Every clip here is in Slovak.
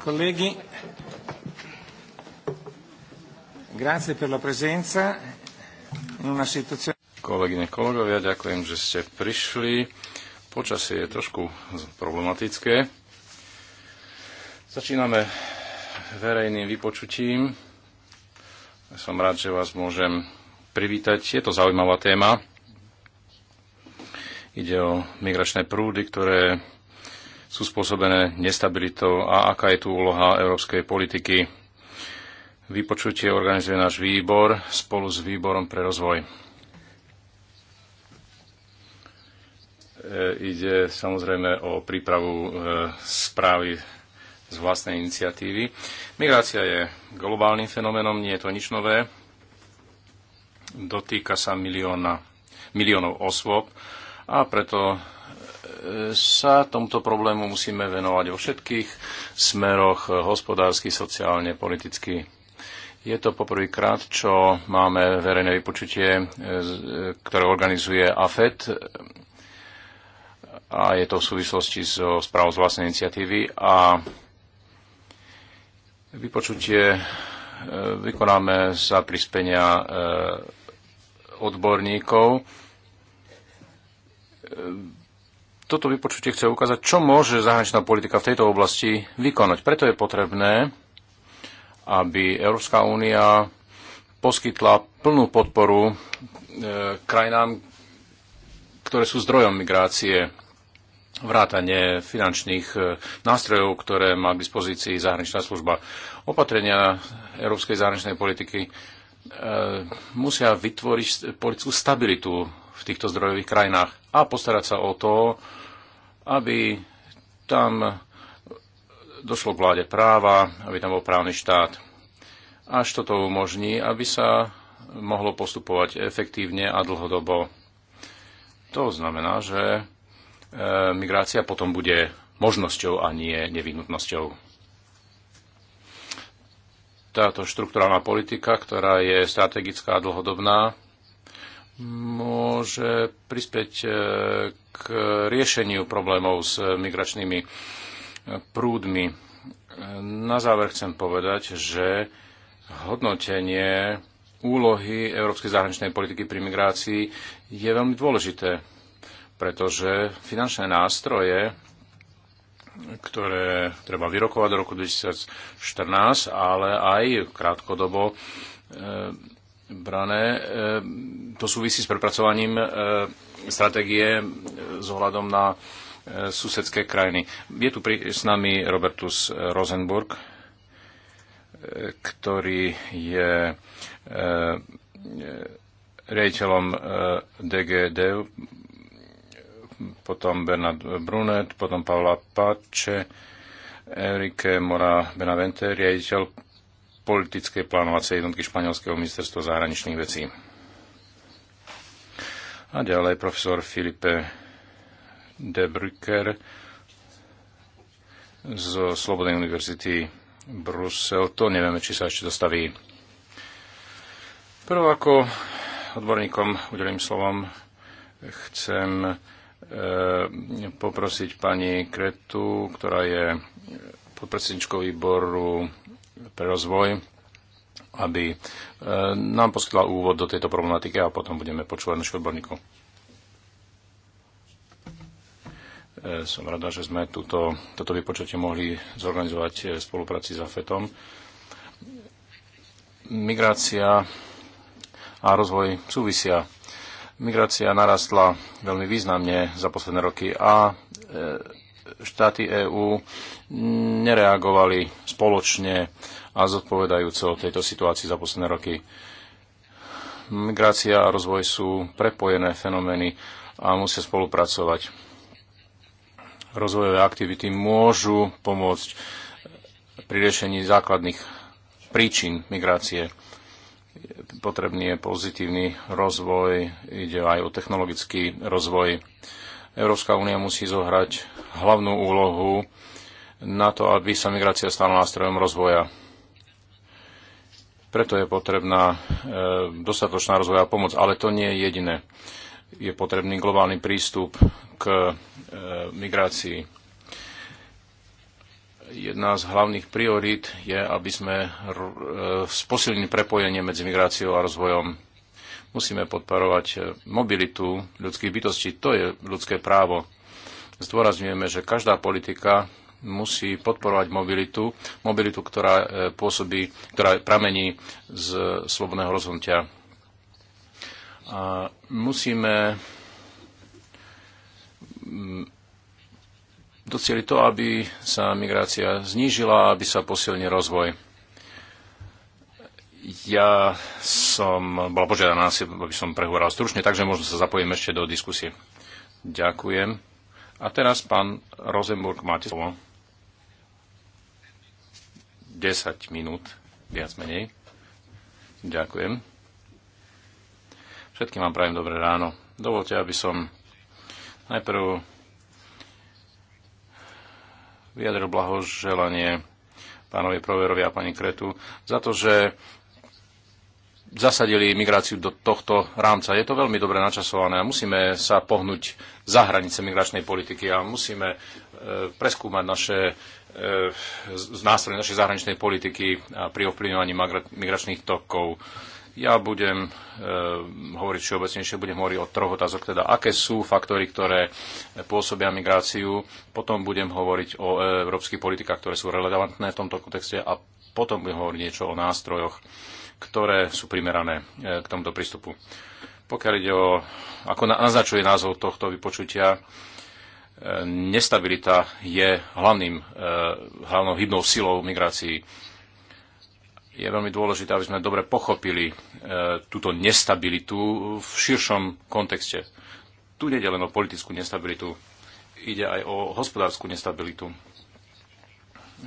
Colleghi, grazie per la presenza in una situazione... Kolegyne, kolegovia, ďakujem, že ste prišli. Počasie je trošku problematické. Začíname verejným vypočutím. Som rád, že vás môžem privítať. Je to zaujímavá téma. Ide o migračné prúdy, ktoré sú spôsobené nestabilitou a aká je tu úloha európskej politiky. Vypočutie organizuje náš výbor spolu s výborom pre rozvoj. E, ide samozrejme o prípravu e, správy z vlastnej iniciatívy. Migrácia je globálnym fenoménom, nie je to nič nové. Dotýka sa milióna, miliónov osôb a preto sa tomto problému musíme venovať vo všetkých smeroch hospodársky, sociálne, politicky. Je to poprvýkrát, čo máme verejné vypočutie, e, e, ktoré organizuje AFET a je to v súvislosti so správou z vlastnej iniciatívy a vypočutie e, vykonáme za prispenia odborníkov toto vypočutie chce ukázať, čo môže zahraničná politika v tejto oblasti vykonať. Preto je potrebné, aby Európska únia poskytla plnú podporu e, krajinám, ktoré sú zdrojom migrácie, vrátanie finančných e, nástrojov, ktoré má k dispozícii zahraničná služba. Opatrenia európskej zahraničnej politiky e, musia vytvoriť politickú stabilitu v týchto zdrojových krajinách a postarať sa o to, aby tam došlo k vláde práva, aby tam bol právny štát. Až toto umožní, aby sa mohlo postupovať efektívne a dlhodobo. To znamená, že e, migrácia potom bude možnosťou a nie nevyhnutnosťou táto štruktúrálna politika, ktorá je strategická a dlhodobná, môže prispieť e, k riešeniu problémov s migračnými e, prúdmi. E, na záver chcem povedať, že hodnotenie úlohy európskej zahraničnej politiky pri migrácii je veľmi dôležité, pretože finančné nástroje, ktoré treba vyrokovať do roku 2014, ale aj krátkodobo brané. E, to súvisí s prepracovaním e, stratégie e, s ohľadom na susedské krajiny. Je tu pri, s nami Robertus Rosenburg, ktorý je riaditeľom DGD, potom Bernard Brunet, potom Paula Pače, Enrique Mora Benavente, riaditeľ politickej plánovacej jednotky Španielského ministerstva zahraničných vecí. A ďalej profesor Filipe de Brücker z Slobodnej univerzity Brusel. To nevieme, či sa ešte dostaví. Prvo ako odborníkom udelím slovom chcem e, poprosiť pani Kretu, ktorá je podpredsedničkou výboru pre rozvoj, aby e, nám poskytla úvod do tejto problematiky a potom budeme počúvať našich odborníkov. E, som rada, že sme túto, toto vypočutie mohli zorganizovať e, v spolupráci s AFETom. Migrácia a rozvoj súvisia. Migrácia narastla veľmi významne za posledné roky a štáty EÚ nereagovali spoločne a zodpovedajúco tejto situácii za posledné roky. Migrácia a rozvoj sú prepojené fenomény a musia spolupracovať. Rozvojové aktivity môžu pomôcť pri riešení základných príčin migrácie potrebný je pozitívny rozvoj, ide aj o technologický rozvoj. Európska únia musí zohrať hlavnú úlohu na to, aby sa migrácia stala nástrojom rozvoja. Preto je potrebná e, dostatočná a pomoc, ale to nie je jediné. Je potrebný globálny prístup k e, migrácii. Jedna z hlavných priorít je, aby sme e, sposilnili prepojenie medzi migráciou a rozvojom. Musíme podporovať mobilitu ľudských bytostí. To je ľudské právo zdôrazňujeme, že každá politika musí podporovať mobilitu, mobilitu, ktorá e, pôsobí, ktorá pramení z slobodného rozhodnutia. A musíme mm, docieli to, aby sa migrácia znížila, aby sa posilnil rozvoj. Ja som bola požiadaná, aby som prehovoril stručne, takže možno sa zapojím ešte do diskusie. Ďakujem. A teraz pán Rosenburg, máte slovo. 10 minút, viac menej. Ďakujem. Všetkým vám prajem dobré ráno. Dovolte, aby som najprv vyjadril blahoželanie pánovi Proverovi a pani Kretu za to, že zasadili migráciu do tohto rámca. Je to veľmi dobre načasované a musíme sa pohnúť za hranice migračnej politiky a musíme e, preskúmať naše e, nástroje našej zahraničnej politiky a pri ovplyvňovaní migračných tokov. Ja budem e, hovoriť všeobecnejšie, budem hovoriť o troch otázok, teda aké sú faktory, ktoré pôsobia migráciu, potom budem hovoriť o e, európskych politikách, ktoré sú relevantné v tomto kontexte a potom budem hovoriť niečo o nástrojoch ktoré sú primerané e, k tomuto prístupu. Pokiaľ ide o, ako naznačuje názov tohto vypočutia, e, nestabilita je hlavným, e, hlavnou hybnou silou migrácií. Je veľmi dôležité, aby sme dobre pochopili túto nestabilitu v širšom kontexte. Tu je len o politickú nestabilitu, ide aj o hospodárskú nestabilitu.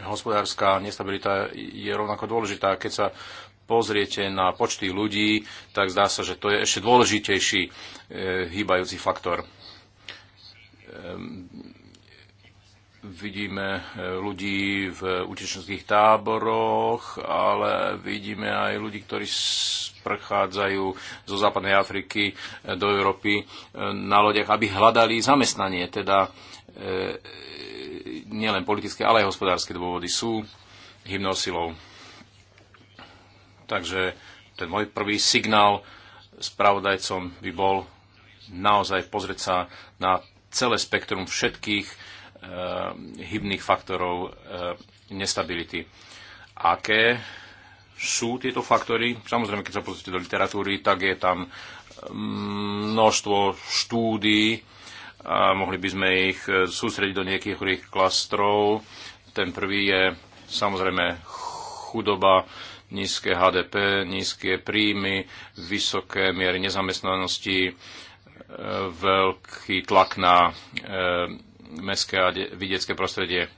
Hospodárska nestabilita je rovnako dôležitá, keď sa pozriete na počty ľudí, tak zdá sa, že to je ešte dôležitejší e, hýbajúci faktor. Ehm, e, vidíme ľudí v utečenských táboroch, ale vidíme aj ľudí, ktorí prechádzajú zo západnej Afriky e, do Európy e, na lodiach, aby hľadali zamestnanie. Teda e, nielen politické, ale aj hospodárske dôvody sú hymnou silou. Takže ten môj prvý signál spravodajcom by bol naozaj pozrieť sa na celé spektrum všetkých e, hybných faktorov e, nestability. Aké sú tieto faktory? Samozrejme, keď sa pozrite do literatúry, tak je tam mm, množstvo štúdí, a mohli by sme ich eh, sústrediť do niekých klastrov. Ten prvý je samozrejme chudoba, nízke HDP, nízke príjmy, vysoké miery nezamestnanosti, e, veľký tlak na e, mestské a vidiecké prostredie.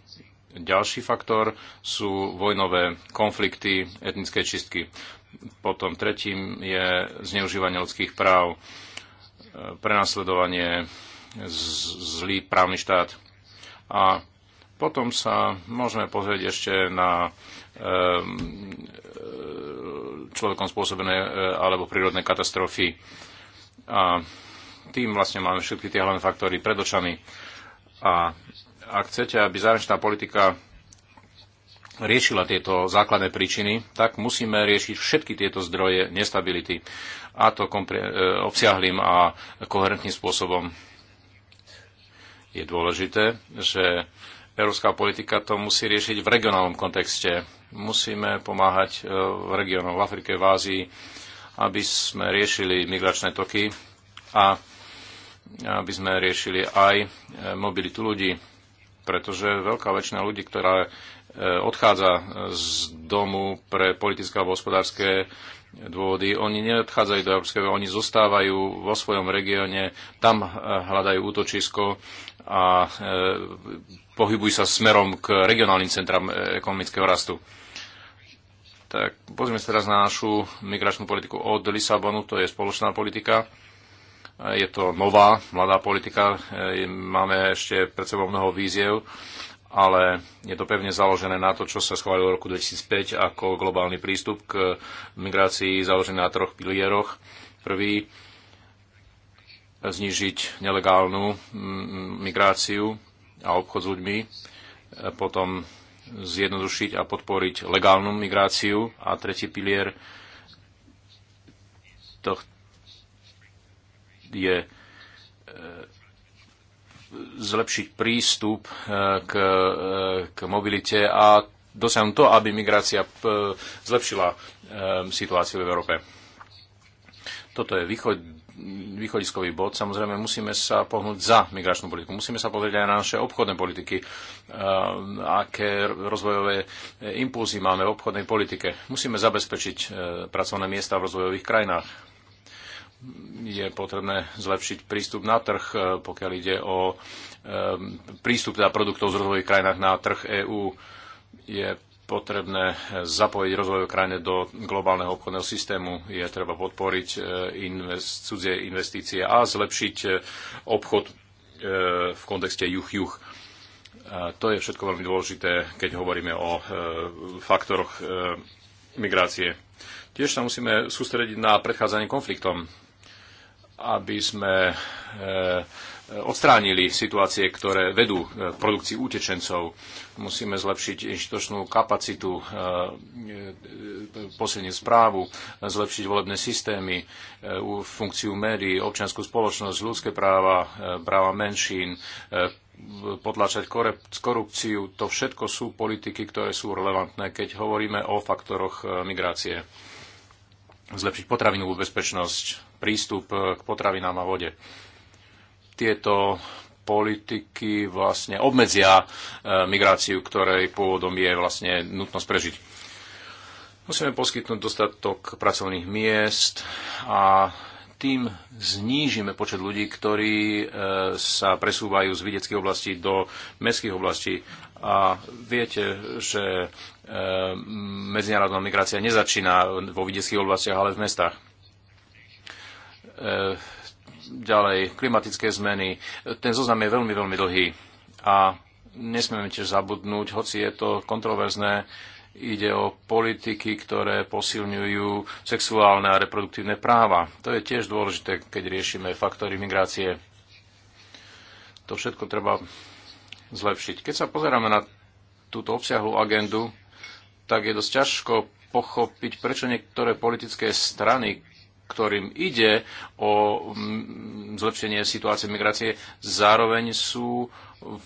Ďalší faktor sú vojnové konflikty, etnické čistky. Potom tretím je zneužívanie ľudských práv, e, prenasledovanie, zlý právny štát. A potom sa môžeme pozrieť ešte na Ehm, e, človekom spôsobené e, alebo prírodné katastrofy. A tým vlastne máme všetky tie hlavné faktory pred očami. A ak chcete, aby zahraničná politika riešila tieto základné príčiny, tak musíme riešiť všetky tieto zdroje nestability a to e, obsiahlým a koherentným spôsobom. Je dôležité, že európska politika to musí riešiť v regionálnom kontexte Musíme pomáhať e, v regiónoch v Afrike, v Ázii, aby sme riešili migračné toky a aby sme riešili aj e, mobilitu ľudí, pretože veľká väčšina ľudí, ktorá e, odchádza z domu pre politické alebo hospodárske dôvody. Oni neodchádzajú do Európskej oni zostávajú vo svojom regióne, tam hľadajú útočisko a pohybujú sa smerom k regionálnym centram ekonomického rastu. Tak pozrime sa teraz na našu migračnú politiku od Lisabonu, to je spoločná politika. Je to nová, mladá politika, máme ešte pred sebou mnoho víziev, ale je to pevne založené na to, čo sa schválilo v roku 2005 ako globálny prístup k migrácii založený na troch pilieroch. Prvý, znižiť nelegálnu mm, mm, migráciu a obchod s ľuďmi, potom zjednodušiť a podporiť legálnu migráciu a tretí pilier to je e, zlepšiť prístup e, k, e, k mobilite a dosiahnuť to, aby migrácia zlepšila situáciu v Európe. Toto je východ, východiskový bod. Samozrejme, musíme sa pohnúť za migračnú politiku. Musíme sa pozrieť aj na naše obchodné politiky, e, aké rozvojové impulzy máme v obchodnej politike. Musíme zabezpečiť e, pracovné miesta v rozvojových krajinách. Je potrebné zlepšiť prístup na trh, e, pokiaľ ide o prístup teda produktov z rozvojových krajinách na trh EÚ. Je potrebné zapojiť rozvojové krajiny do globálneho obchodného systému. Je treba podporiť e, invest, cudzie investície a zlepšiť e, obchod e, v kontexte juh-juh. To je všetko veľmi dôležité, keď hovoríme o faktoroch migrácie. Tiež sa musíme sústrediť na predchádzanie konfliktom, aby sme odstránili situácie, ktoré vedú e, k produkcii utečencov. Musíme zlepšiť inštitučnú kapacitu, e, e, posilniť správu, zlepšiť volebné systémy, funkciu médií, občianskú spoločnosť, ľudské práva, práva menšín, potláčať korupciu. To všetko sú politiky, ktoré sú relevantné, keď hovoríme o faktoroch migrácie. Zlepšiť potravinovú bezpečnosť, prístup k potravinám a vode tieto politiky vlastne obmedzia e, migráciu, ktorej pôvodom je vlastne nutnosť prežiť. Musíme poskytnúť dostatok pracovných miest a tým znížime počet ľudí, ktorí e, sa presúvajú z vidieckých oblastí do mestských oblastí. A viete, že e, medzinárodná migrácia nezačína vo vidieckých oblastiach, ale v mestách ďalej klimatické zmeny. Ten zoznam je veľmi, veľmi dlhý a nesmieme tiež zabudnúť, hoci je to kontroverzné, ide o politiky, ktoré posilňujú sexuálne a reproduktívne práva. To je tiež dôležité, keď riešime faktory migrácie. To všetko treba zlepšiť. Keď sa pozeráme na túto obsiahlu agendu, tak je dosť ťažko pochopiť, prečo niektoré politické strany, ktorým ide o mm, zlepšenie situácie migrácie, zároveň sú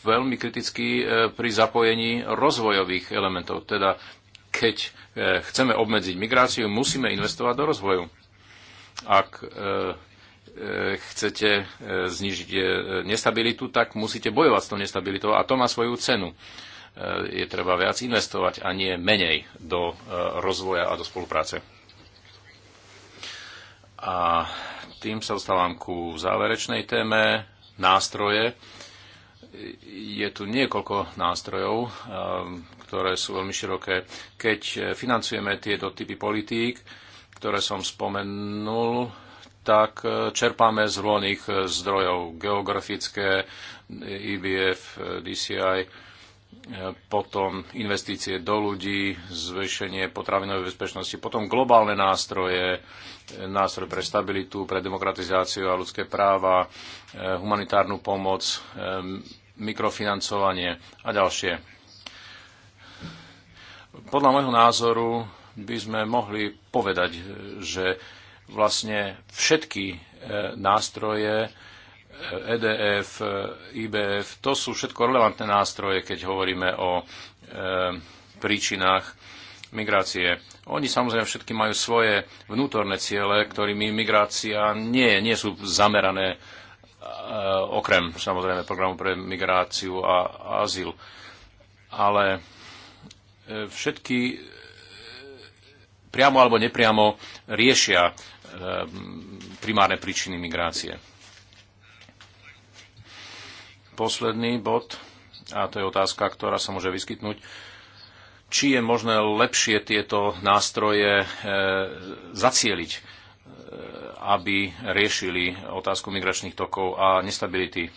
veľmi kritickí e, pri zapojení rozvojových elementov. Teda keď e, chceme obmedziť migráciu, musíme investovať do rozvoju. Ak e, chcete znižiť nestabilitu, tak musíte bojovať s tou nestabilitou a to má svoju cenu. Je treba viac investovať a nie menej do rozvoja a do spolupráce. A tým sa dostávam ku záverečnej téme nástroje. Je tu niekoľko nástrojov, eh, ktoré sú veľmi široké. Keď financujeme tieto typy politík, ktoré som spomenul, tak eh, čerpáme z rôznych eh, zdrojov. Geografické, IBF, DCI, potom investície do ľudí, zvýšenie potravinovej bezpečnosti, potom globálne nástroje, nástroj pre stabilitu, pre demokratizáciu a ľudské práva, e, humanitárnu pomoc, e, mikrofinancovanie a ďalšie. Podľa môjho názoru by sme mohli povedať, e, že vlastne všetky nástroje EDF, IBF, to sú všetko relevantné nástroje, keď hovoríme o príčinách migrácie. Oni samozrejme všetky majú svoje vnútorné ciele, ktorými migrácia nie, nie sú zamerané e, okrem samozrejme programu pre migráciu a azyl. Ale e, všetky e, priamo alebo nepriamo riešia e, primárne príčiny migrácie. Posledný bod, a to je otázka, ktorá sa môže vyskytnúť, či je možné lepšie tieto nástroje e, zacieliť, e, aby riešili otázku migračných tokov a nestability.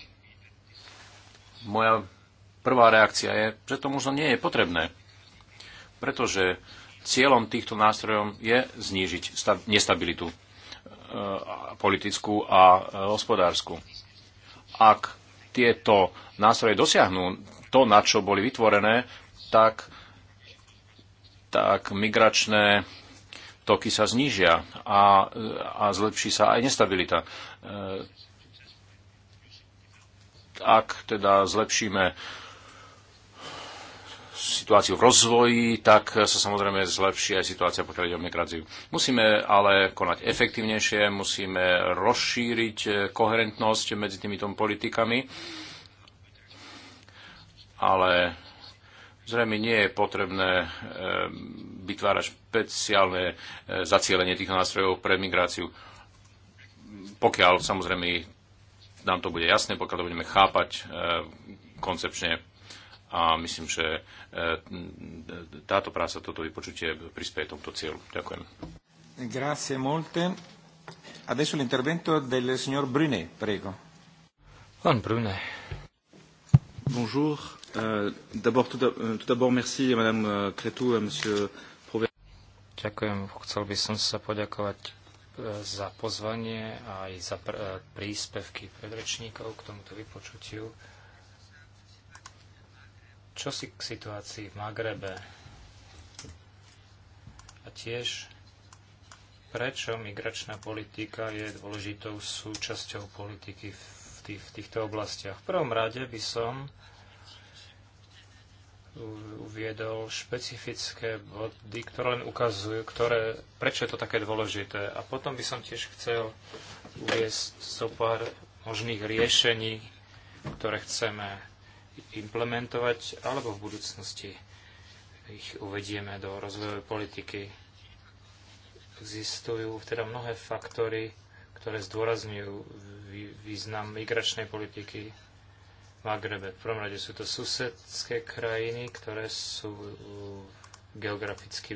Moja prvá reakcia je, že to možno nie je potrebné, pretože cieľom týchto nástrojov je znížiť nestabilitu e, politickú a hospodárskú. Ak tieto nástroje dosiahnu to, na čo boli vytvorené, tak tak migračné toky sa znížia a, a zlepší sa aj nestabilita. E, ak teda zlepšíme situáciu v rozvoji, tak sa samozrejme zlepší aj situácia, pokiaľ ide o migráciu. Musíme ale konať efektívnejšie, musíme rozšíriť koherentnosť medzi týmito politikami, ale Zrejme nie je potrebné e, vytvárať špeciálne e, zacielenie tých nástrojov pre migráciu, pokiaľ samozrejme nám to bude jasné, pokiaľ to budeme chápať e, koncepčne. A myslím, že táto práca, toto vypočutie prispieje tomto cieľu. Ďakujem. Grazie molte. Adesso l'intervento del signor Brunet, prego. Pán Brunet. Bonjour. Euh, d'abord, euh, tout, d'abord, merci Madame euh, Monsieur Ďakujem. Chcel by som sa poďakovať e, za pozvanie a aj za pr- e, príspevky predrečníkov k tomuto vypočutiu. Čo si k situácii v Magrebe a tiež prečo migračná politika je dôležitou súčasťou politiky v, tých, v týchto oblastiach. V prvom rade by som uviedol špecifické body, ktoré len ukazujú, ktoré, prečo je to také dôležité. A potom by som tiež chcel uviesť zo so pár možných riešení, ktoré chceme implementovať, alebo v budúcnosti ich uvedieme do rozvojovej politiky. Existujú teda mnohé faktory, ktoré zdôrazňujú význam migračnej politiky, Magrebe. V prvom rade sú to susedské krajiny, ktoré sú uh, geograficky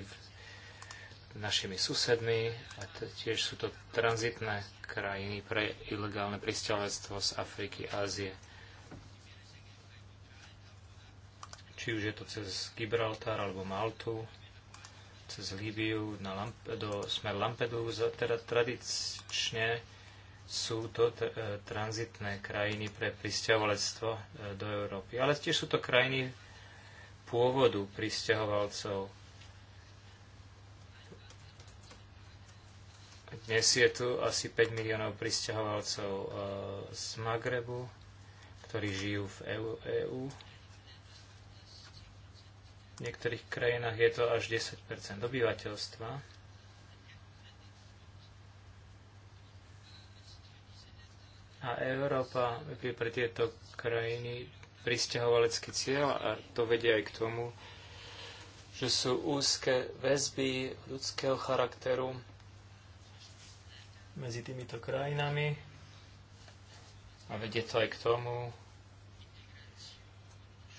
našimi susedmi a tiež sú to tranzitné krajiny pre ilegálne pristahovalectvo z Afriky, Ázie. Či už je to cez Gibraltar alebo Maltu, cez Líbiu na Lamp- do, smer Lampedusa, teda tradične sú to e, tranzitné krajiny pre pristahovalectvo e, do Európy. Ale tiež sú to krajiny pôvodu pristahovalcov. Dnes je tu asi 5 miliónov pristahovalcov e, z Magrebu, ktorí žijú v EÚ. V niektorých krajinách je to až 10 obyvateľstva. A Európa je pre tieto krajiny pristahovalecký cieľ a to vedie aj k tomu, že sú úzke väzby ľudského charakteru medzi týmito krajinami a vedie to aj k tomu,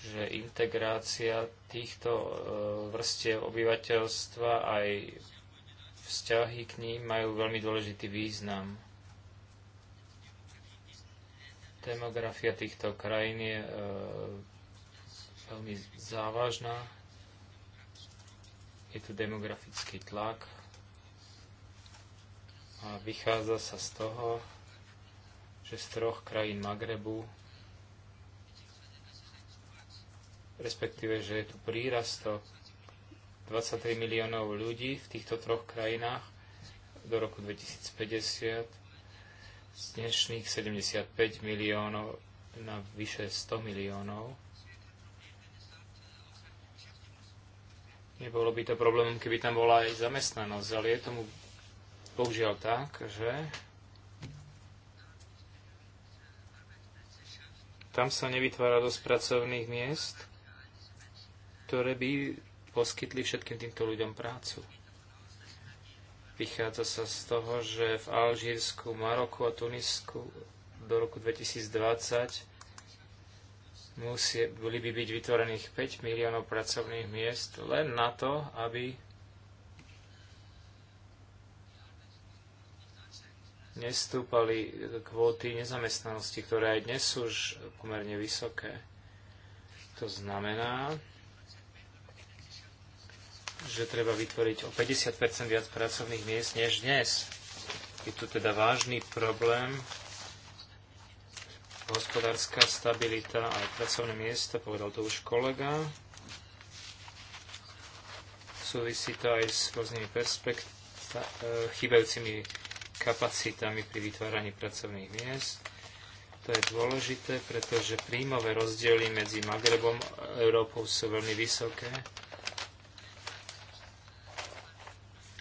že integrácia týchto e, vrstiev obyvateľstva aj vzťahy k ním majú veľmi dôležitý význam. Demografia týchto krajín je e, veľmi závažná. Je tu demografický tlak a vychádza sa z toho, že z troch krajín Magrebu, respektíve, že je tu prírastok 23 miliónov ľudí v týchto troch krajinách do roku 2050 z dnešných 75 miliónov na vyše 100 miliónov. Nebolo by to problémom, keby tam bola aj zamestnanosť, ale je tomu bohužiaľ tak, že tam sa nevytvára dosť pracovných miest, ktoré by poskytli všetkým týmto ľuďom prácu. Vychádza sa z toho, že v Alžírsku, Maroku a Tunisku do roku 2020 musie, boli by byť vytvorených 5 miliónov pracovných miest len na to, aby nestúpali kvóty nezamestnanosti, ktoré aj dnes sú už pomerne vysoké. To znamená, že treba vytvoriť o 50 viac pracovných miest než dnes. Je tu teda vážny problém. Hospodárska stabilita a pracovné miesta, povedal to už kolega. Súvisí to aj s rôznymi perspekt- e, chýbajúcimi kapacitami pri vytváraní pracovných miest. To je dôležité, pretože príjmové rozdiely medzi Magrebom a Európou sú veľmi vysoké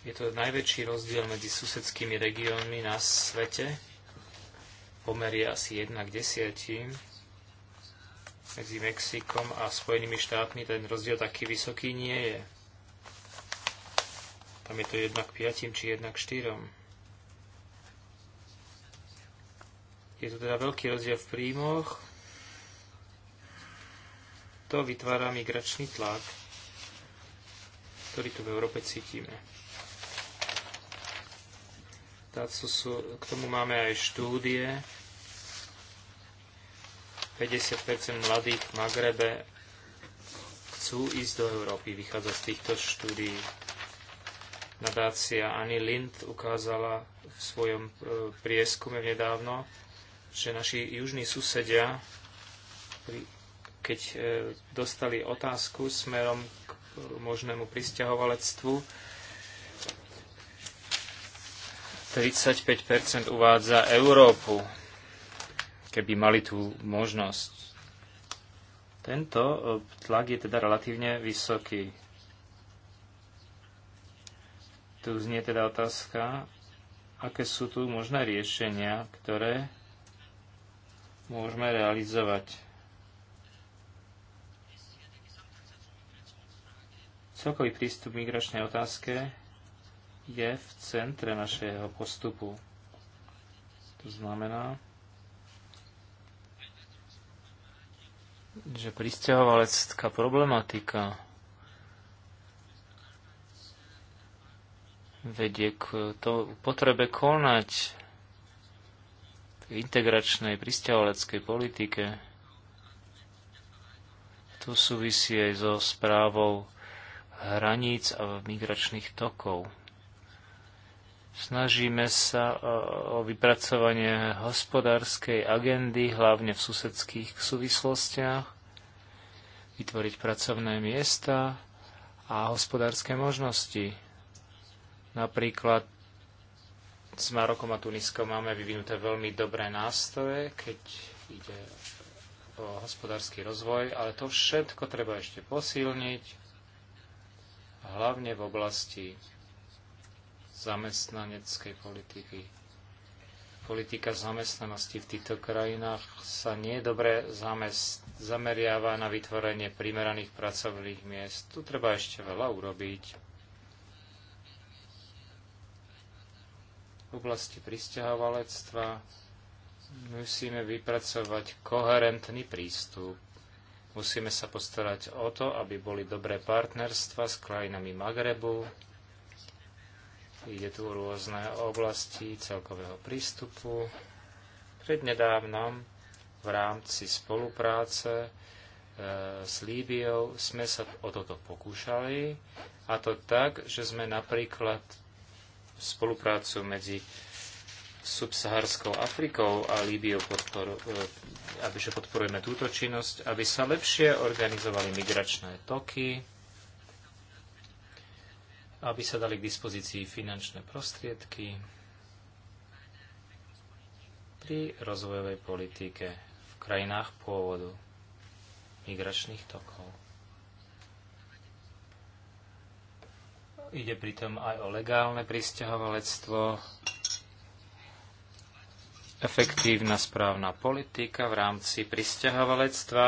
Je to najväčší rozdiel medzi susedskými regiónmi na svete. Pomer je asi 1 k 10. Medzi Mexikom a Spojenými štátmi ten rozdiel taký vysoký nie je. Tam je to 1 k 5 či 1 k 4. Je tu teda veľký rozdiel v príjmoch. To vytvára migračný tlak, ktorý tu v Európe cítime k tomu máme aj štúdie. 50% mladých v Magrebe chcú ísť do Európy, vychádza z týchto štúdií. Nadácia ani Lind ukázala v svojom e, prieskume nedávno, že naši južní susedia, keď e, dostali otázku smerom k e, možnému pristahovalectvu, 35% uvádza Európu, keby mali tú možnosť. Tento e, tlak je teda relatívne vysoký. Tu znie teda otázka, aké sú tu možné riešenia, ktoré môžeme realizovať. Celkový prístup k migračnej otázke je v centre našeho postupu. To znamená, že pristahovalecká problematika vedie k to, potrebe konať v integračnej pristahovaleckej politike. To súvisí aj so správou hraníc a migračných tokov. Snažíme sa e, o vypracovanie hospodárskej agendy, hlavne v susedských súvislostiach, vytvoriť pracovné miesta a hospodárske možnosti. Napríklad s Marokom a Tuniskom máme vyvinuté veľmi dobré nástroje, keď ide o hospodársky rozvoj, ale to všetko treba ešte posilniť, hlavne v oblasti zamestnaneckej politiky. Politika zamestnanosti v týchto krajinách sa nie dobre zameriava na vytvorenie primeraných pracovných miest. Tu treba ešte veľa urobiť. V oblasti pristahovalectva musíme vypracovať koherentný prístup. Musíme sa postarať o to, aby boli dobré partnerstva s krajinami Magrebu, Ide tu rôzne oblasti celkového prístupu. Prednedávnom v rámci spolupráce e, s Líbiou sme sa o toto pokúšali, a to tak, že sme napríklad spoluprácu medzi subsaharskou Afrikou a Líbiou, podporu, e, aby podporujeme túto činnosť, aby sa lepšie organizovali migračné toky, aby sa dali k dispozícii finančné prostriedky pri rozvojovej politike v krajinách pôvodu migračných tokov. Ide pritom aj o legálne pristahovalectvo, efektívna správna politika v rámci pristahovalectva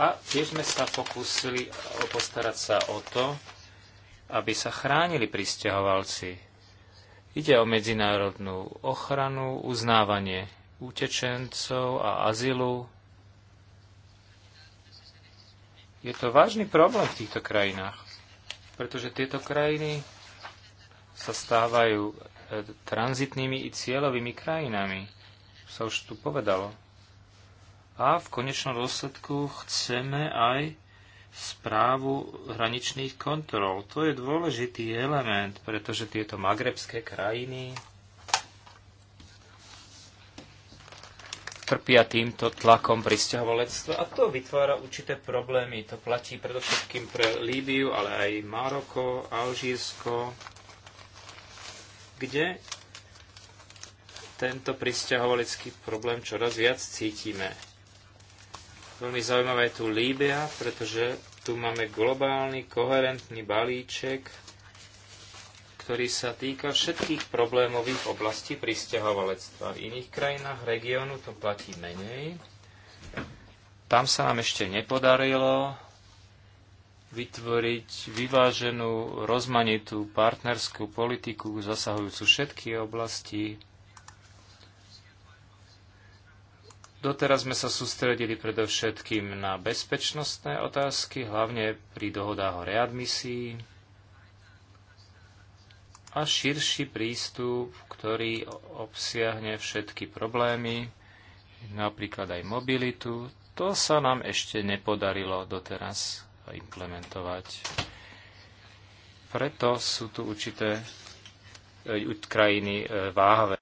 a tiež sme sa pokúsili postarať sa o to, aby sa chránili pristahovalci. Ide o medzinárodnú ochranu, uznávanie utečencov a azylu. Je to vážny problém v týchto krajinách, pretože tieto krajiny sa stávajú e, tranzitnými i cieľovými krajinami. Sa už tu povedalo. A v konečnom dôsledku chceme aj správu hraničných kontrol. To je dôležitý element, pretože tieto magrebské krajiny trpia týmto tlakom pristahovalectva a to vytvára určité problémy. To platí predovšetkým pre Líbiu, ale aj Maroko, Alžírsko, kde tento pristahovalecký problém čoraz viac cítime Veľmi zaujímavá je tu Líbia, pretože tu máme globálny, koherentný balíček, ktorý sa týka všetkých problémových oblastí pristahovalectva. V iných krajinách regiónu to platí menej. Tam sa nám ešte nepodarilo vytvoriť vyváženú, rozmanitú partnerskú politiku zasahujúcu všetky oblasti Doteraz sme sa sústredili predovšetkým na bezpečnostné otázky, hlavne pri dohodách o readmisii a širší prístup, ktorý obsiahne všetky problémy, napríklad aj mobilitu. To sa nám ešte nepodarilo doteraz implementovať. Preto sú tu určité e, krajiny e, váhavé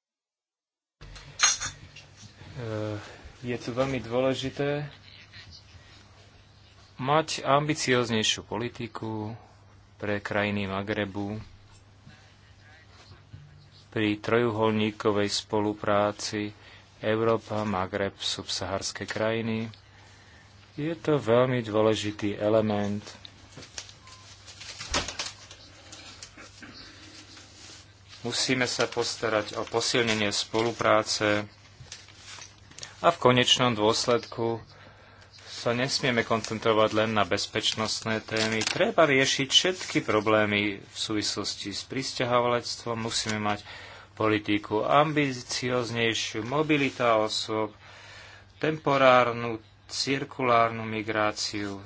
e, je tu veľmi dôležité mať ambicioznejšiu politiku pre krajiny Magrebu pri trojuholníkovej spolupráci Európa, Magreb, subsaharské krajiny. Je to veľmi dôležitý element musíme sa postarať o posilnenie spolupráce a v konečnom dôsledku sa nesmieme koncentrovať len na bezpečnostné témy. Treba riešiť všetky problémy v súvislosti s pristahovalectvom. Musíme mať politiku ambicioznejšiu, mobilita osôb, temporárnu, cirkulárnu migráciu.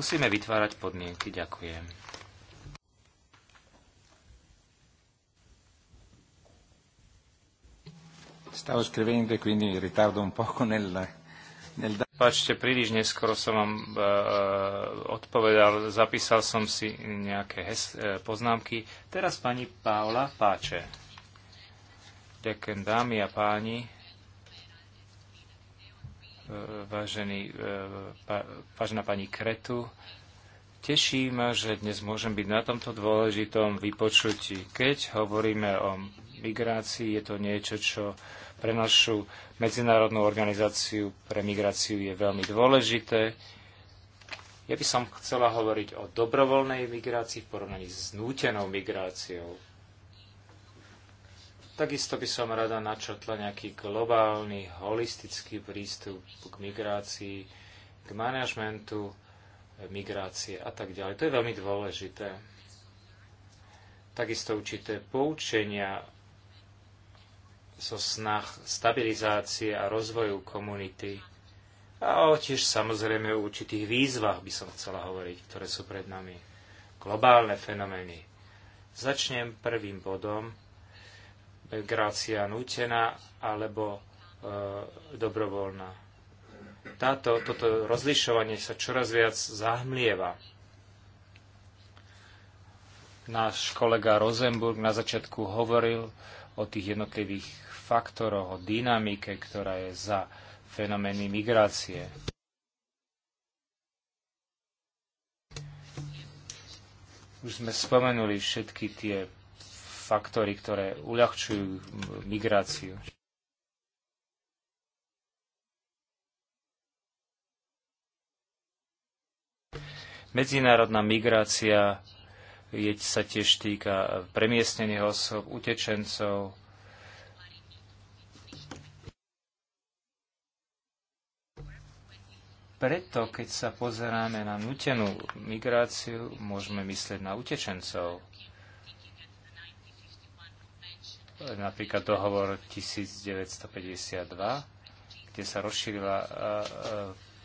Musíme vytvárať podmienky. Ďakujem. Stavo scrivendo e quindi ritardo un poco nel... nel... Pačte, príliš neskoro som vám e, odpovedal, zapísal som si nejaké hes, e, poznámky. Teraz pani Paula Páče. Ďakujem dámy a páni vážený, vážená pani Kretu. Teší ma, že dnes môžem byť na tomto dôležitom vypočutí. Keď hovoríme o migrácii. Je to niečo, čo pre našu medzinárodnú organizáciu pre migráciu je veľmi dôležité. Ja by som chcela hovoriť o dobrovoľnej migrácii v porovnaní s nútenou migráciou. Takisto by som rada načotla nejaký globálny, holistický prístup k migrácii, k manažmentu migrácie a tak ďalej. To je veľmi dôležité. Takisto určité poučenia zo so snah stabilizácie a rozvoju komunity a o tiež samozrejme o určitých výzvach by som chcela hovoriť, ktoré sú pred nami. Globálne fenomény. Začnem prvým bodom. Migrácia nútená alebo e, dobrovoľná. Táto, toto rozlišovanie sa čoraz viac zahmlieva náš kolega Rosenburg na začiatku hovoril o tých jednotlivých faktoroch, o dynamike, ktorá je za fenomény migrácie. Už sme spomenuli všetky tie faktory, ktoré uľahčujú migráciu. Medzinárodná migrácia je, sa tiež týka premiestnených osob, utečencov, Preto, keď sa pozeráme na nutenú migráciu, môžeme myslieť na utečencov. Napríklad dohovor 1952, kde sa rozšírila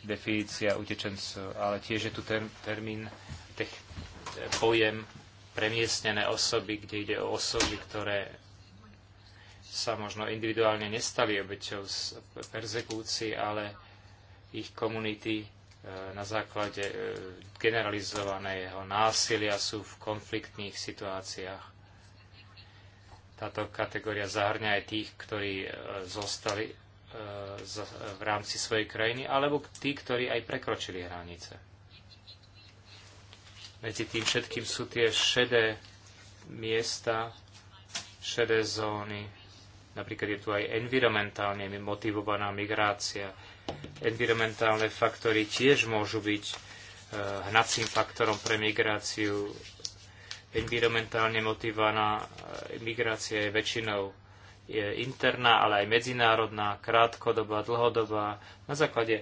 definícia utečencov, ale tiež je tu ter, termín, tech, pojem premiestnené osoby, kde ide o osoby, ktoré sa možno individuálne nestali obeťou z persekúcií, ale ich komunity e, na základe e, generalizovaného násilia sú v konfliktných situáciách. Táto kategória zahrňa aj tých, ktorí e, zostali v rámci svojej krajiny, alebo tí, ktorí aj prekročili hranice. Medzi tým všetkým sú tie šedé miesta, šedé zóny. Napríklad je tu aj environmentálne motivovaná migrácia, Environmentálne faktory tiež môžu byť eh, hnacím faktorom pre migráciu. Environmentálne motivovaná eh, migrácia je väčšinou interná, ale aj medzinárodná, krátkodobá, dlhodobá, na základe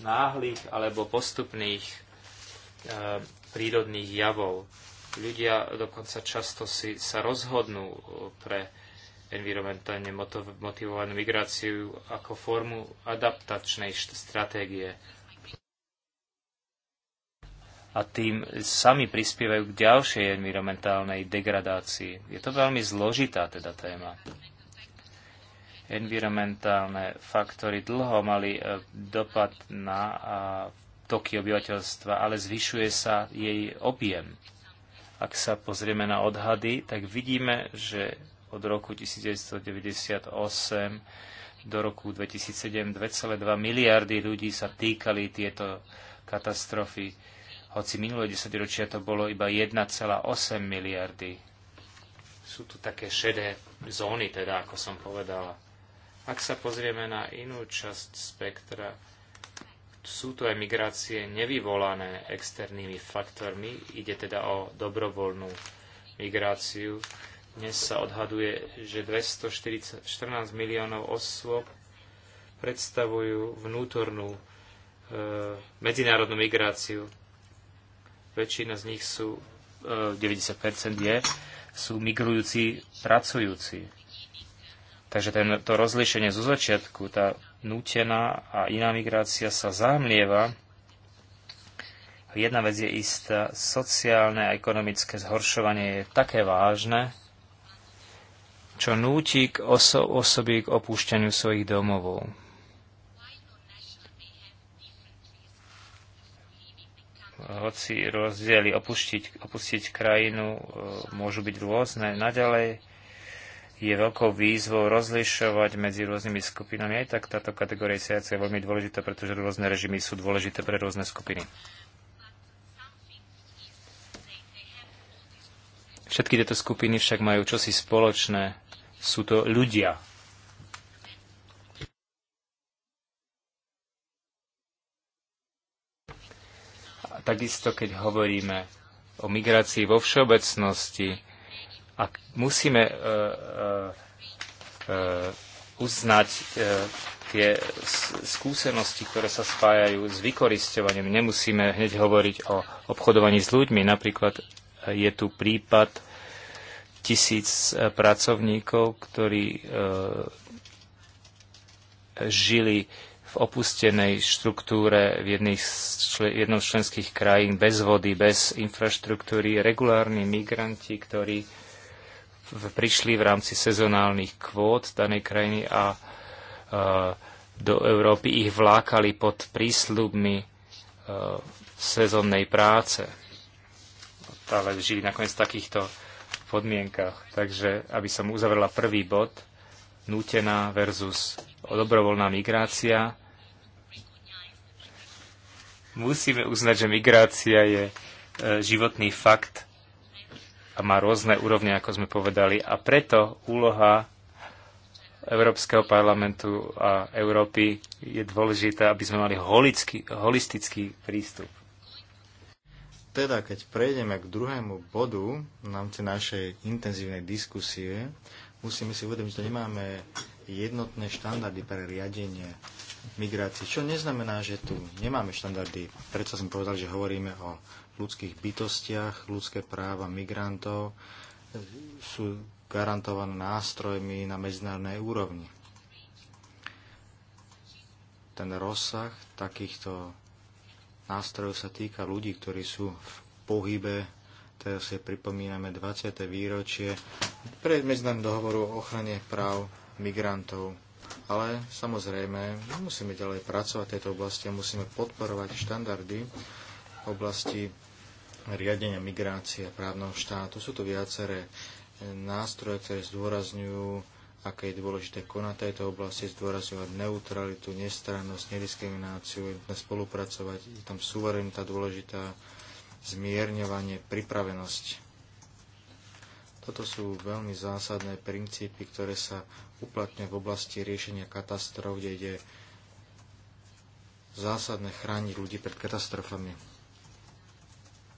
náhlych alebo postupných e, prírodných javov. Ľudia dokonca často si, sa rozhodnú pre environmentálne motivovanú migráciu ako formu adaptačnej stratégie. A tým sami prispievajú k ďalšej environmentálnej degradácii. Je to veľmi zložitá teda téma. Environmentálne faktory dlho mali e, dopad na toky obyvateľstva, ale zvyšuje sa jej objem. Ak sa pozrieme na odhady, tak vidíme, že od roku 1998 do roku 2007 2,2 miliardy ľudí sa týkali tieto katastrofy, hoci minulé desaťročia to bolo iba 1,8 miliardy. Sú tu také šedé zóny, teda, ako som povedala. Ak sa pozrieme na inú časť spektra, sú to aj migrácie nevyvolané externými faktormi, ide teda o dobrovoľnú migráciu, dnes sa odhaduje, že 214 miliónov osôb predstavujú vnútornú e, medzinárodnú migráciu. Väčšina z nich sú, e, 90% je, sú migrujúci pracujúci. Takže ten, to rozlišenie zo začiatku, tá nútená a iná migrácia sa zamlieva. Jedna vec je istá, sociálne a ekonomické zhoršovanie je také vážne, čo núti k oso- osoby k opúšťaniu svojich domovov. Hoci rozdiely opustiť, opustiť krajinu e, môžu byť rôzne, naďalej je veľkou výzvou rozlišovať medzi rôznymi skupinami. Aj tak táto kategorizácia je veľmi dôležitá, pretože rôzne režimy sú dôležité pre rôzne skupiny. Všetky tieto skupiny však majú čosi spoločné. Sú to ľudia. A takisto, keď hovoríme o migrácii vo všeobecnosti, a musíme uh, uh, uznať uh, tie skúsenosti, ktoré sa spájajú s vykoristovaním. Nemusíme hneď hovoriť o obchodovaní s ľuďmi. Napríklad je tu prípad tisíc eh, pracovníkov, ktorí e, žili v opustenej štruktúre v jedných, jednom z členských krajín bez vody, bez infraštruktúry, regulárni migranti, ktorí v, prišli v rámci sezonálnych kvót danej krajiny a e, do Európy ich vlákali pod prísľubmi e, sezónnej práce. Ale žili nakoniec v takýchto podmienkach. Takže, aby som uzavrela prvý bod, nútená versus dobrovoľná migrácia. Musíme uznať, že migrácia je e, životný fakt a má rôzne úrovne, ako sme povedali. A preto úloha Európskeho parlamentu a Európy je dôležitá, aby sme mali holický, holistický prístup teda, keď prejdeme k druhému bodu v rámci našej intenzívnej diskusie, musíme si uvedomiť, že nemáme jednotné štandardy pre riadenie migrácie, čo neznamená, že tu nemáme štandardy. predsa som povedal, že hovoríme o ľudských bytostiach, ľudské práva migrantov sú garantované nástrojmi na medzinárodnej úrovni. Ten rozsah takýchto nástrojov sa týka ľudí, ktorí sú v pohybe. Teraz si pripomíname 20. výročie pred medzinárodným dohovoru o ochrane práv migrantov. Ale samozrejme, musíme ďalej pracovať v tejto oblasti a musíme podporovať štandardy v oblasti riadenia migrácie a právneho štátu. Sú tu viaceré nástroje, ktoré zdôrazňujú aké je dôležité konať tejto oblasti, zdôrazňovať neutralitu, nestrannosť, nediskrimináciu, spolupracovať, je tam suverenita dôležitá, zmierňovanie, pripravenosť. Toto sú veľmi zásadné princípy, ktoré sa uplatňujú v oblasti riešenia katastrof, kde ide zásadné chrániť ľudí pred katastrofami.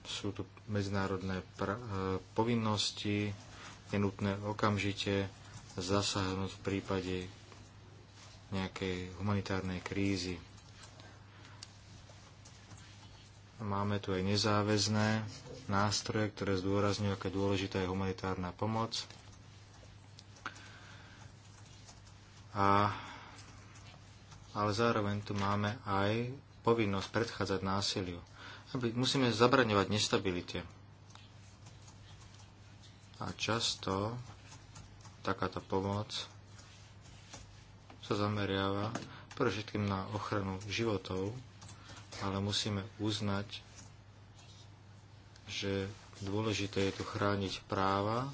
Sú tu medzinárodné e, povinnosti, je nutné okamžite zasáhnuť v prípade nejakej humanitárnej krízy. Máme tu aj nezáväzné nástroje, ktoré zdôrazňujú, aká dôležitá je humanitárna pomoc. A, ale zároveň tu máme aj povinnosť predchádzať násiliu. Aby, musíme zabraňovať nestabilite. A často takáto pomoc sa zameriava pre všetkým na ochranu životov, ale musíme uznať, že dôležité je tu chrániť práva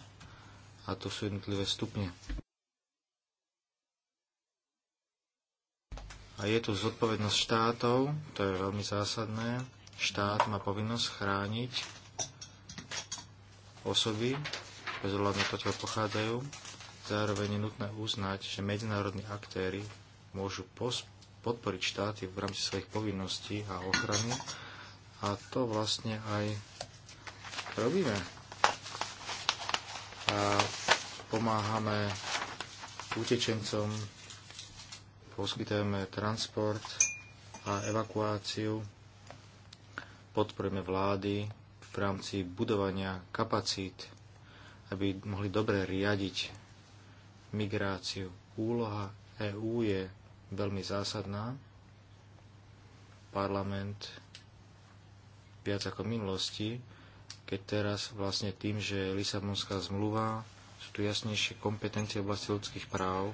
a to sú jednotlivé stupne. A je tu zodpovednosť štátov, to je veľmi zásadné. Štát má povinnosť chrániť osoby, bez hľadu na to, čo pochádzajú, Zároveň je nutné uznať, že medzinárodní aktéry môžu podporiť štáty v rámci svojich povinností a ochrany a to vlastne aj robíme. A pomáhame utečencom, poskytujeme transport a evakuáciu, podporujeme vlády v rámci budovania kapacít, aby mohli dobre riadiť migráciu. Úloha EÚ je veľmi zásadná. Parlament viac ako v minulosti, keď teraz vlastne tým, že je Lisabonská zmluva, sú tu jasnejšie kompetencie v oblasti ľudských práv,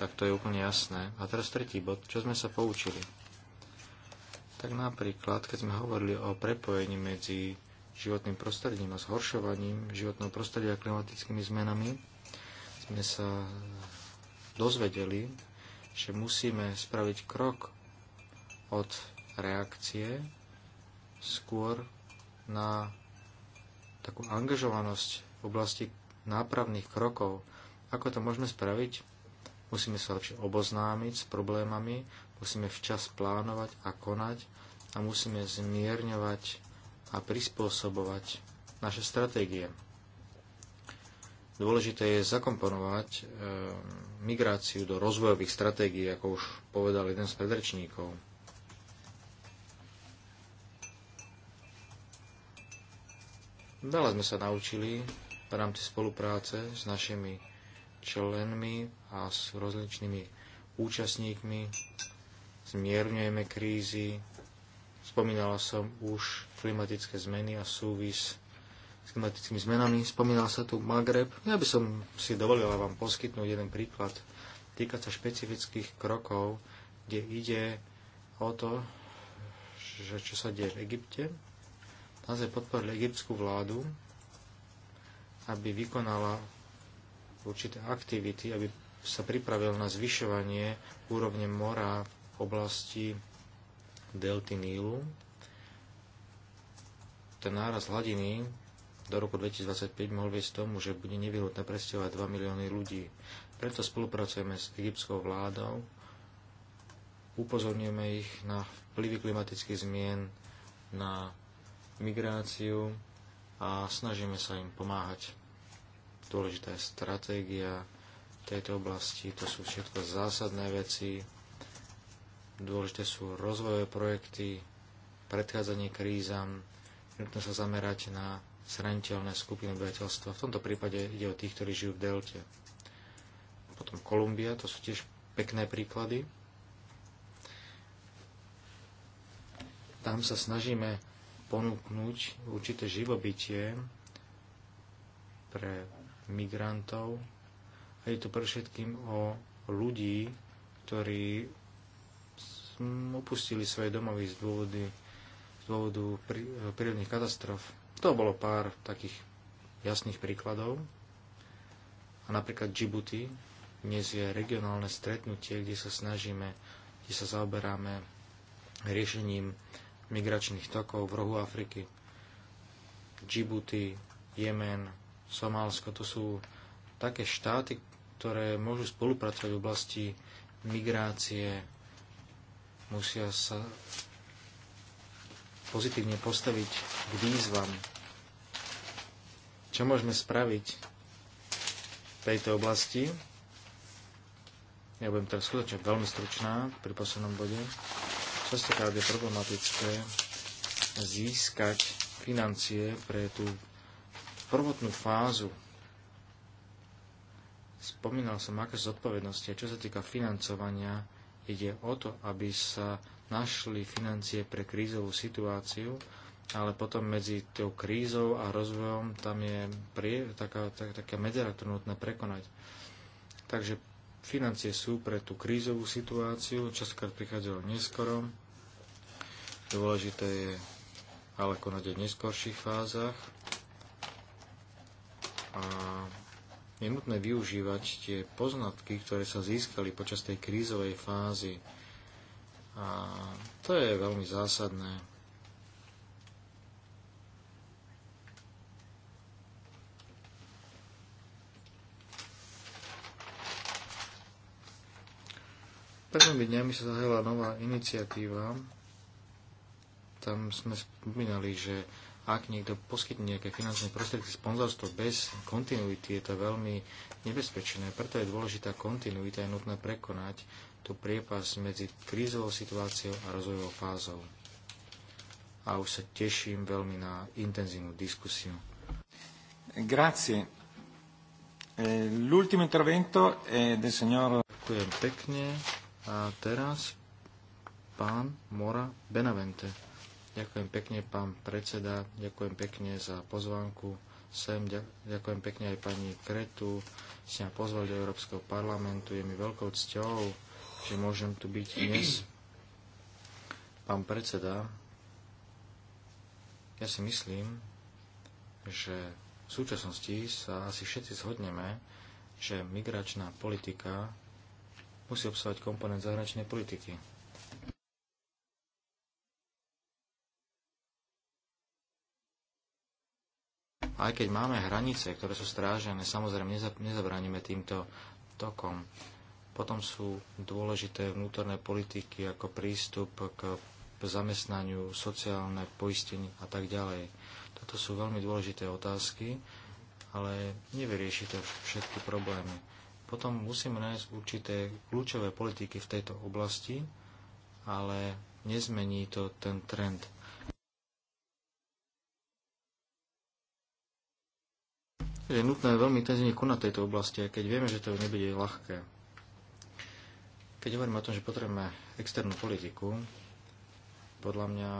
tak to je úplne jasné. A teraz tretí bod, čo sme sa poučili. Tak napríklad, keď sme hovorili o prepojení medzi životným prostredím a zhoršovaním životného prostredia a klimatickými zmenami, sme sa dozvedeli, že musíme spraviť krok od reakcie skôr na takú angažovanosť v oblasti nápravných krokov. Ako to môžeme spraviť? Musíme sa lepšie oboznámiť s problémami, musíme včas plánovať a konať a musíme zmierňovať a prispôsobovať naše stratégie. Dôležité je zakomponovať e, migráciu do rozvojových stratégií, ako už povedal jeden z predrečníkov. Veľa sme sa naučili v rámci spolupráce s našimi členmi a s rozličnými účastníkmi. Zmierňujeme krízy. Spomínala som už klimatické zmeny a súvis s klimatickými zmenami. Spomínal sa tu Magreb. Ja by som si dovolila vám poskytnúť jeden príklad. Týka sa špecifických krokov, kde ide o to, že čo sa deje v Egypte. Tam sa podporil egyptskú vládu, aby vykonala určité aktivity, aby sa pripravil na zvyšovanie úrovne mora v oblasti delty Nílu. Ten náraz hladiny do roku 2025 mohol viesť tomu, že bude nevyhnutné presťovať 2 milióny ľudí. Preto spolupracujeme s egyptskou vládou, upozorňujeme ich na vplyvy klimatických zmien, na migráciu a snažíme sa im pomáhať. Dôležitá je stratégia tejto oblasti, to sú všetko zásadné veci. Dôležité sú rozvojové projekty, predchádzanie krízam, nutno sa zamerať na zraniteľné skupiny obyvateľstva. V tomto prípade ide o tých, ktorí žijú v delte. Potom Kolumbia, to sú tiež pekné príklady. Tam sa snažíme ponúknuť určité živobytie pre migrantov. A je to pre všetkým o ľudí, ktorí opustili svoje domovy z, z dôvodu prírodných katastrof to bolo pár takých jasných príkladov. A napríklad Djibouti, dnes je regionálne stretnutie, kde sa snažíme, kde sa zaoberáme riešením migračných tokov v rohu Afriky. Djibouti, Jemen, Somálsko, to sú také štáty, ktoré môžu spolupracovať v oblasti migrácie, musia sa pozitívne postaviť k výzvam. Čo môžeme spraviť v tejto oblasti? Ja budem teraz skutočne veľmi stručná pri poslednom bode. Častokrát je problematické získať financie pre tú prvotnú fázu. Spomínal som, aké zodpovednosti. A čo sa týka financovania, ide o to, aby sa našli financie pre krízovú situáciu, ale potom medzi tou krízou a rozvojom tam je prie, taká, tak, taká medzera, ktorú nutné prekonať. Takže financie sú pre tú krízovú situáciu, častokrát prichádzalo neskoro. Dôležité je ale konať aj v neskorších fázach. A je nutné využívať tie poznatky, ktoré sa získali počas tej krízovej fázy a to je veľmi zásadné. Pred dvomi dňami sa zahájila nová iniciatíva. Tam sme spomínali, že ak niekto poskytne nejaké finančné prostriedky sponzorstvo bez kontinuity, je to veľmi nebezpečné. Preto je dôležitá kontinuita, je nutné prekonať tú priepas medzi krízovou situáciou a rozvojovou fázou. A už sa teším veľmi na intenzívnu diskusiu. Grazie. Eh, l'ultimo intervento è del signor... Ďakujem pekne. A teraz pán Mora Benavente. Ďakujem pekne, pán predseda. Ďakujem pekne za pozvánku sem. Ďakujem pekne aj pani Kretu. Si ma pozvali do Európskeho parlamentu. Je mi veľkou cťou že môžem tu byť dnes. Pán predseda, ja si myslím, že v súčasnosti sa asi všetci zhodneme, že migračná politika musí obsahovať komponent zahraničnej politiky. Aj keď máme hranice, ktoré sú strážené, samozrejme nezabránime týmto tokom. Potom sú dôležité vnútorné politiky ako prístup k zamestnaniu, sociálne poistenie a tak ďalej. Toto sú veľmi dôležité otázky, ale nevyrieši to všetky problémy. Potom musíme nájsť určité kľúčové politiky v tejto oblasti, ale nezmení to ten trend. Je nutné veľmi intenzívne konať tejto oblasti, aj keď vieme, že to nebude ľahké. Keď hovoríme o tom, že potrebujeme externú politiku, podľa mňa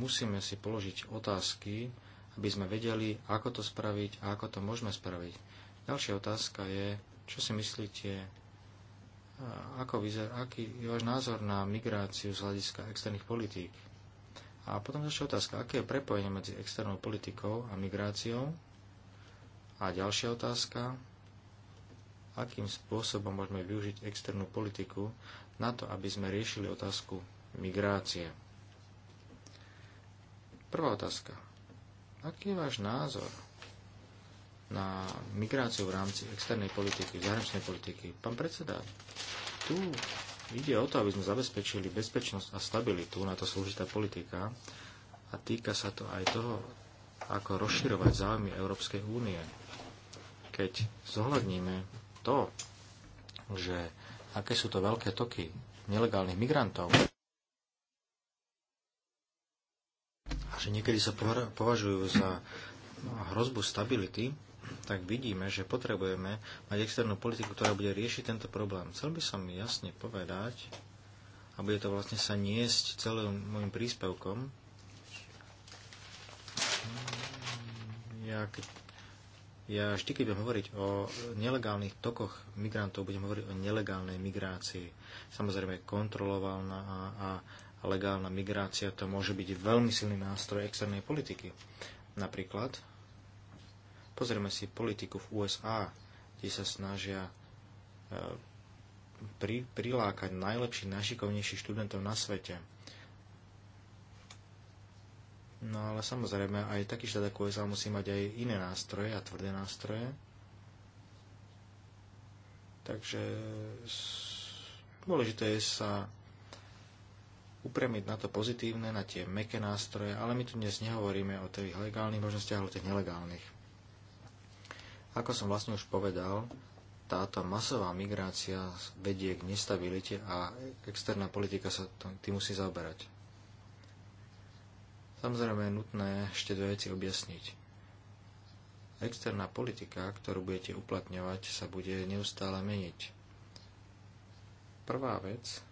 musíme si položiť otázky, aby sme vedeli, ako to spraviť a ako to môžeme spraviť. Ďalšia otázka je, čo si myslíte, ako vyzer, aký je váš názor na migráciu z hľadiska externých politík. A potom ďalšia otázka, aké je prepojenie medzi externou politikou a migráciou. A ďalšia otázka, akým spôsobom môžeme využiť externú politiku na to, aby sme riešili otázku migrácie. Prvá otázka. Aký je váš názor na migráciu v rámci externej politiky, zahraničnej politiky? Pán predseda, tu ide o to, aby sme zabezpečili bezpečnosť a stabilitu, na to slúžitá politika a týka sa to aj toho, ako rozširovať záujmy Európskej únie. Keď zohľadníme to, že aké sú to veľké toky nelegálnych migrantov a že niekedy sa považujú za hrozbu stability, tak vidíme, že potrebujeme mať externú politiku, ktorá bude riešiť tento problém. Chcel by som jasne povedať, a bude to vlastne sa niesť celým môjim príspevkom, ja keď ja vždy, keď budem hovoriť o nelegálnych tokoch migrantov, budem hovoriť o nelegálnej migrácii. Samozrejme, kontrolovaná a, a, legálna migrácia to môže byť veľmi silný nástroj externej politiky. Napríklad, pozrieme si politiku v USA, kde sa snažia e, pri, prilákať najlepších, najšikovnejších študentov na svete. No ale samozrejme, aj taký štát ako USA musí mať aj iné nástroje a tvrdé nástroje. Takže dôležité je sa upremiť na to pozitívne, na tie meké nástroje, ale my tu dnes nehovoríme o tých legálnych možnostiach, ale o tých nelegálnych. Ako som vlastne už povedal, táto masová migrácia vedie k nestabilite a externá politika sa tým musí zaoberať. Samozrejme je nutné ešte dve veci objasniť. Externá politika, ktorú budete uplatňovať, sa bude neustále meniť. Prvá vec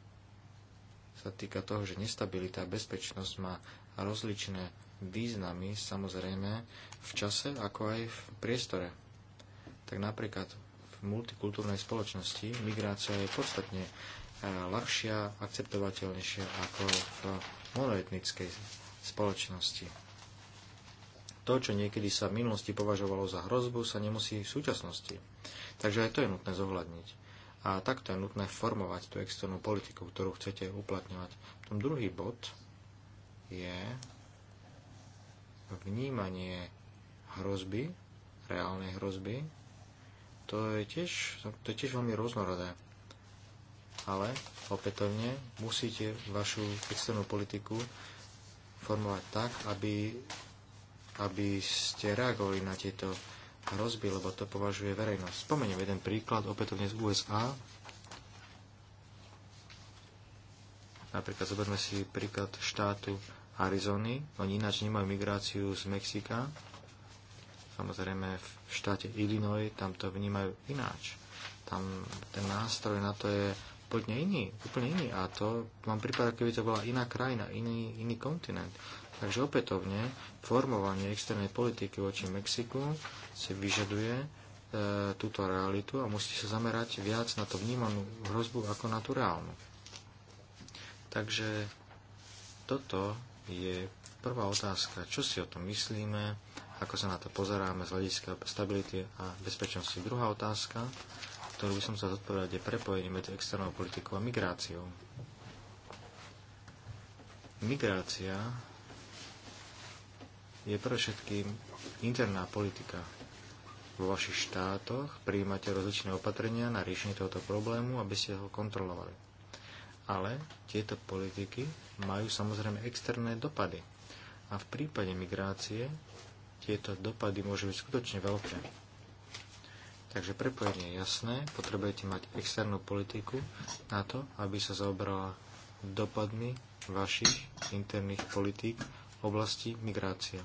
sa týka toho, že nestabilita a bezpečnosť má rozličné významy, samozrejme, v čase ako aj v priestore. Tak napríklad v multikultúrnej spoločnosti migrácia je podstatne eh, ľahšia, akceptovateľnejšia ako v monoetnickej spoločnosti. To, čo niekedy sa v minulosti považovalo za hrozbu, sa nemusí v súčasnosti. Takže aj to je nutné zohľadniť. A takto je nutné formovať tú externú politiku, ktorú chcete uplatňovať. Tom druhý bod je vnímanie hrozby, reálnej hrozby. To je tiež, to je tiež veľmi rôznorodé ale opätovne musíte vašu externú politiku formovať tak, aby, aby ste reagovali na tieto hrozby, lebo to považuje verejnosť. Spomeniem jeden príklad opätovne z USA. Napríklad zoberme si príklad štátu Arizony. Oni ináč nemajú migráciu z Mexika. Samozrejme v štáte Illinois tam to vnímajú ináč. Tam ten nástroj na to je úplne iný, úplne iný. A to vám prípada, keby to bola iná krajina, iný, iný kontinent. Takže opätovne formovanie externej politiky voči Mexiku si vyžaduje e, túto realitu a musí sa zamerať viac na to vnímanú hrozbu ako na tú reálnu. Takže toto je prvá otázka, čo si o tom myslíme, ako sa na to pozeráme z hľadiska stability a bezpečnosti. Druhá otázka, ktorú by som sa zodpovedal, je prepojenie medzi externou politikou a migráciou. Migrácia je pre všetkým interná politika. Vo vašich štátoch prijímate rozličné opatrenia na riešenie tohoto problému, aby ste ho kontrolovali. Ale tieto politiky majú samozrejme externé dopady. A v prípade migrácie tieto dopady môžu byť skutočne veľké. Takže prepojenie je jasné, potrebujete mať externú politiku na to, aby sa zaoberala dopadmi vašich interných politík v oblasti migrácie.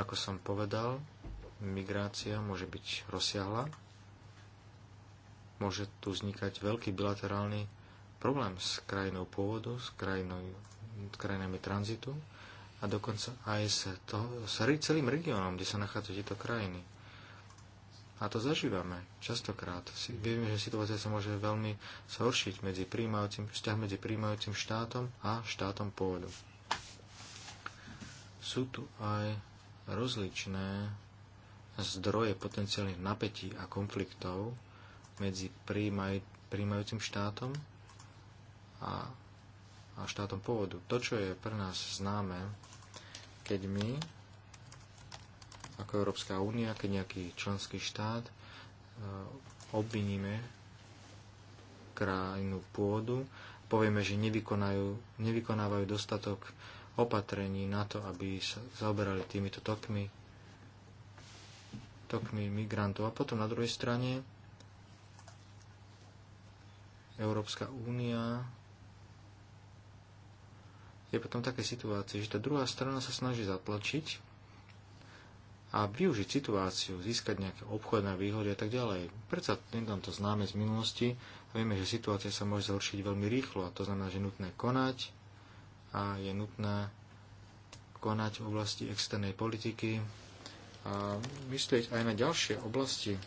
Ako som povedal, migrácia môže byť rozsiahla, môže tu vznikať veľký bilaterálny problém s krajinou pôvodu, s, krajinou, s krajinami tranzitu a dokonca aj s, toho, s celým regiónom, kde sa nachádzajú tieto krajiny. A to zažívame častokrát. Vieme, že situácia sa môže veľmi zhoršiť medzi príjmajúcim, vzťah medzi príjmajúcim štátom a štátom pôvodu. Sú tu aj rozličné zdroje potenciálnych napätí a konfliktov medzi príjmaj, príjmajúcim štátom a, a štátom pôvodu. To, čo je pre nás známe, keď my ako Európska únia, keď nejaký členský štát eh, obviníme krajinu pôdu, povieme, že nevykonajú, nevykonávajú dostatok opatrení na to, aby sa zaoberali týmito tokmi, tokmi migrantov. A potom na druhej strane Európska únia je potom také situácie, situácii, že tá druhá strana sa snaží zatlačiť a využiť situáciu, získať nejaké obchodné výhody a tak ďalej. Predsa tam to známe z minulosti a vieme, že situácia sa môže zhoršiť veľmi rýchlo a to znamená, že je nutné konať a je nutné konať v oblasti externej politiky a myslieť aj na ďalšie oblasti.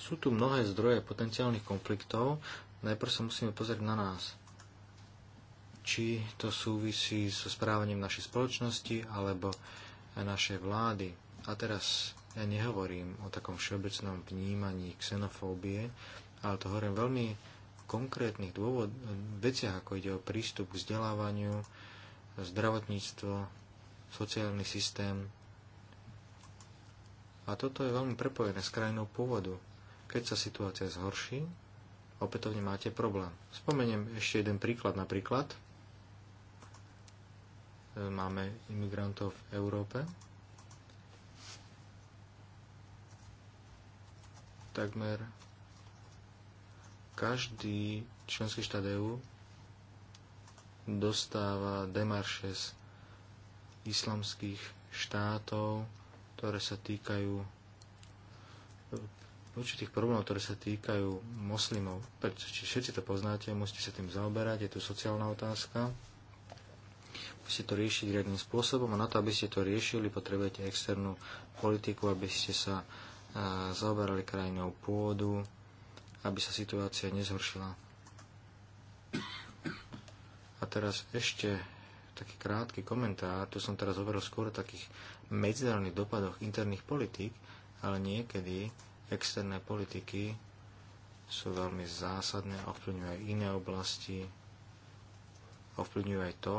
Sú tu mnohé zdroje potenciálnych konfliktov, najprv sa musíme pozrieť na nás či to súvisí so správaním našej spoločnosti alebo našej vlády. A teraz ja nehovorím o takom všeobecnom vnímaní xenofóbie, ale to hovorím veľmi konkrétnych dôvod, veciach, ako ide o prístup k vzdelávaniu, zdravotníctvo, sociálny systém. A toto je veľmi prepojené s krajinou pôvodu. Keď sa situácia zhorší, opätovne máte problém. Spomeniem ešte jeden príklad napríklad. E, máme imigrantov v Európe. Takmer každý členský štát EU dostáva demarše z islamských štátov, ktoré sa týkajú e, určitých problémov, ktoré sa týkajú moslimov. Prečo všetci to poznáte, musíte sa tým zaoberať, je tu sociálna otázka si to riešiť riadným spôsobom a na to, aby ste to riešili, potrebujete externú politiku, aby ste sa e, zaoberali krajinou pôdu, aby sa situácia nezhoršila. A teraz ešte taký krátky komentár. Tu som teraz hovoril skôr o takých medzinárodných dopadoch interných politík, ale niekedy externé politiky sú veľmi zásadné, ovplyvňujú aj iné oblasti, ovplyvňujú aj to,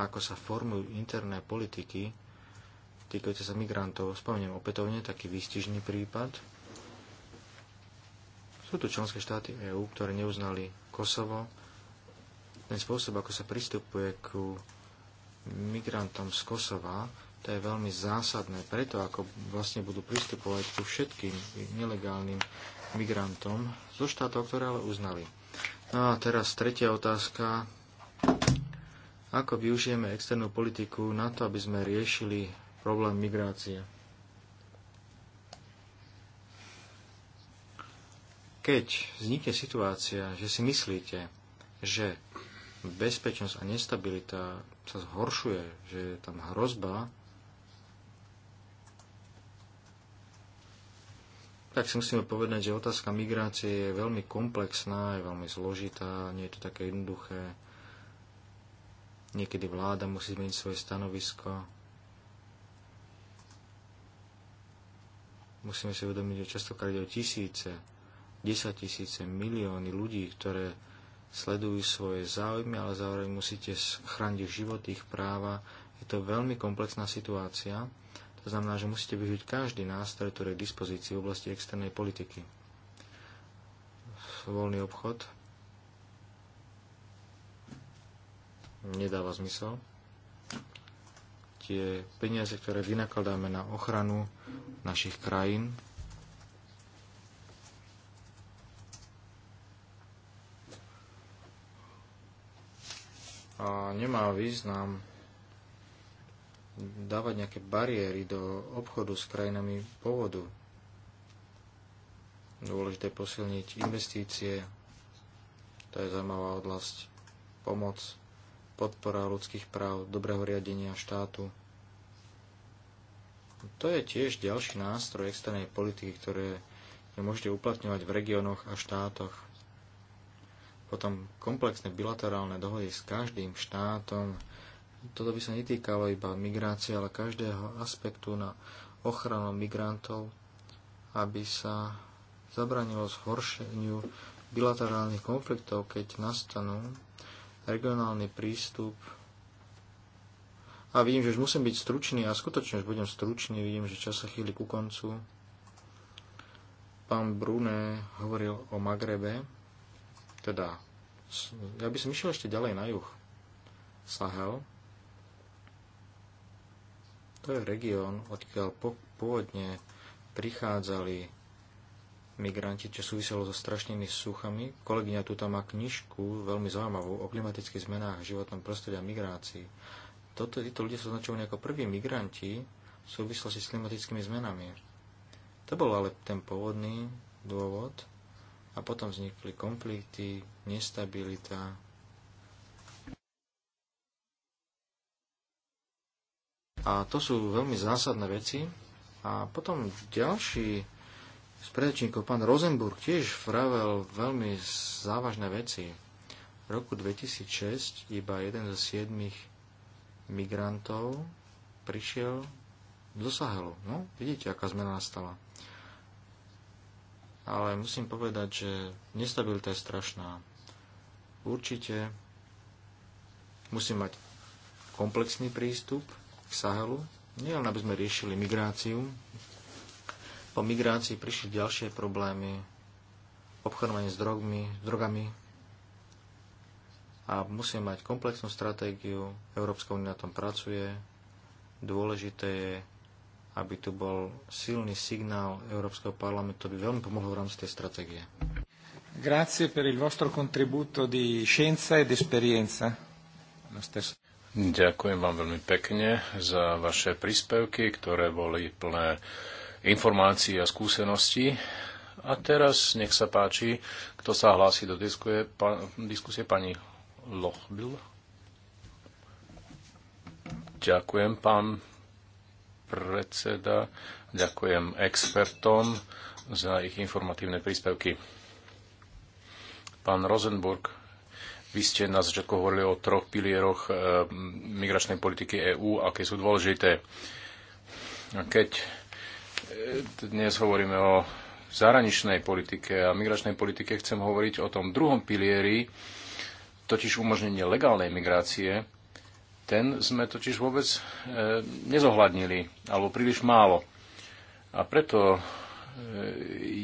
ako sa formujú interné politiky týkajúce sa migrantov. Spomeniem opätovne taký výstižný prípad. Sú tu členské štáty EÚ, ktoré neuznali Kosovo. Ten spôsob, ako sa pristupuje k migrantom z Kosova, to je veľmi zásadné preto, ako vlastne budú pristupovať ku všetkým nelegálnym migrantom zo štátov, ktoré ale uznali. No a teraz tretia otázka. Ako využijeme externú politiku na to, aby sme riešili problém migrácie? Keď vznikne situácia, že si myslíte, že bezpečnosť a nestabilita sa zhoršuje, že je tam hrozba, tak si musíme povedať, že otázka migrácie je veľmi komplexná, je veľmi zložitá, nie je to také jednoduché. Niekedy vláda musí zmeniť svoje stanovisko. Musíme si uvedomiť, že častokrát ide o tisíce, desať tisíce, milióny ľudí, ktoré sledujú svoje záujmy, ale zároveň musíte chrániť ich život, ich práva. Je to veľmi komplexná situácia. To znamená, že musíte využiť každý nástroj, ktorý je k dispozícii v oblasti externej politiky. Voľný obchod nedáva zmysel. Tie peniaze, ktoré vynakladáme na ochranu našich krajín, a nemá význam dávať nejaké bariéry do obchodu s krajinami pôvodu. Dôležité posilniť investície, to je zaujímavá odlasť, pomoc podpora ľudských práv, dobrého riadenia štátu. To je tiež ďalší nástroj externej politiky, ktoré môžete uplatňovať v regiónoch a štátoch. Potom komplexné bilaterálne dohody s každým štátom. Toto by sa netýkalo iba migrácie, ale každého aspektu na ochranu migrantov, aby sa zabranilo zhoršeniu bilaterálnych konfliktov, keď nastanú regionálny prístup. A vidím, že už musím byť stručný a skutočne už budem stručný, vidím, že čas sa chýli ku koncu. Pán Brune hovoril o Magrebe, teda ja by som išiel ešte ďalej na juh. Sahel. To je región, odkiaľ pôvodne prichádzali migranti, čo súviselo so strašnými suchami. Kolegyňa tu tam má knižku veľmi zaujímavú o klimatických zmenách, životnom prostredí a migrácii. Toto, títo ľudia sú označovaní ako prví migranti v súvislosti s klimatickými zmenami. To bol ale ten pôvodný dôvod a potom vznikli konflikty, nestabilita. A to sú veľmi zásadné veci. A potom ďalší z predečníkov, pán Rosenburg tiež vravel veľmi závažné veci. V roku 2006 iba jeden zo siedmých migrantov prišiel do Sahelu. No, vidíte, aká zmena nastala. Ale musím povedať, že nestabilita je strašná. Určite musí mať komplexný prístup k Sahelu, len, aby sme riešili migráciu po migrácii prišli ďalšie problémy, obchodovanie s drogmi, s drogami a musíme mať komplexnú stratégiu. Európska únia na tom pracuje. Dôležité je, aby tu bol silný signál Európskeho parlamentu, by veľmi pomohlo v rámci tej stratégie. Grazie per il vostro contributo di scienza ed esperienza. Ďakujem vám veľmi pekne za vaše príspevky, ktoré boli plné informácií a skúseností. A teraz nech sa páči, kto sa hlási do diskusie, pa, diskusie pani Lochbil. Ďakujem, pán predseda. Ďakujem expertom za ich informatívne príspevky. Pán Rosenburg, vy ste na začiatku hovorili o troch pilieroch eh, migračnej politiky EÚ, aké sú dôležité. Keď dnes hovoríme o zahraničnej politike a migračnej politike, chcem hovoriť o tom druhom pilieri, totiž umožnenie legálnej migrácie. Ten sme totiž vôbec e, nezohľadnili, alebo príliš málo. A preto e,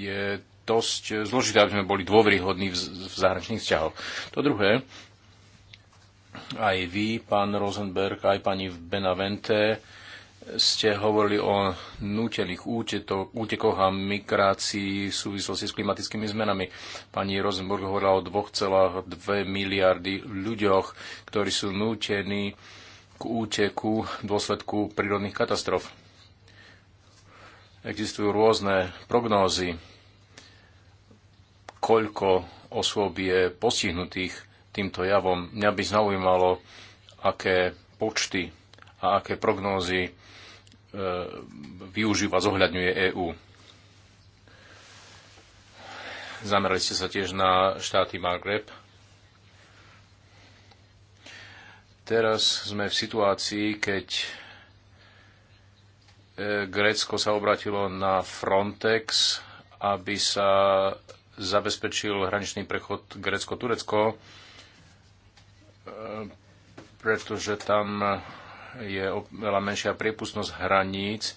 je dosť zložité, aby sme boli dôveryhodní v, v zahraničných vzťahoch. To druhé, aj vy, pán Rosenberg, aj pani Benavente, ste hovorili o nútených útekoch a migrácii v súvislosti s klimatickými zmenami. Pani Rosenborg hovorila o 2,2 miliardy ľuďoch, ktorí sú nútení k úteku v dôsledku prírodných katastrof. Existujú rôzne prognózy, koľko osôb je postihnutých týmto javom. Mňa by zaujímalo, aké počty a aké prognózy E, využíva, zohľadňuje EÚ. Zamerali ste sa tiež na štáty Maghreb. Teraz sme v situácii, keď e, Grécko sa obratilo na Frontex, aby sa zabezpečil hraničný prechod Grécko-Turecko, e, pretože tam je veľa menšia priepustnosť hraníc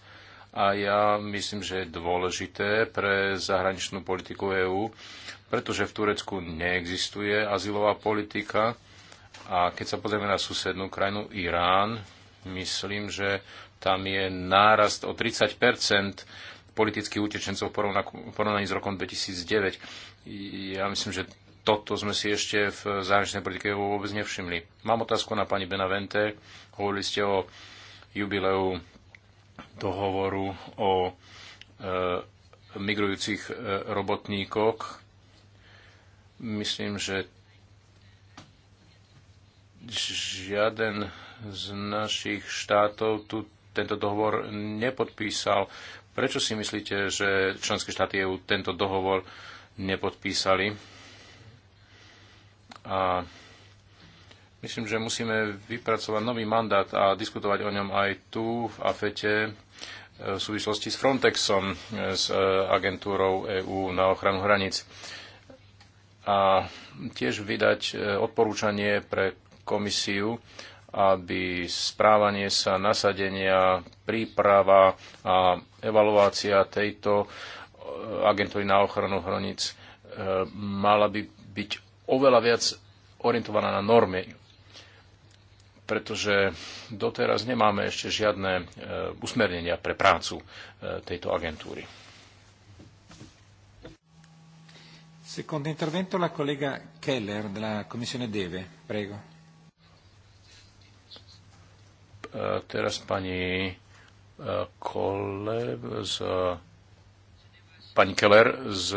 a ja myslím, že je dôležité pre zahraničnú politiku EÚ, pretože v Turecku neexistuje azylová politika a keď sa pozrieme na susednú krajinu Irán, myslím, že tam je nárast o 30 politických utečencov v porovnaní s rokom 2009. Ja myslím, že toto sme si ešte v zahraničnej politike vôbec nevšimli. Mám otázku na pani Benavente. Hovorili ste o jubileu dohovoru o e, migrujúcich e, robotníkoch. Myslím, že žiaden z našich štátov tu tento dohovor nepodpísal. Prečo si myslíte, že členské štáty EU tento dohovor nepodpísali? A myslím, že musíme vypracovať nový mandát a diskutovať o ňom aj tu v AFETE e, v súvislosti s Frontexom, e, s e, agentúrou EÚ na ochranu hraníc. A tiež vydať odporúčanie pre komisiu, aby správanie sa, nasadenia, príprava a evaluácia tejto agentúry na ochranu hraníc mala by byť oveľa viac orientovaná na normy, pretože doteraz nemáme ešte žiadne e, usmernenia pre prácu e, tejto agentúry. Secondo intervento la collega Keller della Commissione Deve. Prego. E, teraz pani Kolev z, pani Keller z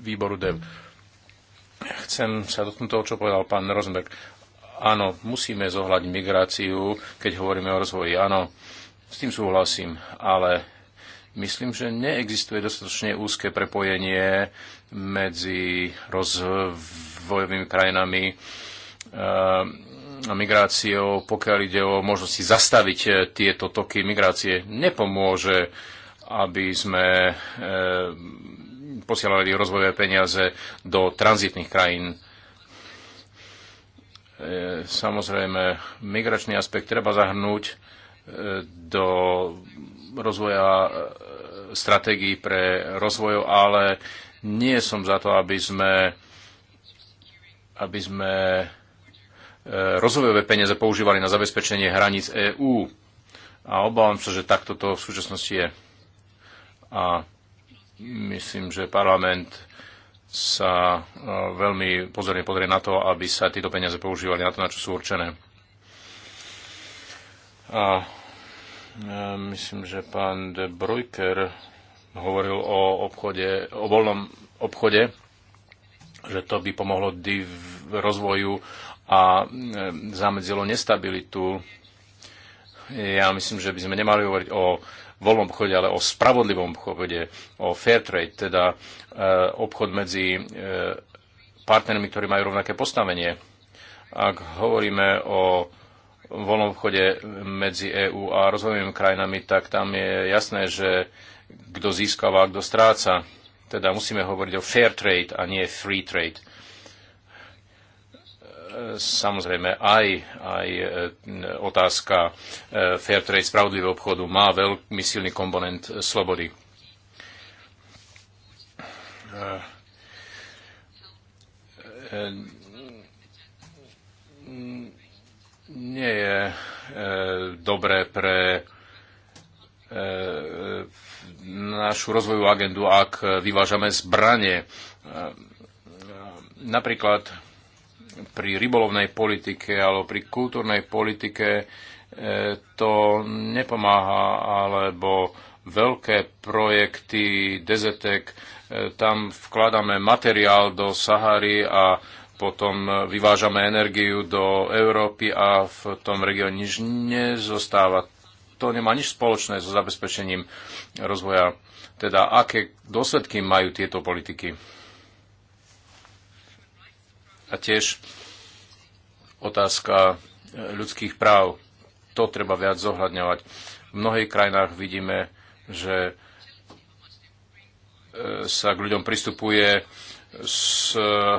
výboru DEV. Chcem sa dotknúť toho, čo povedal pán Rosenberg. Áno, musíme zohľať migráciu, keď hovoríme o rozvoji. Áno, s tým súhlasím, ale myslím, že neexistuje dostatočne úzke prepojenie medzi rozvojovými krajinami eh, a migráciou, pokiaľ ide o možnosti zastaviť eh, tieto toky migrácie. Nepomôže, aby sme eh, posielali rozvojové peniaze do tranzitných krajín. E, samozrejme, migračný aspekt treba zahrnúť e, do rozvoja e, stratégií pre rozvoj, ale nie som za to, aby sme, aby sme rozvojové peniaze používali na zabezpečenie hraníc EÚ. A obávam sa, že takto to v súčasnosti je. A myslím, že parlament sa e, veľmi pozorne pozrie na to, aby sa tieto peniaze používali na to, na čo sú určené. A e, myslím, že pán de Brujker hovoril o obchode, o voľnom obchode, že to by pomohlo div, rozvoju a e, zamedzilo nestabilitu. Ja myslím, že by sme nemali hovoriť o voľnom obchode, ale o spravodlivom obchode, o fair trade, teda e, obchod medzi e, partnermi, ktorí majú rovnaké postavenie. Ak hovoríme o voľnom obchode medzi EÚ a rozvojovými krajinami, tak tam je jasné, že kto získava a kto stráca. Teda musíme hovoriť o fair trade a nie free trade. Samozrejme, aj, aj e, otázka e, fair trade, spravodlivého obchodu má veľmi silný komponent slobody. E, nie je dobré pre našu rozvojovú agendu, ak vyvážame zbranie. Napríklad pri rybolovnej politike alebo pri kultúrnej politike e, to nepomáha, alebo veľké projekty Dezetek, e, tam vkladáme materiál do Sahary a potom vyvážame energiu do Európy a v tom regióne nič nezostáva. To nemá nič spoločné so zabezpečením rozvoja. Teda aké dôsledky majú tieto politiky? a tiež otázka e, ľudských práv. To treba viac zohľadňovať. V mnohých krajinách vidíme, že e, sa k ľuďom pristupuje z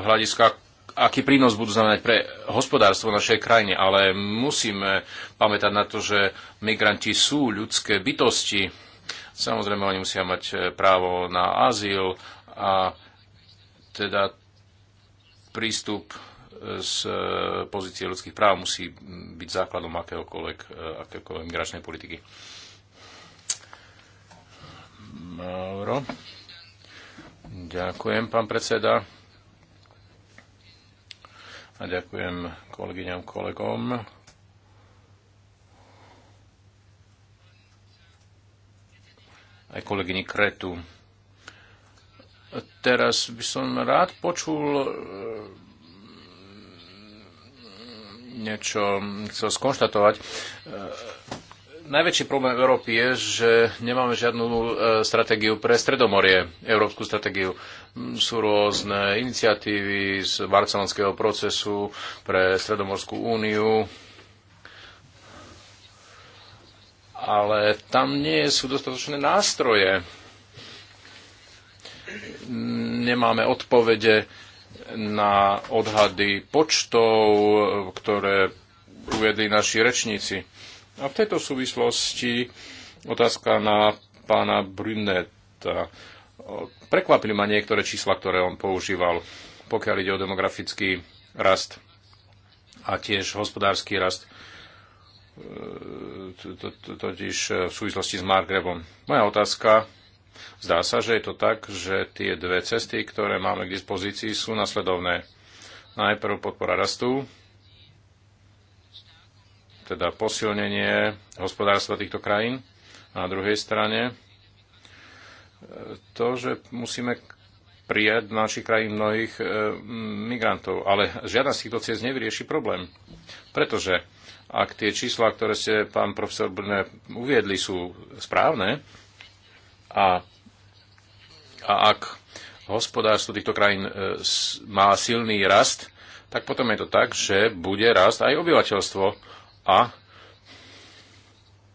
hľadiska, aký prínos budú znamenať pre hospodárstvo našej krajine. Ale musíme pamätať na to, že migranti sú ľudské bytosti. Samozrejme, oni musia mať e, právo na azyl a teda prístup e, z e, pozície ľudských práv musí byť základom akéhokoľvek, e, akéhokoľvek migračnej politiky. Mauro. Ďakujem, pán predseda. A ďakujem kolegyňam, kolegom. Aj kolegyni Kretu Teraz by som rád počul e, niečo, chcel skonštatovať. E, najväčší problém Európy je, že nemáme žiadnu e, stratégiu pre Stredomorie, európsku stratégiu. Mm, sú rôzne iniciatívy z barcelonského procesu pre Stredomorskú úniu, ale tam nie sú dostatočné nástroje nemáme odpovede na odhady počtov, ktoré uvedli naši rečníci. A v tejto súvislosti otázka na pána Brunetta. Prekvapili ma niektoré čísla, ktoré on používal, pokiaľ ide o demografický rast a tiež hospodársky rast, e, totiž v súvislosti s Margrebom. Moja otázka Zdá sa, že je to tak, že tie dve cesty, ktoré máme k dispozícii, sú nasledovné. Najprv podpora rastu, teda posilnenie hospodárstva týchto krajín. A na druhej strane e, to, že musíme prijať v našich krajín mnohých e, migrantov. Ale žiadna z týchto ciest nevyrieši problém. Pretože ak tie čísla, ktoré ste, pán profesor Brne, uviedli, sú správne, a, a ak hospodárstvo týchto krajín e, má silný rast, tak potom je to tak, že bude rast aj obyvateľstvo a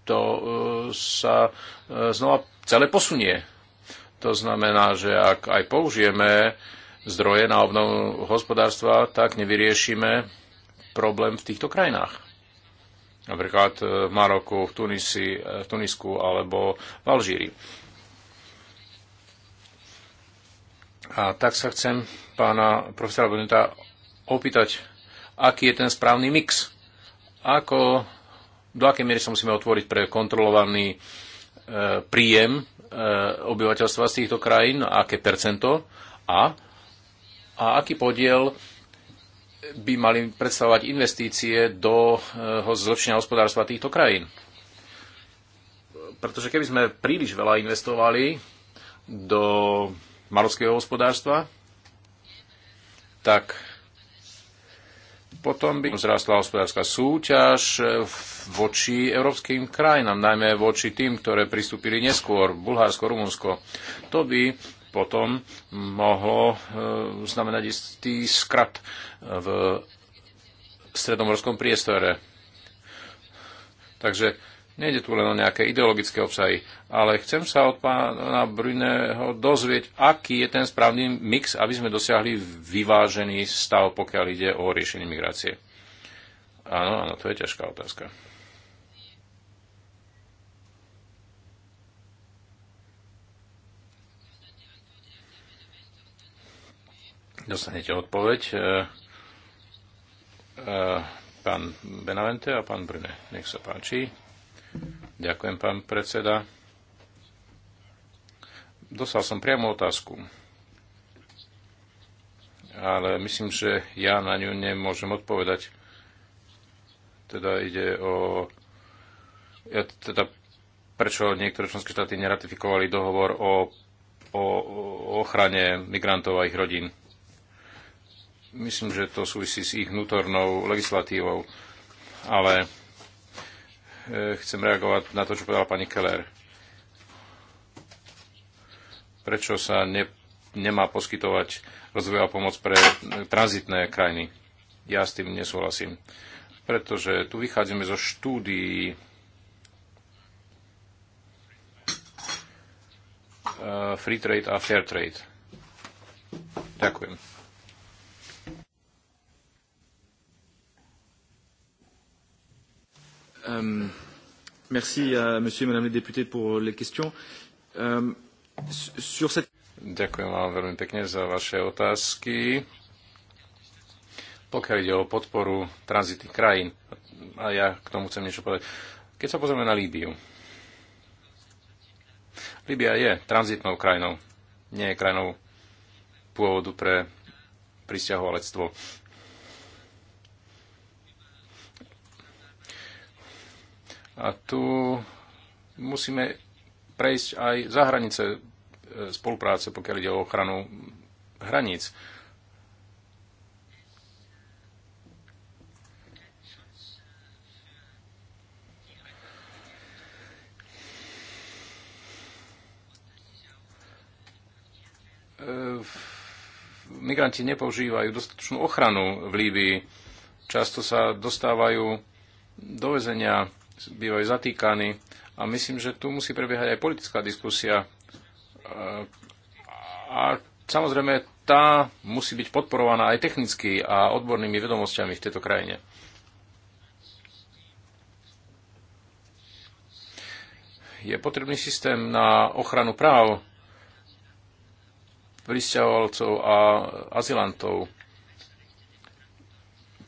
to e, sa e, znova celé posunie. To znamená, že ak aj použijeme zdroje na obnovu hospodárstva, tak nevyriešime problém v týchto krajinách. Napríklad v Maroku, v, Tunisi, v Tunisku alebo v Alžírii. A tak sa chcem pána profesora Bonita opýtať, aký je ten správny mix. Ako, do akej miery sa musíme otvoriť pre kontrolovaný e, príjem e, obyvateľstva z týchto krajín, aké percento a, a aký podiel by mali predstavovať investície do e, zlepšenia hospodárstva týchto krajín. Pretože keby sme príliš veľa investovali do malovského hospodárstva, tak potom by vzrastla hospodárska súťaž voči európskym krajinám, najmä voči tým, ktoré pristúpili neskôr, Bulharsko, Rumunsko. To by potom mohlo e, znamenať istý skrat v stredomorskom priestore. Takže Nejde tu len o nejaké ideologické obsahy, ale chcem sa od pána Bruneho dozvieť, aký je ten správny mix, aby sme dosiahli vyvážený stav, pokiaľ ide o riešenie migrácie. Áno, áno, to je ťažká otázka. Dostanete odpoveď. Eh, eh, pán Benavente a pán Brune, nech sa páči. Ďakujem, pán predseda. Dostal som priamo otázku, ale myslím, že ja na ňu nemôžem odpovedať. Teda ide o... Ja, teda prečo niektoré členské štáty neratifikovali dohovor o, o, o ochrane migrantov a ich rodín. Myslím, že to súvisí s ich vnútornou legislatívou, ale Eh, chcem reagovať na to, čo povedala pani Keller. Prečo sa ne, nemá poskytovať rozvojová pomoc pre eh, tranzitné krajiny? Ja s tým nesúhlasím. Pretože tu vychádzame zo štúdií eh, Free Trade a Fair Trade. Ďakujem. Euh, merci à monsieur et madame les députés pour les questions. Euh, sur cette... Ďakujem vám veľmi pekne za vaše otázky. Pokiaľ ide o podporu tranzitných krajín, a ja k tomu chcem niečo povedať. Keď sa pozrieme na Líbiu, Líbia je tranzitnou krajinou, nie je krajinou pôvodu pre pristahovalectvo. A tu musíme prejsť aj za hranice e, spolupráce, pokiaľ ide o ochranu hraníc. E, migranti nepoužívajú dostatočnú ochranu v Líbii. Často sa dostávajú do väzenia bývajú zatýkaní. A myslím, že tu musí prebiehať aj politická diskusia. A samozrejme, tá musí byť podporovaná aj technicky a odbornými vedomosťami v tejto krajine. Je potrebný systém na ochranu práv pristahovalcov a azilantov,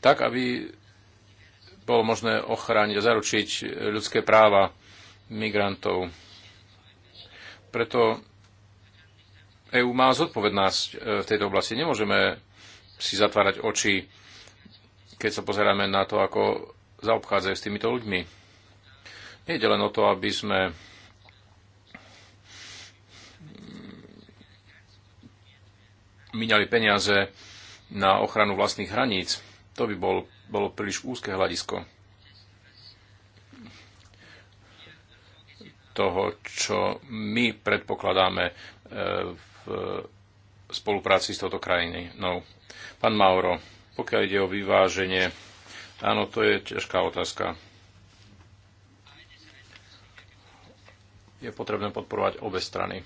tak aby bolo možné ochrániť a zaručiť ľudské práva migrantov. Preto EÚ má zodpovednosť e, v tejto oblasti. Nemôžeme si zatvárať oči, keď sa pozeráme na to, ako zaobchádzajú s týmito ľuďmi. je len o to, aby sme míňali peniaze na ochranu vlastných hraníc. To by bol bolo príliš úzke hľadisko toho, čo my predpokladáme e, v spolupráci s touto krajinou. Pán Mauro, pokiaľ ide o vyváženie, áno, to je ťažká otázka. Je potrebné podporovať obe strany.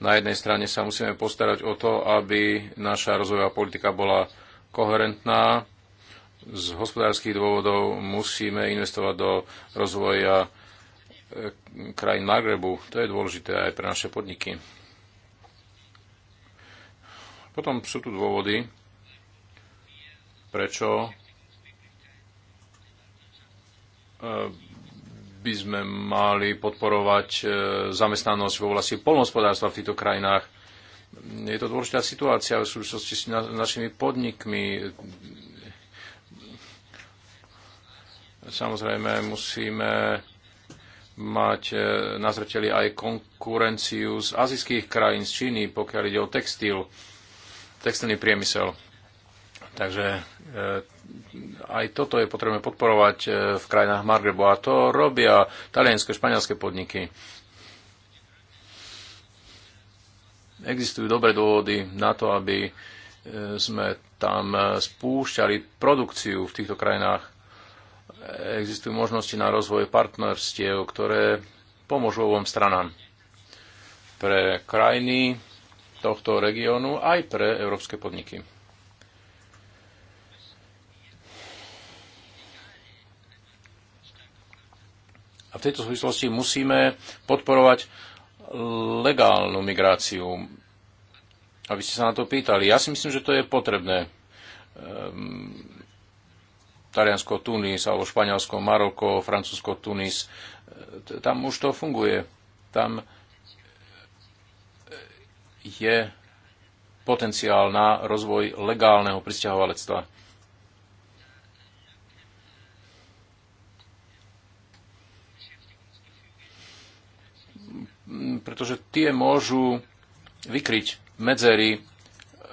Na jednej strane sa musíme postarať o to, aby naša rozvojová politika bola koherentná. Z hospodárskych dôvodov musíme investovať do rozvoja e, krajín Magrebu. To je dôležité aj pre naše podniky. Potom sú tu dôvody, prečo e, by sme mali podporovať e, zamestnanosť v oblasti polnohospodárstva v týchto krajinách. Je to dôležitá situácia v súvislosti s našimi podnikmi. Samozrejme, musíme mať e, na zreteli aj konkurenciu z azijských krajín, z Číny, pokiaľ ide o textil, textilný priemysel. Takže e, aj toto je potrebné podporovať e, v krajinách Margrebo a to robia talianské, španielské podniky. Existujú dobré dôvody na to, aby e, sme tam e, spúšťali produkciu v týchto krajinách. Existujú možnosti na rozvoj partnerstiev, ktoré pomôžu obom stranám. Pre krajiny tohto regiónu aj pre európske podniky. A v tejto súvislosti musíme podporovať legálnu migráciu. Aby ste sa na to pýtali. Ja si myslím, že to je potrebné. Ehm, Taliansko, Tunis, alebo Španielsko, Maroko, Francúzsko, Tunis. tam už to funguje. Tam e, je potenciál na rozvoj legálneho pristahovalectva. pretože tie môžu vykryť medzery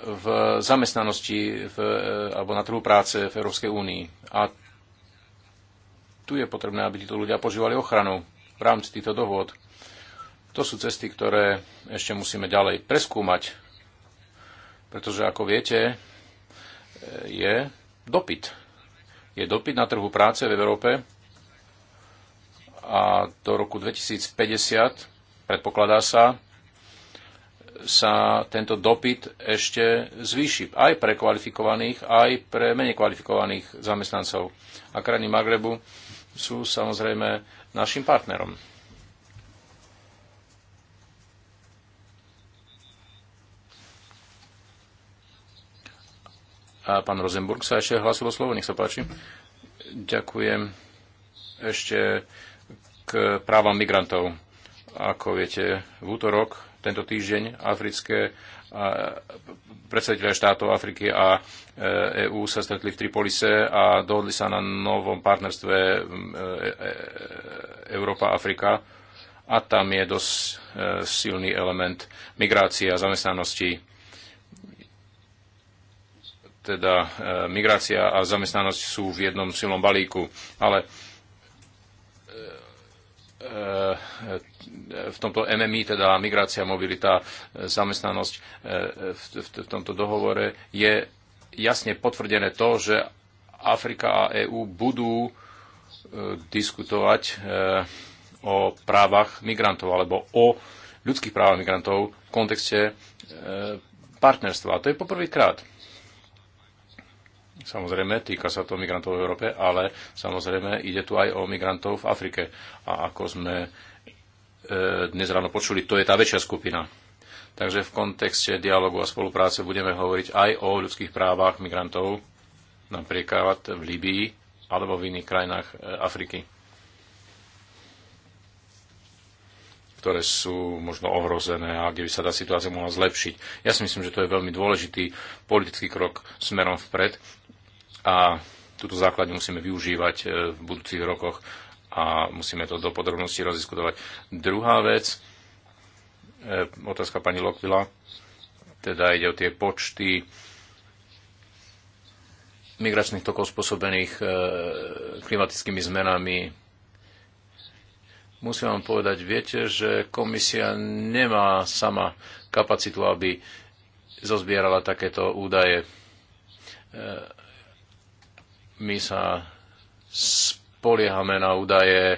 v zamestnanosti v, alebo na trhu práce v Európskej únii. A tu je potrebné, aby títo ľudia požívali ochranu v rámci týchto dohôd. To sú cesty, ktoré ešte musíme ďalej preskúmať, pretože ako viete, je dopyt. Je dopyt na trhu práce v Európe a do roku 2050 predpokladá sa, sa tento dopyt ešte zvýši aj pre kvalifikovaných, aj pre menej kvalifikovaných zamestnancov. A krajiny Magrebu sú samozrejme našim partnerom. A pán Rosenburg sa ešte hlásil o slovo, nech sa páči. Ďakujem ešte k právam migrantov ako viete, v útorok tento týždeň africké predstaviteľe štátov Afriky a EÚ e sa stretli v Tripolise a dohodli sa na novom partnerstve e, e, Európa-Afrika a tam je dosť silný element migrácie a zamestnanosti. Teda migrácia a zamestnanosť sú v jednom silnom balíku, ale E, v tomto MMI, teda migrácia, mobilita, e, zamestnanosť, e, v tomto dohovore je jasne potvrdené to, že Afrika a EÚ budú diskutovať o právach migrantov alebo o ľudských právach migrantov v kontexte partnerstva. A to je poprvýkrát. Samozrejme, týka sa to migrantov v Európe, ale samozrejme ide tu aj o migrantov v Afrike. A ako sme e, dnes ráno počuli, to je tá väčšia skupina. Takže v kontexte dialogu a spolupráce budeme hovoriť aj o ľudských právach migrantov, napríklad v Libii alebo v iných krajinách e, Afriky. ktoré sú možno ohrozené a kde by sa tá situácia mohla zlepšiť. Ja si myslím, že to je veľmi dôležitý politický krok smerom vpred a túto základňu musíme využívať e, v budúcich rokoch a musíme to do podrobností rozdiskutovať. Druhá vec, e, otázka pani Lokvila, teda ide o tie počty migračných tokov spôsobených e, klimatickými zmenami Musím vám povedať, viete, že komisia nemá sama kapacitu, aby zozbierala takéto údaje. E, my sa spoliehame na údaje, e,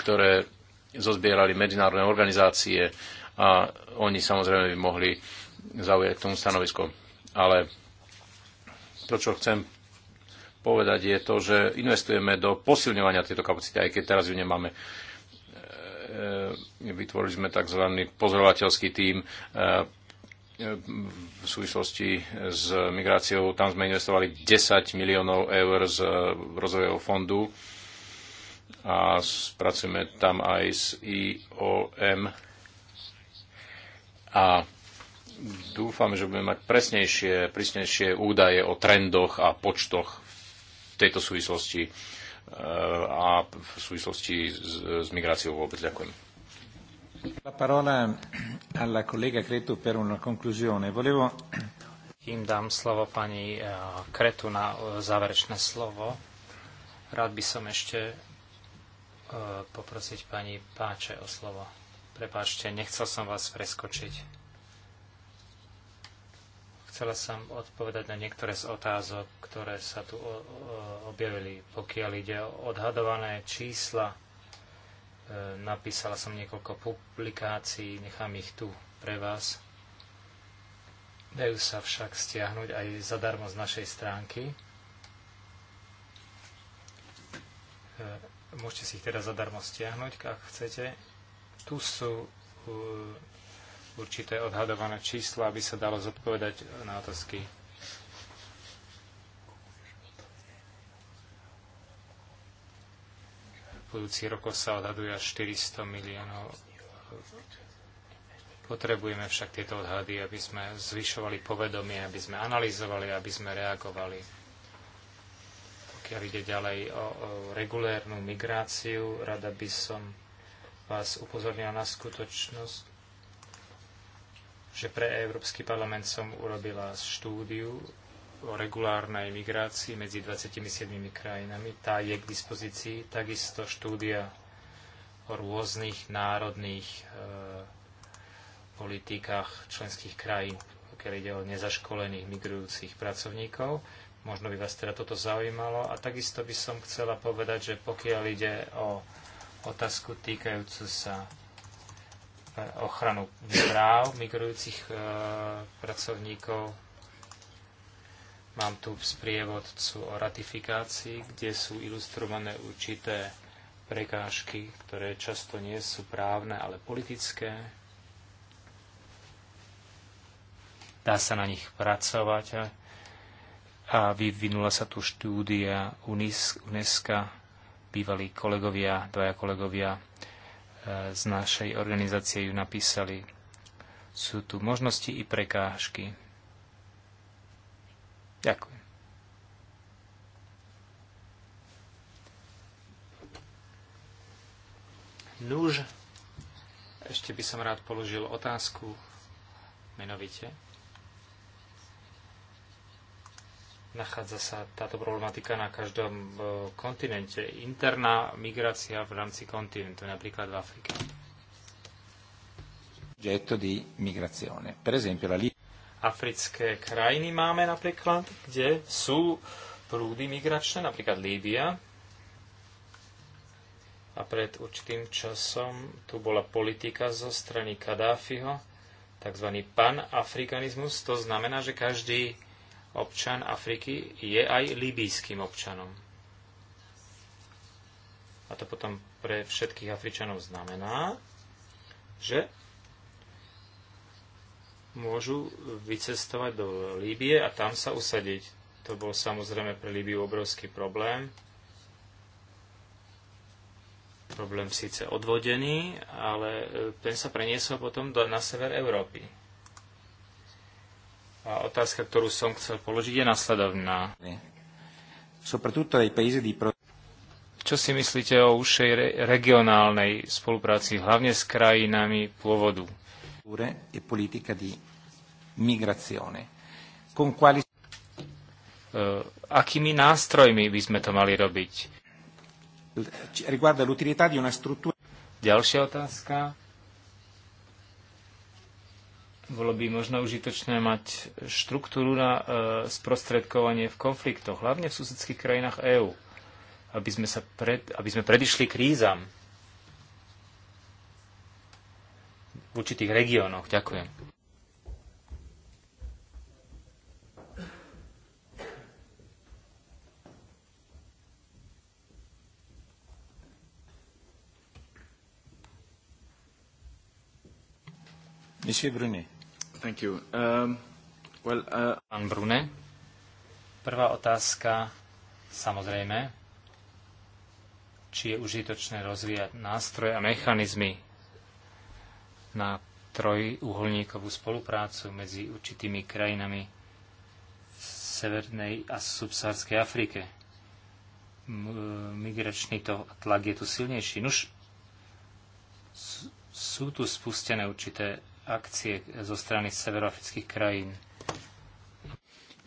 ktoré zozbierali medzinárodné organizácie a oni samozrejme by mohli zaujať k tomu stanovisko. Ale to, čo chcem povedať, je to, že investujeme do posilňovania tejto kapacity, aj keď teraz ju nemáme. E, e, vytvorili sme tzv. pozorovateľský tím e, v súvislosti s migráciou. Tam sme investovali 10 miliónov eur z rozvojového fondu a pracujeme tam aj s IOM a dúfam, že budeme mať presnejšie, prísnejšie údaje o trendoch a počtoch v tejto súvislosti e, a v súvislosti s, s migráciou vôbec. Ďakujem. La parola alla collega Cretu per una conclusione. Volevo... Tým dám slovo pani Kretu e, na e, záverečné slovo. Rád by som ešte poprosiť pani Páče o slovo. Prepáčte, nechcel som vás preskočiť. Chcela som odpovedať na niektoré z otázok, ktoré sa tu objavili, pokiaľ ide o odhadované čísla. E, napísala som niekoľko publikácií, nechám ich tu pre vás. Dajú sa však stiahnuť aj zadarmo z našej stránky. E, môžete si ich teda zadarmo stiahnuť, ak chcete. Tu sú e, určité odhadované čísla, aby sa dalo zodpovedať na otázky. V budúci rokov sa odhaduje až 400 miliónov. Potrebujeme však tieto odhady, aby sme zvyšovali povedomie, aby sme analyzovali, aby sme reagovali. Pokiaľ ide ďalej o, o regulérnu migráciu, rada by som vás upozornila na skutočnosť, že pre Európsky parlament som urobila štúdiu o regulárnej migrácii medzi 27 krajinami. Tá je k dispozícii. Takisto štúdia o rôznych národných e, politikách členských krajín, pokiaľ ide o nezaškolených migrujúcich pracovníkov. Možno by vás teda toto zaujímalo. A takisto by som chcela povedať, že pokiaľ ide o otázku týkajúcu sa ochranu práv migrujúcich e, pracovníkov. Mám tu sprievodcu o ratifikácii, kde sú ilustrované určité prekážky, ktoré často nie sú právne, ale politické. Dá sa na nich pracovať a vyvinula sa tu štúdia UNESCO, bývalí kolegovia, dvaja kolegovia, z našej organizácie ju napísali. Sú tu možnosti i prekážky. Ďakujem. Nuž, ešte by som rád položil otázku menovite. Nachádza sa táto problematika na každom e, kontinente. Interná migrácia v rámci kontinentu, napríklad v Afrike. Africké krajiny máme napríklad, kde sú prúdy migračné, napríklad Líbia. A pred určitým časom tu bola politika zo strany Kadáfiho, tzv. panafrikanizmus. To znamená, že každý občan Afriky je aj libijským občanom. A to potom pre všetkých Afričanov znamená, že môžu vycestovať do Líbie a tam sa usadiť. To bol samozrejme pre Líbiu obrovský problém. Problém síce odvodený, ale e, ten sa preniesol potom do, na sever Európy. A otázka, ktorú som chcel položiť, je nasledovná. Čo si myslíte o užšej re regionálnej spolupráci, hlavne s krajinami pôvodu? E eh, akými nástrojmi by sme to mali robiť? Ďalšia otázka bolo by možno užitočné mať štruktúru na e, sprostredkovanie v konfliktoch, hlavne v susedských krajinách EÚ, aby sme, sa pred, aby sme predišli krízam v určitých regiónoch. Ďakujem. Monsieur Brunet. Thank you. Um, well, uh... Pán Brune, prvá otázka, samozrejme, či je užitočné rozvíjať nástroje a mechanizmy na trojuholníkovú spoluprácu medzi určitými krajinami v Severnej a subsaharskej Afrike. E, migračný to, tlak je tu silnejší. Nuž, sú tu spustené určité akcie zo strany severoafrických krajín.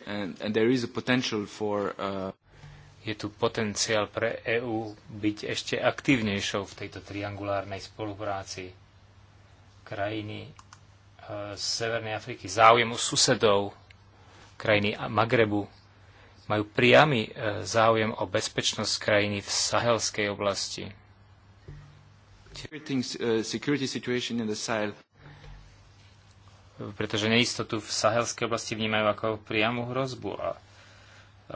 And, and there is a potential for, uh... Je tu potenciál pre EÚ byť ešte aktívnejšou v tejto triangulárnej spolupráci krajiny z uh, Severnej Afriky, záujem u susedov, krajiny Magrebu, majú priamy uh, záujem o bezpečnosť krajiny v sahelskej oblasti. Uh, security situation in the Sahel pretože neistotu v sahelskej oblasti vnímajú ako priamu hrozbu a,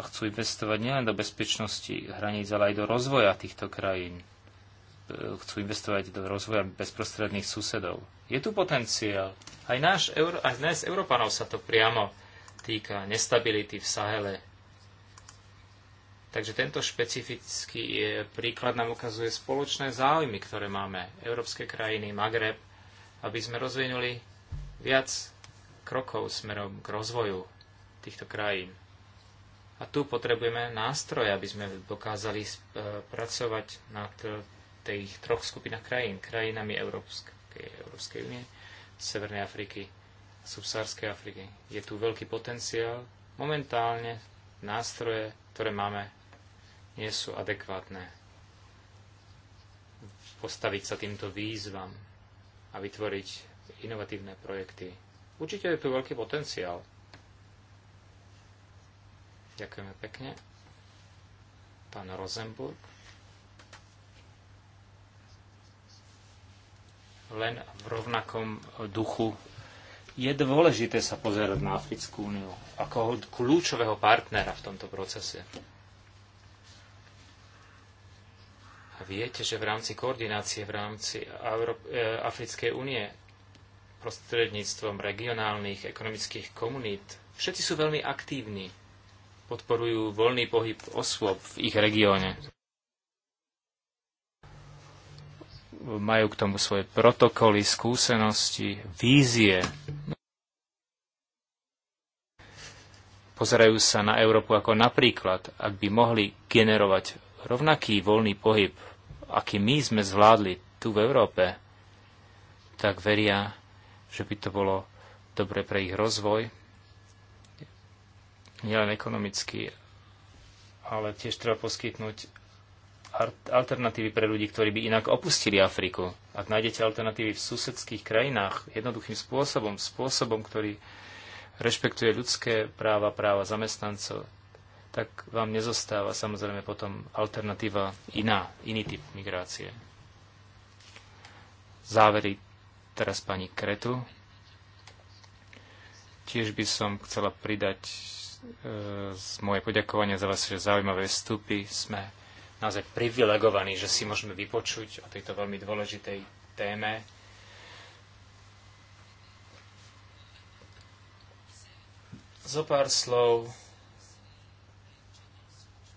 chcú investovať nielen do bezpečnosti hraníc, ale aj do rozvoja týchto krajín. E, chcú investovať do rozvoja bezprostredných susedov. Je tu potenciál. Aj, náš, aj nás, Európanov, sa to priamo týka nestability v Sahele, Takže tento špecifický e, príklad nám ukazuje spoločné záujmy, ktoré máme, európske krajiny, Magreb, aby sme rozvinuli viac krokov smerom k rozvoju týchto krajín. A tu potrebujeme nástroje, aby sme dokázali e, pracovať na tých troch skupinách krajín. Krajinami Európskej, Európskej únie, Severnej Afriky, Subsárskej Afriky. Je tu veľký potenciál. Momentálne nástroje, ktoré máme, nie sú adekvátne. Postaviť sa týmto výzvam a vytvoriť inovatívne projekty. Určite je tu veľký potenciál. Ďakujeme pekne. Pán Rosenburg. Len v rovnakom duchu je dôležité sa pozerať na Africkú úniu ako kľúčového partnera v tomto procese. A viete, že v rámci koordinácie v rámci e, Africkej únie prostredníctvom regionálnych ekonomických komunít. Všetci sú veľmi aktívni. Podporujú voľný pohyb osôb v ich regióne. Majú k tomu svoje protokoly, skúsenosti, vízie. Pozerajú sa na Európu ako napríklad, ak by mohli generovať rovnaký voľný pohyb, aký my sme zvládli tu v Európe, tak veria, že by to bolo dobre pre ich rozvoj, nielen ekonomicky, ale tiež treba poskytnúť alternatívy pre ľudí, ktorí by inak opustili Afriku. Ak nájdete alternatívy v susedských krajinách jednoduchým spôsobom, spôsobom, ktorý rešpektuje ľudské práva, práva zamestnancov, tak vám nezostáva samozrejme potom alternatíva iná, iný typ migrácie. Závery Teraz pani Kretu. Tiež by som chcela pridať e, z moje poďakovania za vaše zaujímavé vstupy. Sme naozaj privilegovaní, že si môžeme vypočuť o tejto veľmi dôležitej téme. Zo pár slov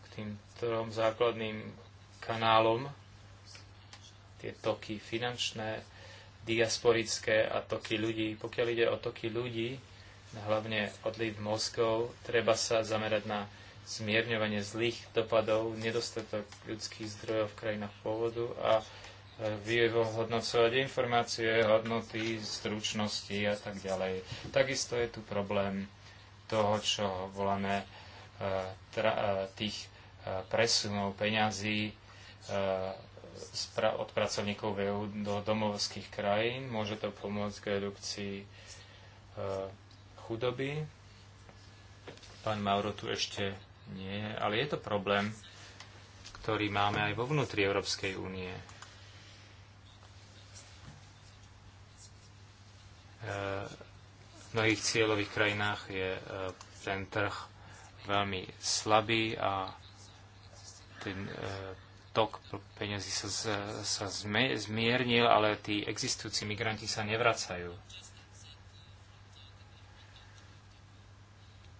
k tým trom základným kanálom. Tie toky finančné, diasporické a toky ľudí. Pokiaľ ide o toky ľudí, hlavne odliv mozgov, treba sa zamerať na zmierňovanie zlých dopadov, nedostatok ľudských zdrojov v krajinách pôvodu a e, vyhodnocovať informácie, hodnoty, stručnosti a tak ďalej. Takisto je tu problém toho, čo voláme e, e, tých presunov peňazí od pracovníkov VÚ e do domovských krajín. Môže to pomôcť k redukcii e, chudoby. Pán Mauro tu ešte nie, ale je to problém, ktorý máme aj vo vnútri Európskej únie. E, v mnohých cieľových krajinách je ten trh veľmi slabý a ten tok peniazy sa, sa zmiernil, ale tí existujúci migranti sa nevracajú.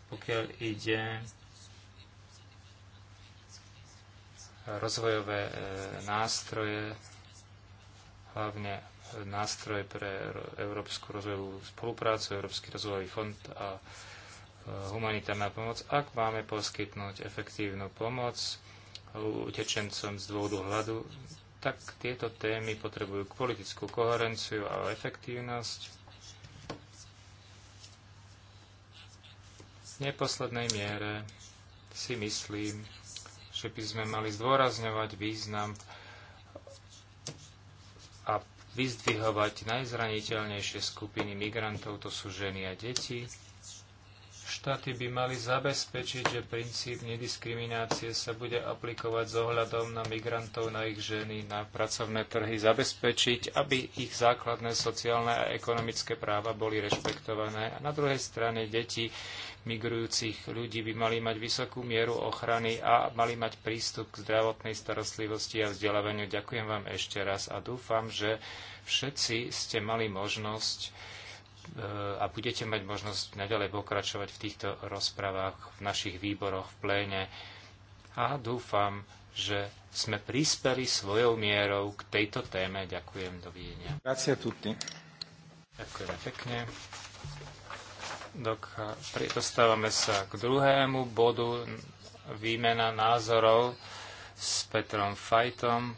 Pokiaľ ide rozvojové e, nástroje, hlavne nástroje pre Európsku rozvojovú spoluprácu, Európsky rozvojový fond a e, humanitárna pomoc, ak máme poskytnúť efektívnu pomoc utečencom z dôvodu hladu, tak tieto témy potrebujú politickú koherenciu a efektívnosť. V neposlednej miere si myslím, že by sme mali zdôrazňovať význam a vyzdvihovať najzraniteľnejšie skupiny migrantov, to sú ženy a deti, Štáty by mali zabezpečiť, že princíp nediskriminácie sa bude aplikovať s ohľadom na migrantov, na ich ženy, na pracovné trhy, zabezpečiť, aby ich základné sociálne a ekonomické práva boli rešpektované. A na druhej strane deti migrujúcich ľudí by mali mať vysokú mieru ochrany a mali mať prístup k zdravotnej starostlivosti a vzdelávaniu. Ďakujem vám ešte raz a dúfam, že všetci ste mali možnosť E, a budete mať možnosť naďalej pokračovať v týchto rozprávach v našich výboroch v pléne. A dúfam, že sme prispeli svojou mierou k tejto téme. Ďakujem, dovidenia. Grazie tutti. Ďakujeme pekne. Dok, dostávame sa k druhému bodu výmena názorov s Petrom Fajtom,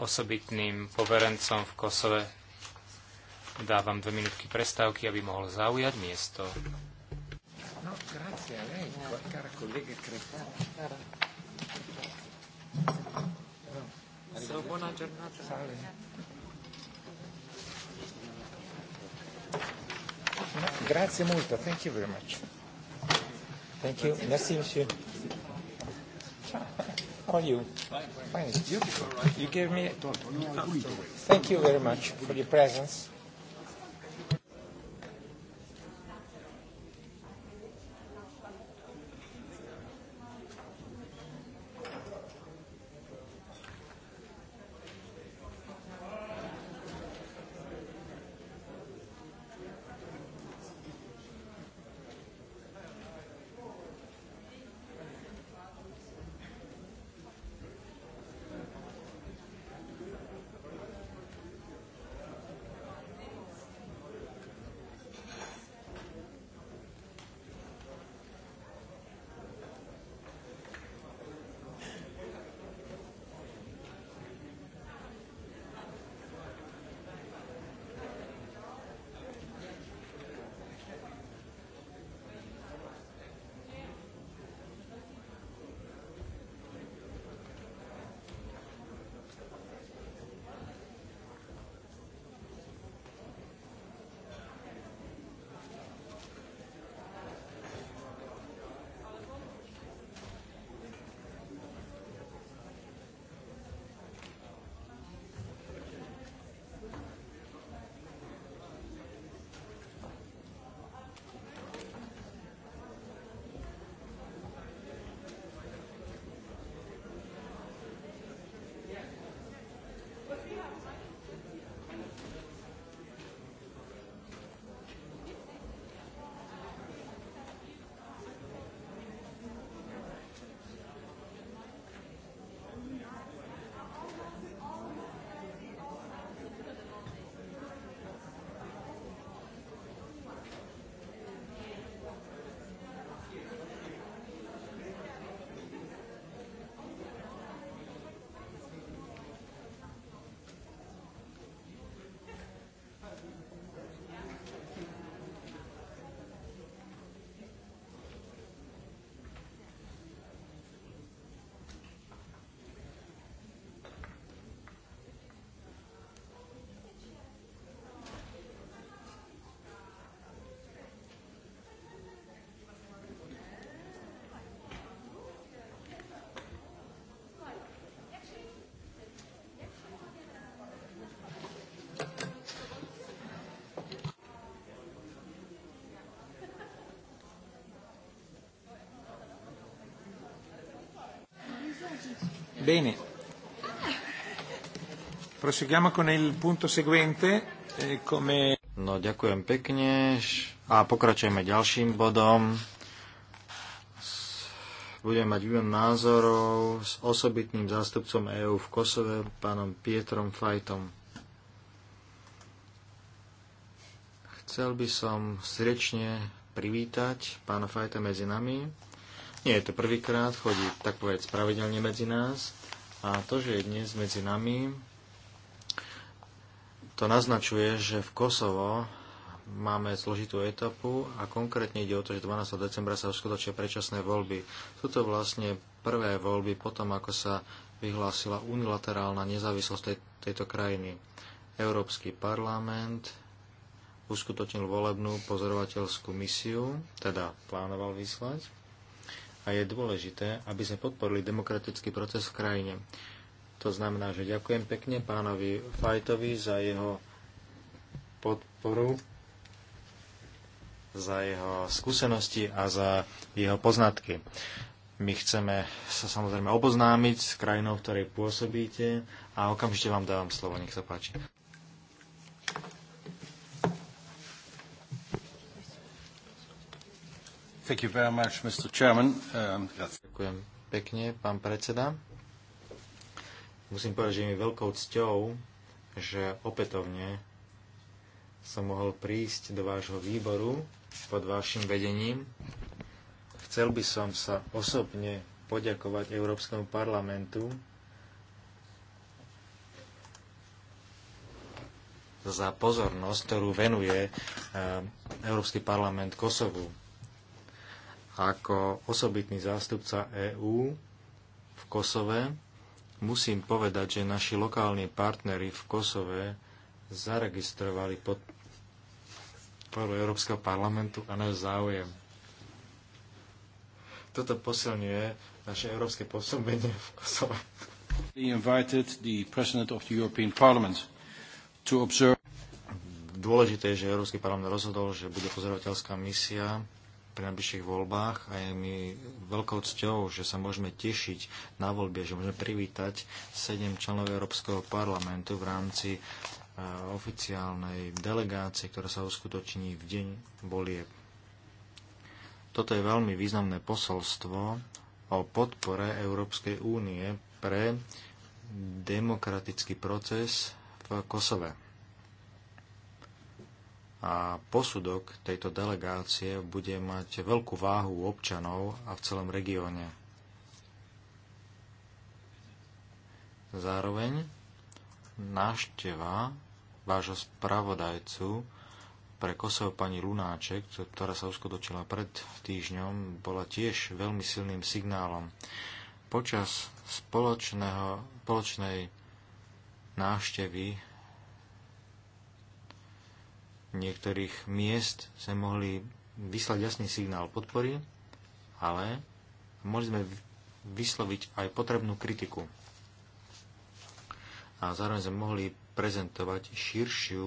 osobitným poverencom v Kosove Dávam dve minútky prestávky, aby mohol zaujať miesto. No, grazie lei, cara collega buona giornata. Sale. grazie molto, thank you very much. Thank you, merci monsieur. How are you? Fine. Fine. It's beautiful, You gave me. Thank you very much for your presence. Bene. Proseguiamo con il punto seguente. Eh, come... No, ďakujem pekne a pokračujeme ďalším bodom. Budem mať výmen názorov s osobitným zástupcom EÚ v Kosove, pánom Pietrom Fajtom. Chcel by som srdečne privítať pána Fajta medzi nami nie je to prvýkrát, chodí tak povedať pravidelne medzi nás a to, že je dnes medzi nami, to naznačuje, že v Kosovo máme zložitú etapu a konkrétne ide o to, že 12. decembra sa uskutočia predčasné voľby. Sú to vlastne prvé voľby potom, ako sa vyhlásila unilaterálna nezávislosť tej, tejto krajiny. Európsky parlament uskutočnil volebnú pozorovateľskú misiu, teda plánoval vyslať a je dôležité, aby sme podporili demokratický proces v krajine. To znamená, že ďakujem pekne pánovi Fajtovi za jeho podporu, za jeho skúsenosti a za jeho poznatky. My chceme sa samozrejme oboznámiť s krajinou, v ktorej pôsobíte a okamžite vám dávam slovo, nech sa páči. Thank you very much, Mr. Chairman. Um, Ďakujem pekne, pán predseda. Musím povedať, že mi veľkou cťou, že opätovne som mohol prísť do vášho výboru pod vašim vedením. Chcel by som sa osobne poďakovať Európskemu parlamentu za pozornosť, ktorú venuje eh, Európsky parlament Kosovu ako osobitný zástupca EÚ v Kosove musím povedať, že naši lokálni partnery v Kosove zaregistrovali pod podporu Európskeho parlamentu a náš záujem. Toto posilňuje naše európske pôsobenie v Kosove. Dôležité je, že Európsky parlament rozhodol, že bude pozorovateľská misia pri najbližších voľbách a je mi veľkou cťou, že sa môžeme tešiť na voľbe, že môžeme privítať sedem členov Európskeho parlamentu v rámci e, oficiálnej delegácie, ktorá sa uskutoční v deň volie. Toto je veľmi významné posolstvo o podpore Európskej únie pre demokratický proces v Kosove a posudok tejto delegácie bude mať veľkú váhu u občanov a v celom regióne. Zároveň návšteva vášho spravodajcu pre Kosovo pani Lunáček, ktorá sa uskutočila pred týždňom, bola tiež veľmi silným signálom. Počas spoločného, spoločnej návštevy niektorých miest sme mohli vyslať jasný signál podpory, ale mohli sme vysloviť aj potrebnú kritiku. A zároveň sme mohli prezentovať širšiu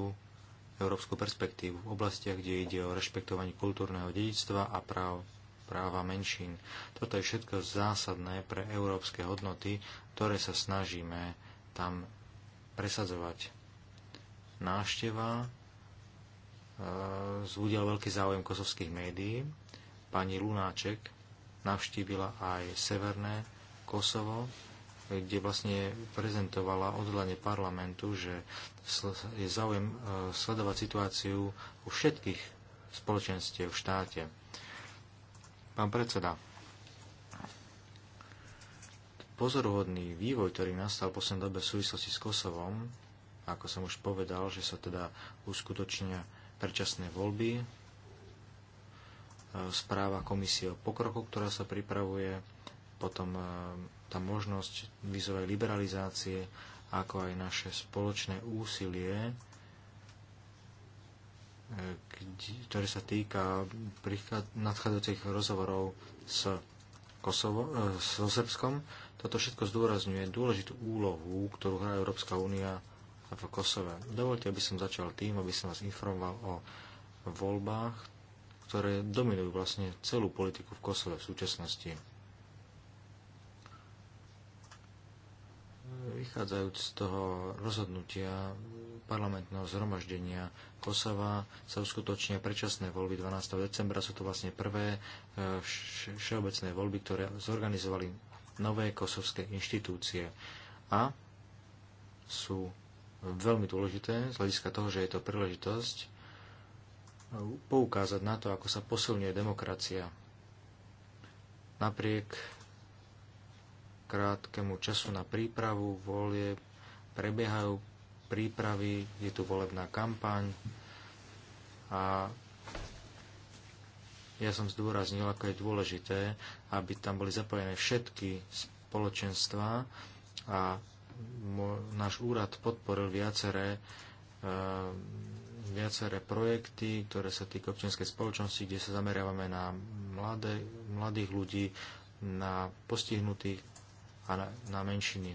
európsku perspektívu v oblastiach, kde ide o rešpektovanie kultúrneho dedičstva a práv, práva menšín. Toto je všetko zásadné pre európske hodnoty, ktoré sa snažíme tam presadzovať. Nášteva zúdil veľký záujem kosovských médií. Pani Lunáček navštívila aj severné Kosovo, kde vlastne prezentovala odhľadne parlamentu, že je záujem e, sledovať situáciu u všetkých spoločenstiev v štáte. Pán predseda, pozoruhodný vývoj, ktorý nastal v poslednej dobe v súvislosti s Kosovom, ako som už povedal, že sa teda uskutočnia predčasné voľby, e, správa komisie o pokroku, ktorá sa pripravuje, potom e, tá možnosť vízovej liberalizácie, ako aj naše spoločné úsilie, e, ktoré sa týka nadchádzajúcich rozhovorov s, Kosovo, so Srbskom. Toto všetko zdôrazňuje dôležitú úlohu, ktorú hrá Európska únia v Kosove. Dovolte, aby som začal tým, aby som vás informoval o voľbách, ktoré dominujú vlastne celú politiku v Kosove v súčasnosti. Vychádzajúc z toho rozhodnutia parlamentného zhromaždenia Kosova sa uskutočnia predčasné voľby 12. decembra. Sú to vlastne prvé e, všeobecné voľby, ktoré zorganizovali nové kosovské inštitúcie a sú veľmi dôležité z hľadiska toho, že je to príležitosť poukázať na to, ako sa posilňuje demokracia. Napriek krátkemu času na prípravu volie prebiehajú prípravy, je tu volebná kampaň a ja som zdôraznil, ako je dôležité, aby tam boli zapojené všetky spoločenstva a náš úrad podporil viaceré, e, viaceré projekty, ktoré sa týka občianskej spoločnosti, kde sa zameriavame na mladé, mladých ľudí, na postihnutých a na, na menšiny.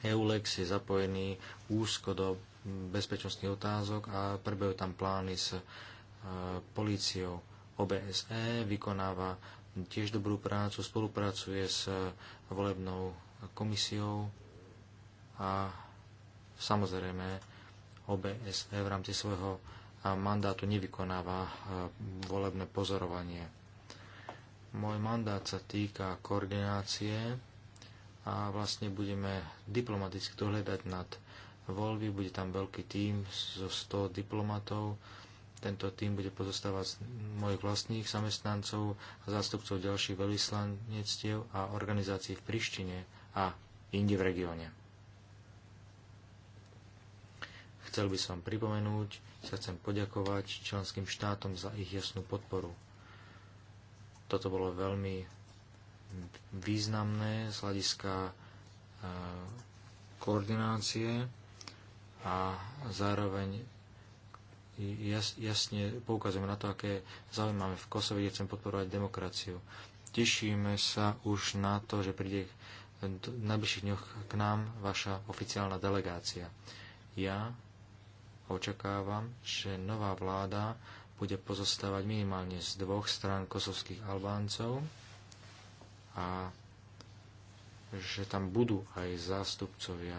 EULEX je zapojený úzko do bezpečnostných otázok a prebehujú tam plány s e, políciou. OBSE vykonáva tiež dobrú prácu, spolupracuje s e, volebnou komisiou a samozrejme OBSE v rámci svojho mandátu nevykonáva volebné pozorovanie. Môj mandát sa týka koordinácie a vlastne budeme diplomaticky dohľadať nad voľby. Bude tam veľký tím zo 100 diplomatov. Tento tým bude pozostávať z mojich vlastných zamestnancov a zástupcov ďalších veľvyslanectiev a organizácií v Prištine a inde v regióne. Chcel by som pripomenúť, sa chcem poďakovať členským štátom za ich jasnú podporu. Toto bolo veľmi významné z hľadiska e, koordinácie a zároveň jasne poukazujeme na to, aké zaujímavé v Kosove, kde chcem podporovať demokraciu. Tešíme sa už na to, že príde v najbližších dňoch k nám vaša oficiálna delegácia. Ja očakávam, že nová vláda bude pozostávať minimálne z dvoch strán kosovských Albáncov a že tam budú aj zástupcovia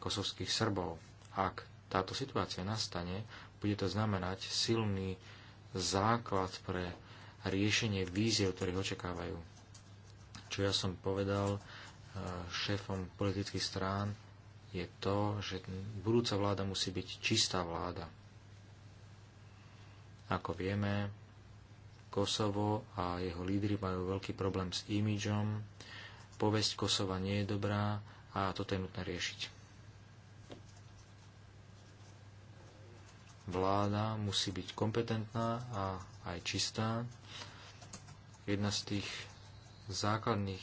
kosovských Srbov. Ak táto situácia nastane, bude to znamenať silný základ pre riešenie víziev, ktorých očakávajú. Čo ja som povedal eh, šéfom politických strán je to, že budúca vláda musí byť čistá vláda. Ako vieme, Kosovo a jeho lídry majú veľký problém s imidžom, povesť Kosova nie je dobrá a toto je nutné riešiť. Vláda musí byť kompetentná a aj čistá. Jedna z tých základných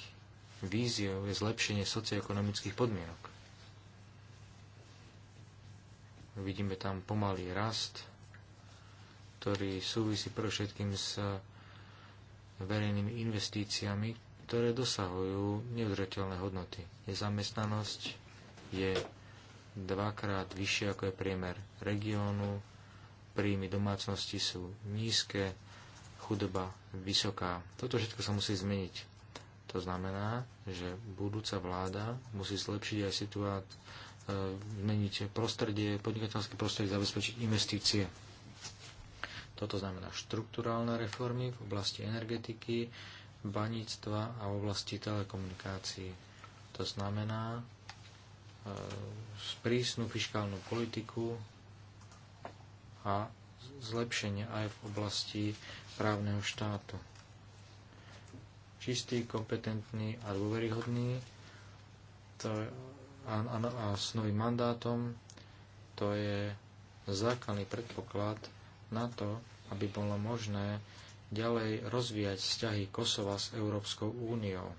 víziev je zlepšenie socioekonomických podmienok. Vidíme tam pomalý rast, ktorý súvisí pre všetkým s verejnými investíciami, ktoré dosahujú neudržateľné hodnoty. Nezamestnanosť je dvakrát vyššia ako je priemer regiónu, príjmy domácnosti sú nízke, chudoba vysoká. Toto všetko sa musí zmeniť. To znamená, že budúca vláda musí zlepšiť aj situáciu E, zmeniť prostredie, podnikateľské prostredie, zabezpečiť investície. Toto znamená štruktúrálne reformy v oblasti energetiky, baníctva a v oblasti telekomunikácií. To znamená e, sprísnu fiskálnu politiku a zlepšenie aj v oblasti právneho štátu. Čistý, kompetentný a dôveryhodný, to a, a, a s novým mandátom, to je základný predpoklad na to, aby bolo možné ďalej rozvíjať vzťahy Kosova s Európskou úniou.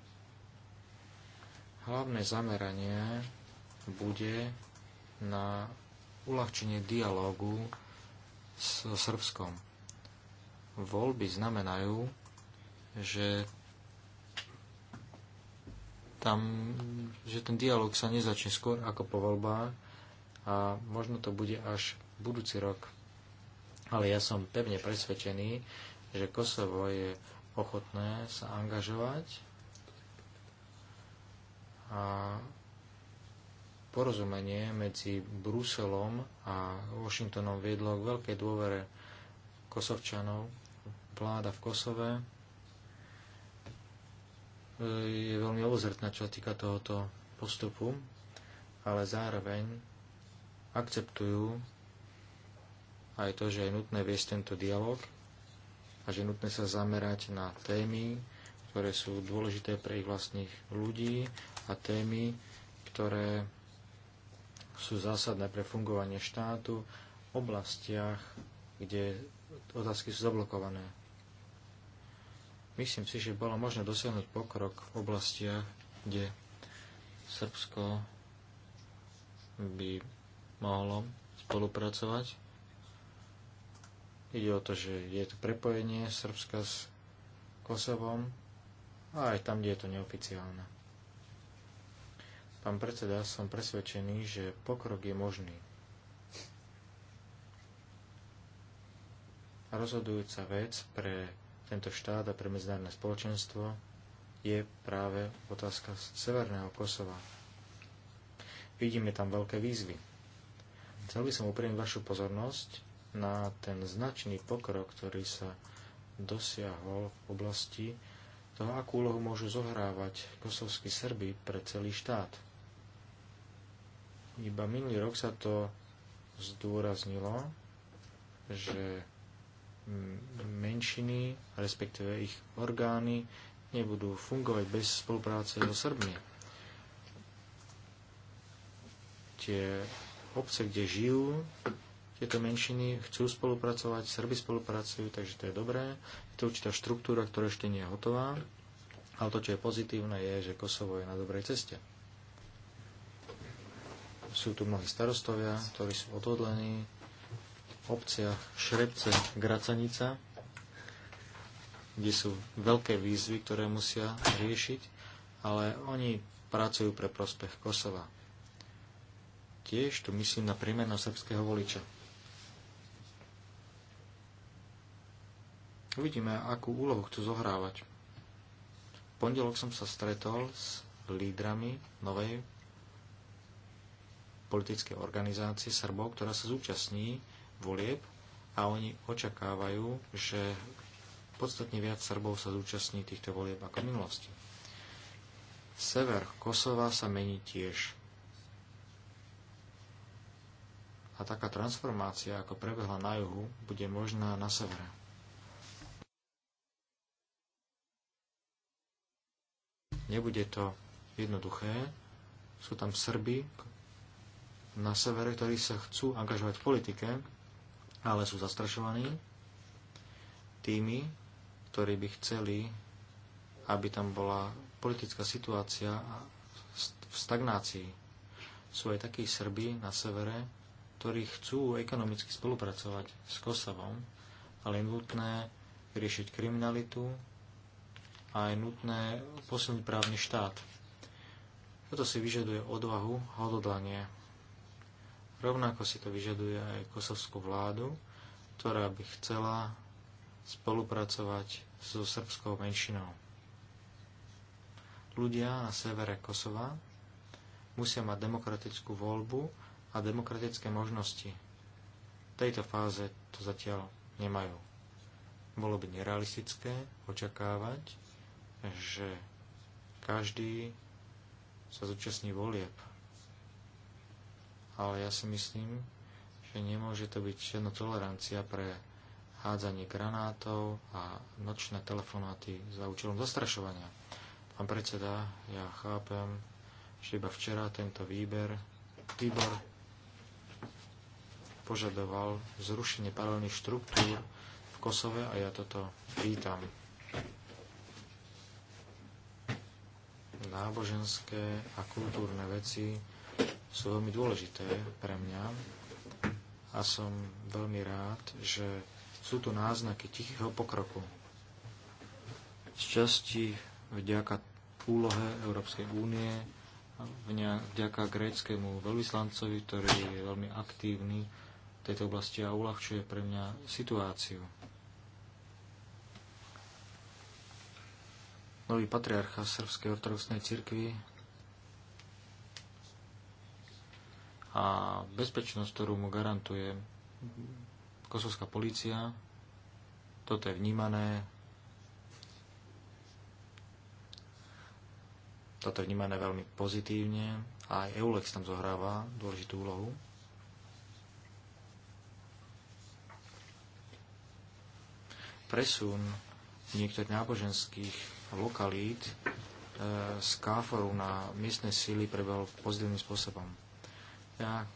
Hlavné zameranie bude na uľahčenie dialógu s Srbskom. Voľby znamenajú, že tam, že ten dialog sa nezačne skôr ako po voľbách a možno to bude až budúci rok. Ale ja som pevne presvedčený, že Kosovo je ochotné sa angažovať a porozumenie medzi Bruselom a Washingtonom viedlo k veľkej dôvere kosovčanov, vláda v Kosove, je veľmi obozretná, čo sa týka tohoto postupu, ale zároveň akceptujú aj to, že je nutné viesť tento dialog a že je nutné sa zamerať na témy, ktoré sú dôležité pre ich vlastných ľudí a témy, ktoré sú zásadné pre fungovanie štátu v oblastiach, kde otázky sú zablokované. Myslím si, že bolo možné dosiahnuť pokrok v oblastiach, kde Srbsko by mohlo spolupracovať. Ide o to, že je tu prepojenie Srbska s Kosovom a aj tam, kde je to neoficiálne. Pán predseda, som presvedčený, že pokrok je možný. Rozhodujúca vec pre tento štát a pre medzinárodné spoločenstvo je práve otázka Severného Kosova. Vidíme tam veľké výzvy. Chcel by som upriamiť vašu pozornosť na ten značný pokrok, ktorý sa dosiahol v oblasti toho, akú úlohu môžu zohrávať kosovskí Srby pre celý štát. Iba minulý rok sa to zdôraznilo, že menšiny, respektíve ich orgány, nebudú fungovať bez spolupráce so Srbmi. Tie obce, kde žijú tieto menšiny, chcú spolupracovať, Srby spolupracujú, takže to je dobré. Je to určitá štruktúra, ktorá ešte nie je hotová, ale to, čo je pozitívne, je, že Kosovo je na dobrej ceste. Sú tu mnohí starostovia, ktorí sú odhodlení, obciach Šrebce, Gracanica, kde sú veľké výzvy, ktoré musia riešiť, ale oni pracujú pre prospech Kosova. Tiež tu myslím na priemernosť srbského voliča. Uvidíme, akú úlohu chcú zohrávať. V pondelok som sa stretol s lídrami novej politickej organizácie Srbov, ktorá sa zúčastní volieb a oni očakávajú, že podstatne viac Srbov sa zúčastní týchto volieb ako v minulosti. Sever Kosova sa mení tiež. A taká transformácia, ako prebehla na juhu, bude možná na severe. Nebude to jednoduché. Sú tam Srby na severe, ktorí sa chcú angažovať v politike, ale sú zastrašovaní tými, ktorí by chceli, aby tam bola politická situácia v stagnácii. Sú aj takí Srbi na severe, ktorí chcú ekonomicky spolupracovať s Kosovom, ale je nutné riešiť kriminalitu a je nutné posilniť právny štát. Toto si vyžaduje odvahu a odhodlanie. Rovnako si to vyžaduje aj kosovskú vládu, ktorá by chcela spolupracovať so srbskou menšinou. Ľudia na severe Kosova musia mať demokratickú voľbu a demokratické možnosti. V tejto fáze to zatiaľ nemajú. Bolo by nerealistické očakávať, že každý sa zúčastní volieb ale ja si myslím, že nemôže to byť žiadna tolerancia pre hádzanie granátov a nočné telefonáty za účelom zastrašovania. Pán predseda, ja chápem, že iba včera tento výber, výbor požadoval zrušenie paralelných štruktúr v Kosove a ja toto vítam. Náboženské a kultúrne veci sú veľmi dôležité pre mňa a som veľmi rád, že sú tu náznaky tichého pokroku. Z časti vďaka úlohe Európskej únie, vďaka gréckému veľvyslancovi, ktorý je veľmi aktívny v tejto oblasti a uľahčuje pre mňa situáciu. Nový patriarcha Srbskej ortodoxnej cirkvi a bezpečnosť, ktorú mu garantuje kosovská polícia, toto je vnímané toto je vnímané veľmi pozitívne a aj Eulex tam zohráva dôležitú úlohu. Presun niektorých náboženských lokalít eh, z káforu na miestne síly prebehol pozitívnym spôsobom. Ja,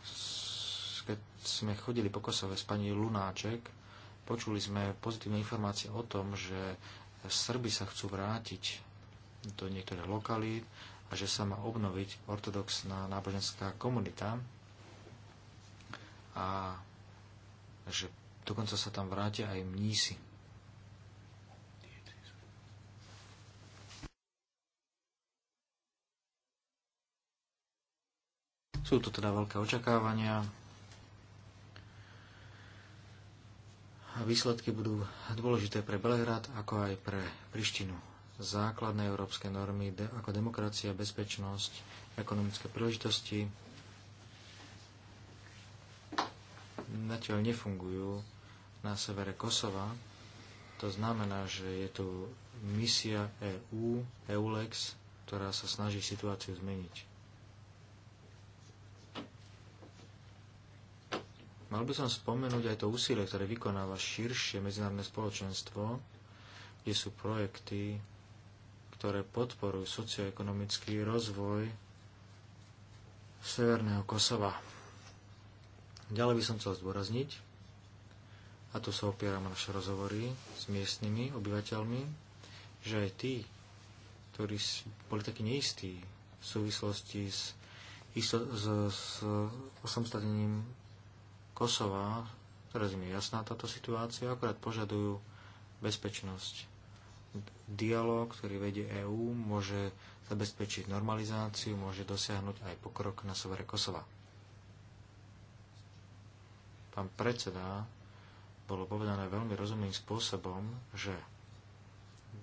keď sme chodili po Kosove s pani Lunáček, počuli sme pozitívne informácie o tom, že Srby sa chcú vrátiť do niektorých lokalít a že sa má obnoviť ortodoxná náboženská komunita a že dokonca sa tam vrátia aj mnísi. Sú tu teda veľké očakávania a výsledky budú dôležité pre Belehrad, ako aj pre Prištinu. Základné európske normy ako demokracia, bezpečnosť, ekonomické príležitosti natiaľ nefungujú na severe Kosova. To znamená, že je tu misia EU, EULEX, ktorá sa snaží situáciu zmeniť. Mal by som spomenúť aj to úsilie, ktoré vykonáva širšie medzinárodné spoločenstvo, kde sú projekty, ktoré podporujú socioekonomický rozvoj Severného Kosova. Ďalej by som chcel zdôrazniť, a tu sa opieram na naše rozhovory s miestnymi obyvateľmi, že aj tí, ktorí boli takí neistí v súvislosti s, s, s osamstatením Kosova, teraz im je jasná táto situácia, akorát požadujú bezpečnosť. Dialóg, ktorý vedie EÚ, môže zabezpečiť normalizáciu, môže dosiahnuť aj pokrok na severe Kosova. Pán predseda, bolo povedané veľmi rozumným spôsobom, že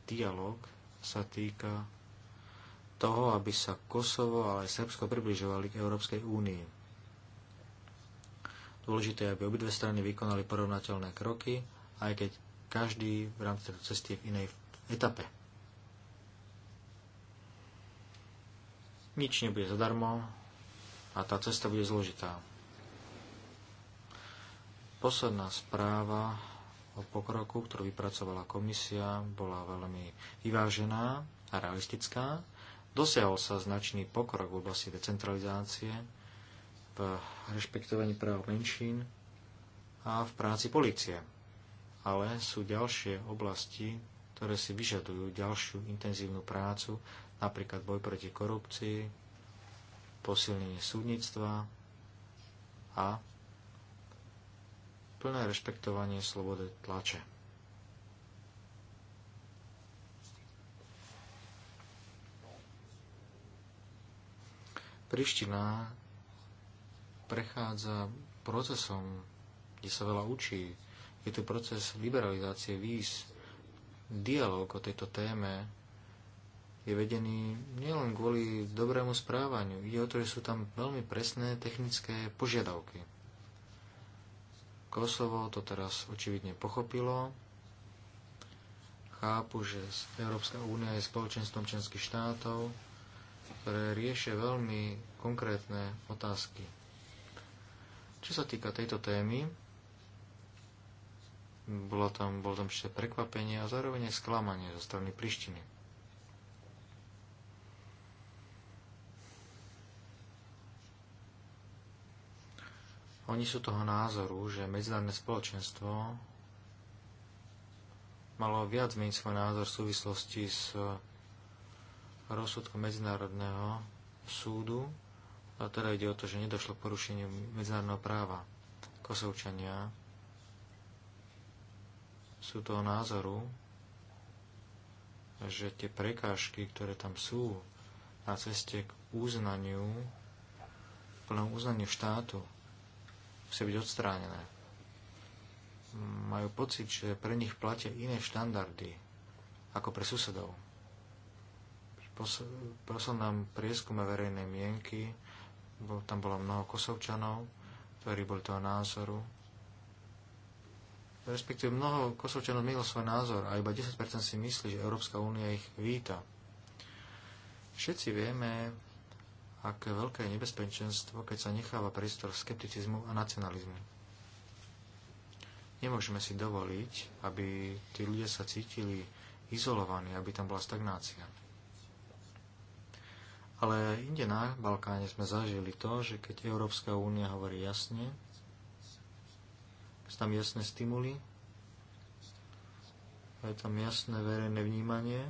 dialog sa týka toho, aby sa Kosovo, ale aj Srbsko približovali k Európskej únii. Dôležité je, aby obidve strany vykonali porovnateľné kroky, aj keď každý v rámci tejto cesty je v inej etape. Nič nebude zadarmo a tá cesta bude zložitá. Posledná správa o pokroku, ktorú vypracovala komisia, bola veľmi vyvážená a realistická. Dosiahol sa značný pokrok v oblasti decentralizácie v rešpektovaní práv menšín a v práci policie. Ale sú ďalšie oblasti, ktoré si vyžadujú ďalšiu intenzívnu prácu, napríklad boj proti korupcii, posilnenie súdnictva a plné rešpektovanie slobody tlače. Priština prechádza procesom, kde sa veľa učí. Je tu proces liberalizácie víz. Dialóg o tejto téme je vedený nielen kvôli dobrému správaniu, ide o to, že sú tam veľmi presné technické požiadavky. Kosovo to teraz očividne pochopilo, chápu, že Európska únia je spoločenstvom členských štátov, ktoré riešia veľmi konkrétne otázky čo sa týka tejto témy, bolo tam, bol tam ešte prekvapenie a zároveň sklamanie zo strany Prištiny. Oni sú toho názoru, že medzinárodné spoločenstvo malo viac zmeniť svoj názor v súvislosti s rozsudkom Medzinárodného súdu a teda ide o to, že nedošlo k porušeniu medzinárodného práva. Kosovčania sú toho názoru, že tie prekážky, ktoré tam sú na ceste k uznaniu, plnom uznaniu štátu, musia byť odstránené. Majú pocit, že pre nich platia iné štandardy ako pre susedov. V nám prieskume verejnej mienky bol, tam bolo mnoho kosovčanov, ktorí boli toho názoru. Respektíve mnoho kosovčanov mylo svoj názor a iba 10% si myslí, že Európska únia ich víta. Všetci vieme, aké veľké je nebezpečenstvo, keď sa necháva priestor skepticizmu a nacionalizmu. Nemôžeme si dovoliť, aby tí ľudia sa cítili izolovaní, aby tam bola stagnácia. Ale inde na Balkáne sme zažili to, že keď Európska únia hovorí jasne, sú tam jasné stimuly, je tam jasné verejné vnímanie,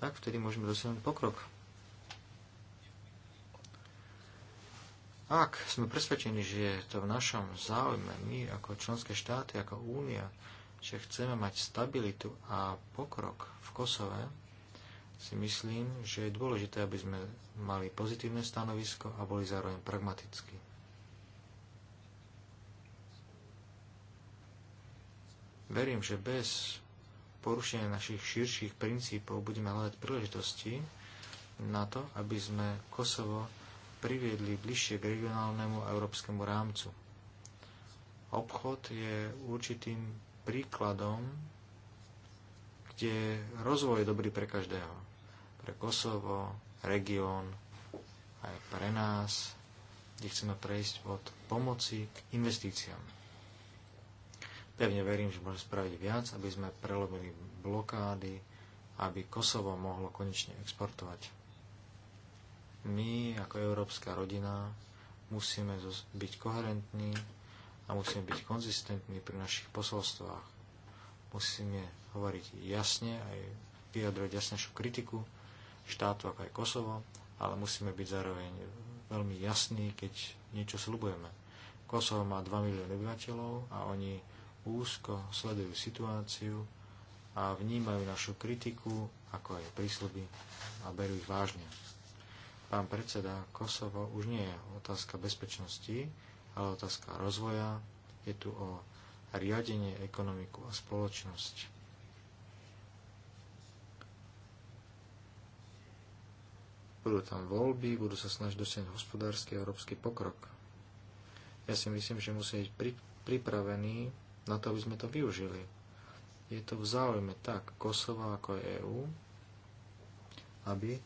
tak vtedy môžeme dosiahnuť pokrok. Ak sme presvedčení, že je to v našom záujme, my ako členské štáty, ako únia, že chceme mať stabilitu a pokrok v Kosove, si myslím, že je dôležité, aby sme mali pozitívne stanovisko a boli zároveň pragmatickí. Verím, že bez porušenia našich širších princípov budeme hľadať príležitosti na to, aby sme Kosovo priviedli bližšie k regionálnemu a európskemu rámcu. Obchod je určitým príkladom kde rozvoj je dobrý pre každého. Pre Kosovo, región, aj pre nás, kde chceme prejsť od pomoci k investíciám. Pevne verím, že môžeme spraviť viac, aby sme prelobili blokády, aby Kosovo mohlo konečne exportovať. My, ako európska rodina, musíme byť koherentní a musíme byť konzistentní pri našich posolstvách. Musíme hovoriť jasne, aj vyjadrovať jasnejšiu kritiku štátu ako aj Kosovo, ale musíme byť zároveň veľmi jasní, keď niečo slubujeme. Kosovo má 2 milióny obyvateľov a oni úzko sledujú situáciu a vnímajú našu kritiku, ako aj prísľuby a berú ich vážne. Pán predseda, Kosovo už nie je otázka bezpečnosti, ale otázka rozvoja. Je tu o riadenie ekonomiku a spoločnosť. budú tam voľby, budú sa snažiť dosiahnuť hospodársky a európsky pokrok. Ja si myslím, že musí byť pri, pripravený na to, aby sme to využili. Je to v záujme tak Kosova ako aj EÚ, aby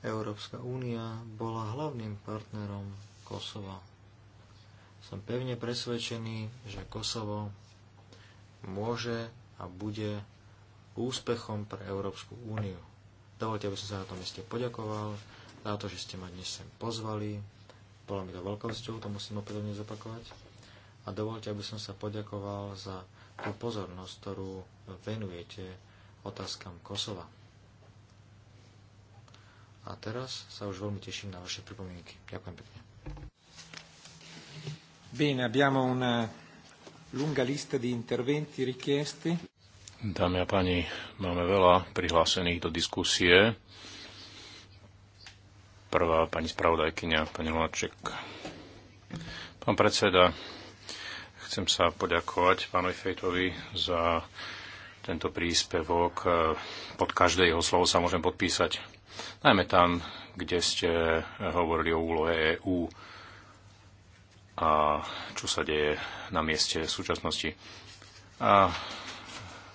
Európska únia bola hlavným partnerom Kosova. Som pevne presvedčený, že Kosovo môže a bude úspechom pre Európsku úniu. Dovolte, aby som sa na tom mieste poďakoval za to, že ste ma dnes sem pozvali. Bolo mi to veľkosťou, to musím opätovne zopakovať. A dovolte, aby som sa poďakoval za tú pozornosť, ktorú venujete otázkam Kosova. A teraz sa už veľmi teším na vaše pripomienky. Ďakujem pekne. Bene, abbiamo una lunga lista di interventi richiesti. Dámy a páni, máme veľa prihlásených do diskusie. Prvá pani spravodajkynia, pani Lovaček. Pán predseda, chcem sa poďakovať pánovi Fejtovi za tento príspevok. Pod každé jeho slovo sa môžem podpísať. Najmä tam, kde ste hovorili o úlohe EÚ a čo sa deje na mieste v súčasnosti. A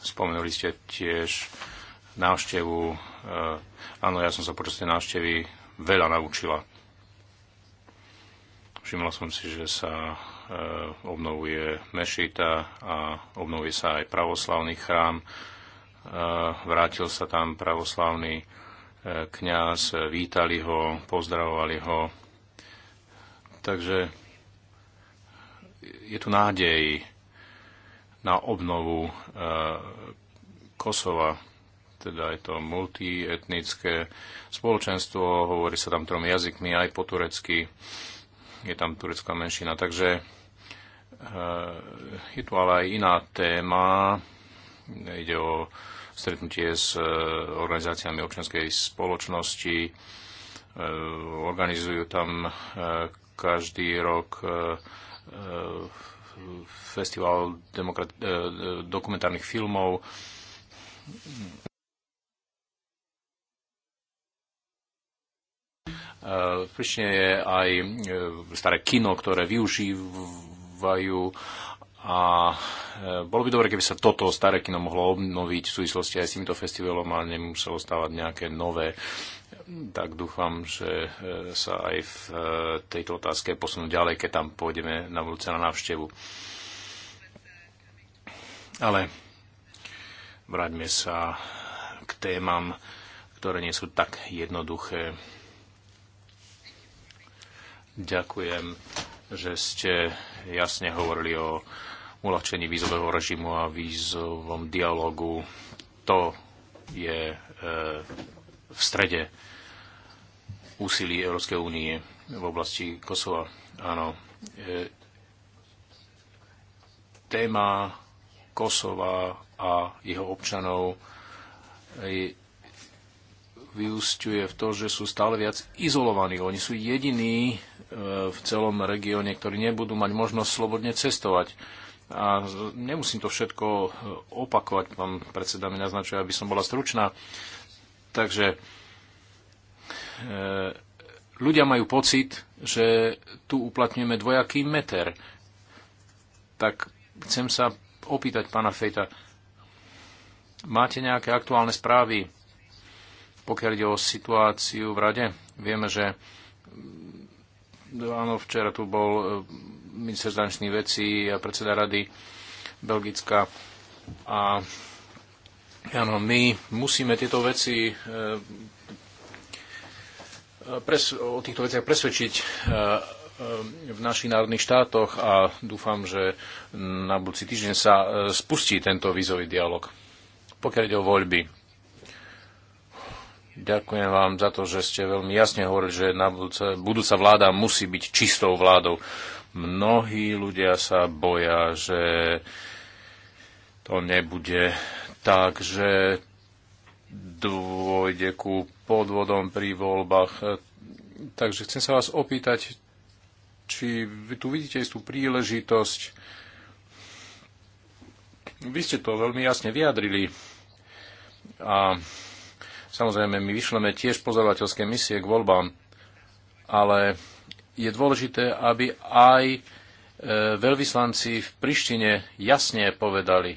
Spomenuli ste tiež návštevu. Eh, áno, ja som sa počas tej návštevy veľa naučila. Všimla som si, že sa eh, obnovuje mešita a obnovuje sa aj pravoslavný chrám. Eh, vrátil sa tam pravoslavný kňaz, vítali ho, pozdravovali ho. Takže je tu nádej, na obnovu eh, Kosova. Teda je to multietnické spoločenstvo, hovorí sa tam tromi jazykmi, aj po turecky. Je tam turecká menšina. Takže eh, je tu ale aj iná téma. Ide o stretnutie s eh, organizáciami občianskej spoločnosti. Organizujú tam každý rok festival demokrat- e, e, dokumentárnych filmov. E, v Prištine je aj staré kino, ktoré využívajú a bolo by dobre, keby sa toto staré kino mohlo obnoviť v súvislosti aj s týmto festivalom a nemuselo stávať nejaké nové tak dúfam, že e, sa aj v e, tejto otázke posunú ďalej, keď tam pôjdeme na budúce na návštevu. Ale vráťme sa k témam, ktoré nie sú tak jednoduché. Ďakujem, že ste jasne hovorili o uľahčení vízového režimu a vízovom dialogu. To je e, v strede úsilí Európskej únie v oblasti Kosova. Áno, e, téma Kosova a jeho občanov e, vyústiuje v to, že sú stále viac izolovaní. Oni sú jediní e, v celom regióne, ktorí nebudú mať možnosť slobodne cestovať. A nemusím to všetko e, opakovať, pán predseda mi naznačuje, aby som bola stručná. Takže E, ľudia majú pocit, že tu uplatňujeme dvojaký meter. Tak chcem sa opýtať pána Fejta, máte nejaké aktuálne správy, pokiaľ ide o situáciu v rade? Vieme, že áno, včera tu bol e, minister zdančných vecí a predseda rady Belgická a Áno, my musíme tieto veci e, pres, o týchto veciach presvedčiť e, e, v našich národných štátoch a dúfam, že na budúci týždeň sa e, spustí tento vízový dialog. Pokiaľ ide o voľby, ďakujem vám za to, že ste veľmi jasne hovorili, že na budúce, budúca vláda musí byť čistou vládou. Mnohí ľudia sa boja, že to nebude tak, že dôjde ku podvodom pri voľbách. Takže chcem sa vás opýtať, či vy tu vidíte istú príležitosť. Vy ste to veľmi jasne vyjadrili a samozrejme my vyšleme tiež pozorovateľské misie k voľbám, ale je dôležité, aby aj e, veľvyslanci v Prištine jasne povedali,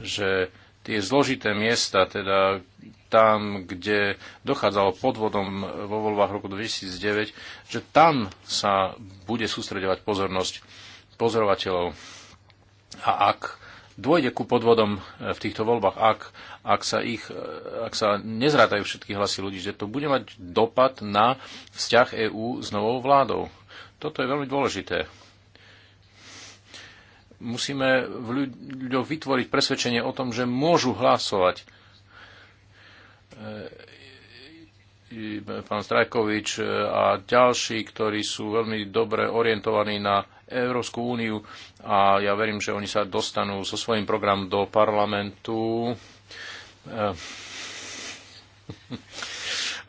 že tie zložité miesta, teda tam, kde dochádzalo podvodom vo voľbách roku 2009, že tam sa bude sústredovať pozornosť pozorovateľov. A ak dôjde ku podvodom e, v týchto voľbách, ak, ak, sa, ich, e, ak sa nezrátajú všetky hlasy ľudí, že to bude mať dopad na vzťah EÚ s novou vládou. Toto je veľmi dôležité musíme v ľuďoch vytvoriť presvedčenie o tom, že môžu hlasovať. E, e, pán Strajkovič e, a ďalší, ktorí sú veľmi dobre orientovaní na Európsku úniu a ja verím, že oni sa dostanú so svojím programom do parlamentu.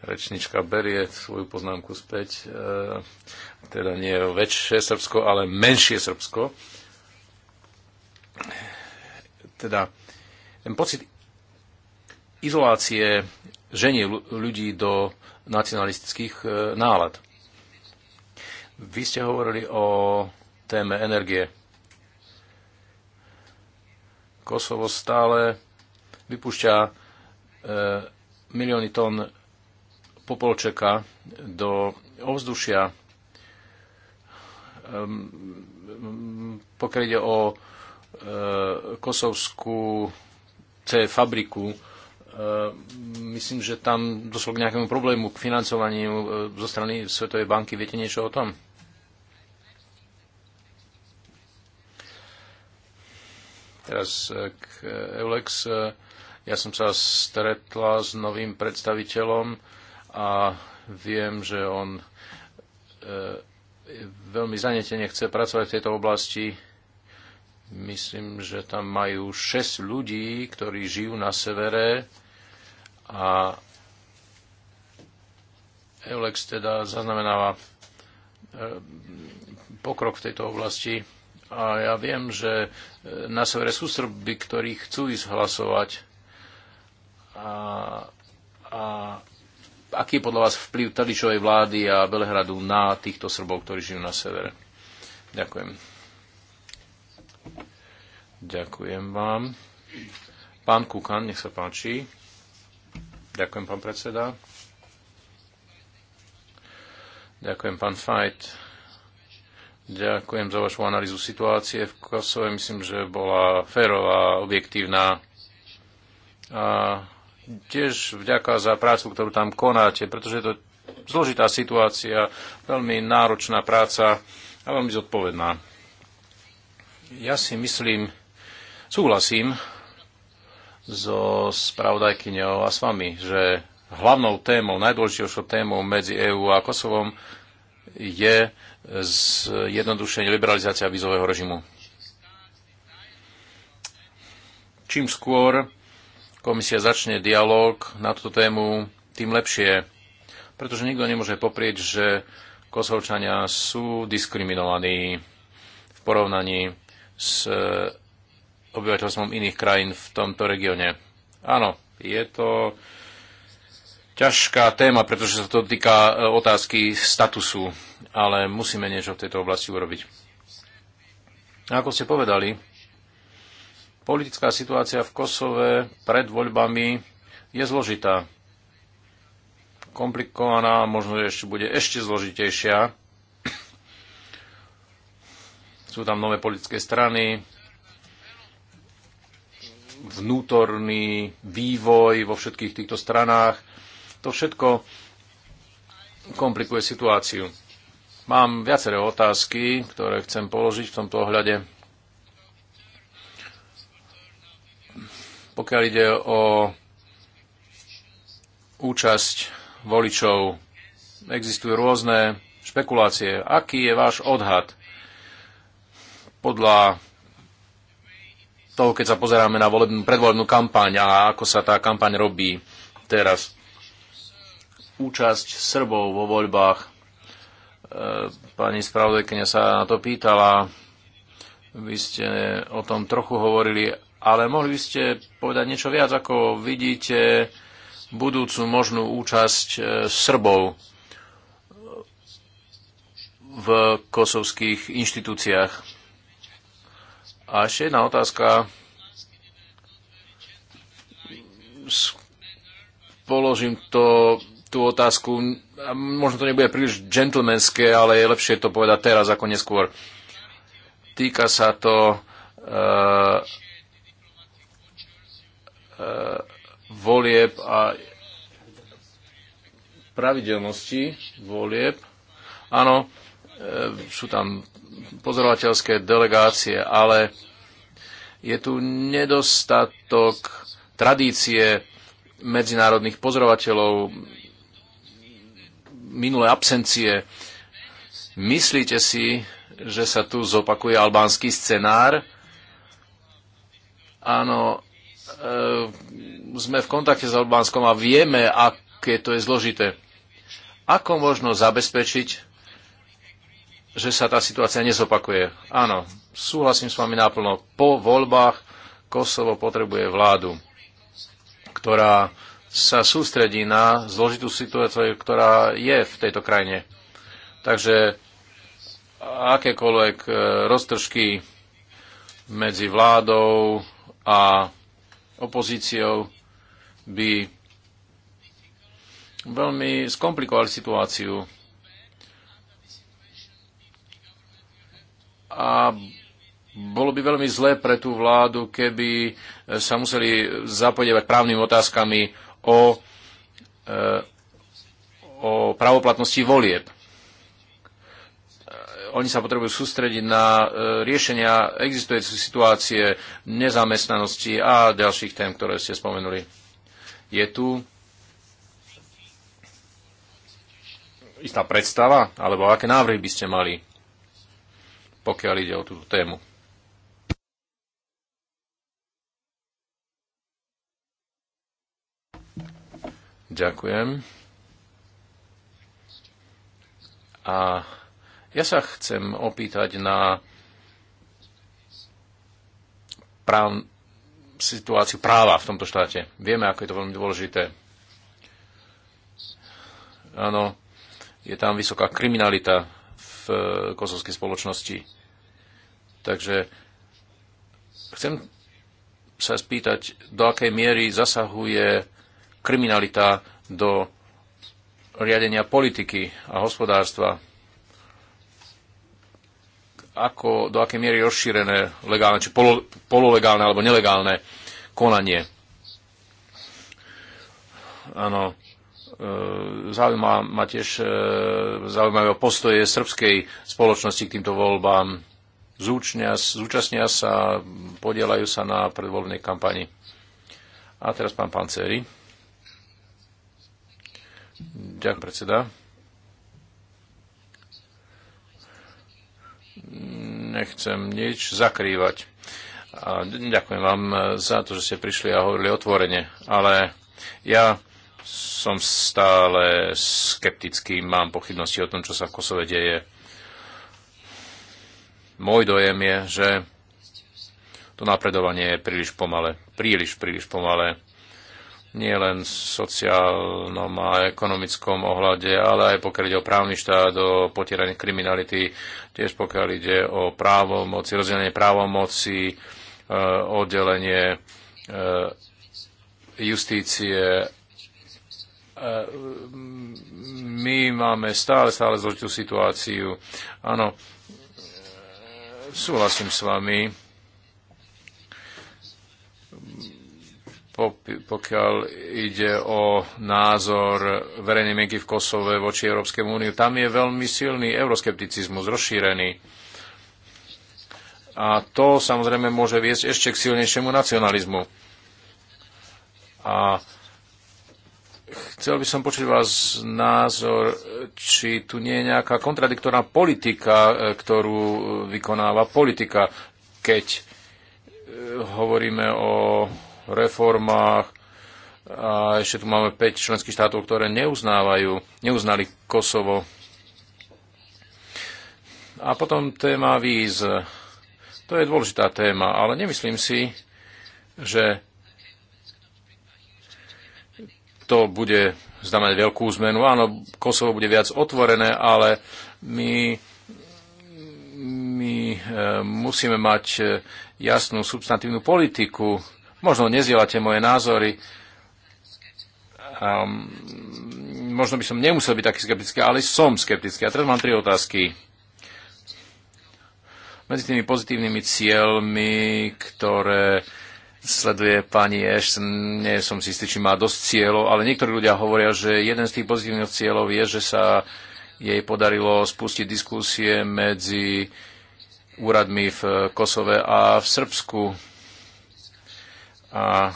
Rečnička berie svoju poznámku späť. Teda nie väčšie Srbsko, ale menšie Srbsko teda ten pocit izolácie ženie ľudí do nacionalistických e, nálad. Vy ste hovorili o téme energie. Kosovo stále vypúšťa e, milióny tón popolčeka do ovzdušia. E, pokiaľ ide o E, kosovskú C fabriku. E, myslím, že tam došlo k nejakému problému, k financovaniu e, zo strany Svetovej banky. Viete niečo o tom? Teraz k Eulex. Ja som sa stretla s novým predstaviteľom a viem, že on veľmi zanetene chce pracovať v tejto oblasti Myslím, že tam majú 6 ľudí, ktorí žijú na severe a Eulex teda zaznamenáva e, pokrok v tejto oblasti. A ja viem, že e, na severe sú Srby, ktorí chcú ísť hlasovať. A, a aký je podľa vás vplyv Tadičovej vlády a Belehradu na týchto Srbov, ktorí žijú na severe? Ďakujem. Ďakujem vám. Pán Kukan, nech sa páči. Ďakujem, pán predseda. Ďakujem, pán Fajt. Ďakujem za vašu analýzu situácie v Kosove. Myslím, že bola férová, objektívna. A tiež vďaka za prácu, ktorú tam konáte, pretože je to zložitá situácia, veľmi náročná práca a veľmi zodpovedná. Ja si myslím, súhlasím so spravodajkyňou a s vami, že hlavnou témou, najdôležitejšou témou medzi EÚ a Kosovom je zjednodušenie liberalizácia vízového režimu. Čím skôr komisia začne dialog na túto tému, tým lepšie, pretože nikto nemôže poprieť, že Kosovčania sú diskriminovaní v porovnaní s e, obyvateľstvom iných krajín v tomto regióne. Áno, je to ťažká téma, pretože sa to týka e, otázky statusu, ale musíme niečo v tejto oblasti urobiť. Ako ste povedali, politická situácia v Kosove pred voľbami je zložitá. Komplikovaná, možno ešte bude ešte zložitejšia sú tam nové politické strany, vnútorný vývoj vo všetkých týchto stranách. To všetko komplikuje situáciu. Mám viaceré otázky, ktoré chcem položiť v tomto ohľade. Pokiaľ ide o účasť voličov, existujú rôzne špekulácie. Aký je váš odhad? podľa toho, keď sa pozeráme na volebnú, predvolebnú kampaň a ako sa tá kampaň robí teraz. Účasť Srbov vo voľbách. E, pani spravodajkenia sa na to pýtala. Vy ste o tom trochu hovorili, ale mohli by ste povedať niečo viac, ako vidíte budúcu možnú účasť e, Srbov v kosovských inštitúciách a ešte jedna otázka. Položím to, tú otázku, možno to nebude príliš gentlemanské, ale je lepšie to povedať teraz ako neskôr. Týka sa to uh, uh, volieb a pravidelnosti volieb. Áno, E, sú tam pozorovateľské delegácie, ale je tu nedostatok tradície medzinárodných pozorovateľov, minulé absencie. Myslíte si, že sa tu zopakuje albánsky scenár? Áno, e, sme v kontakte s Albánskom a vieme, aké to je zložité. Ako možno zabezpečiť, že sa tá situácia nezopakuje. Áno, súhlasím s vami náplno. Po voľbách Kosovo potrebuje vládu, ktorá sa sústredí na zložitú situáciu, ktorá je v tejto krajine. Takže akékoľvek e, roztržky medzi vládou a opozíciou by veľmi skomplikovali situáciu a bolo by veľmi zlé pre tú vládu, keby e, sa museli zapodievať právnymi otázkami o, e, o pravoplatnosti volieb. E, oni sa potrebujú sústrediť na riešenia existujúcej situácie nezamestnanosti a ďalších tém, ktoré ste spomenuli. Je tu istá predstava, alebo aké návrhy by ste mali pokiaľ ide o túto tému. Ďakujem. A ja sa chcem opýtať na práv, situáciu práva v tomto štáte. Vieme, ako je to veľmi dôležité. Áno, je tam vysoká kriminalita, v eh, kosovskej spoločnosti. Takže chcem sa spýtať, do akej miery zasahuje kriminalita do riadenia politiky a hospodárstva. Ako, do akej miery rozšírené legálne, či polo, pololegálne alebo nelegálne konanie. Áno, E, zaujíma ma tiež e, zaujímavé postoje srbskej spoločnosti k týmto voľbám. Zúčnia, zúčastnia sa, podielajú sa na predvoľbnej kampani. A teraz pán Panceri. Ďakujem, predseda. Nechcem nič zakrývať. A ďakujem vám za to, že ste prišli a hovorili otvorene. Ale ja som stále skeptický, mám pochybnosti o tom, čo sa v Kosove deje. Môj dojem je, že to napredovanie je príliš pomalé, Príliš, príliš pomalé. Nie len v sociálnom a ekonomickom ohľade, ale aj pokiaľ ide o právny štát, o potieranie kriminality, tiež pokiaľ ide o právomoci, rozdelenie právomoci, e, oddelenie e, justície my máme stále, stále zložitú situáciu. Áno, súhlasím s vami. Pokiaľ ide o názor verejnej mienky v Kosove voči Európskej úniu, tam je veľmi silný euroskepticizmus rozšírený. A to samozrejme môže viesť ešte k silnejšiemu nacionalizmu. A Chcel by som počuť vás názor, či tu nie je nejaká kontradiktorná politika, e, ktorú e, vykonáva politika, keď e, hovoríme o reformách a ešte tu máme 5 členských štátov, ktoré neuznávajú, neuznali Kosovo. A potom téma víz. To je dôležitá téma, ale nemyslím si, že to bude znamenať veľkú zmenu. Áno, Kosovo bude viac otvorené, ale my, my e, musíme mať e, jasnú substantívnu politiku. Možno nezdielate moje názory. Um, možno by som nemusel byť taký skeptický, ale som skeptický. A teraz mám tri otázky medzi tými pozitívnymi cieľmi, ktoré sleduje pani Eš, Nie som si istý, či má dosť cieľov, ale niektorí ľudia hovoria, že jeden z tých pozitívnych cieľov je, že sa jej podarilo spustiť diskusie medzi úradmi v Kosove a v Srbsku. A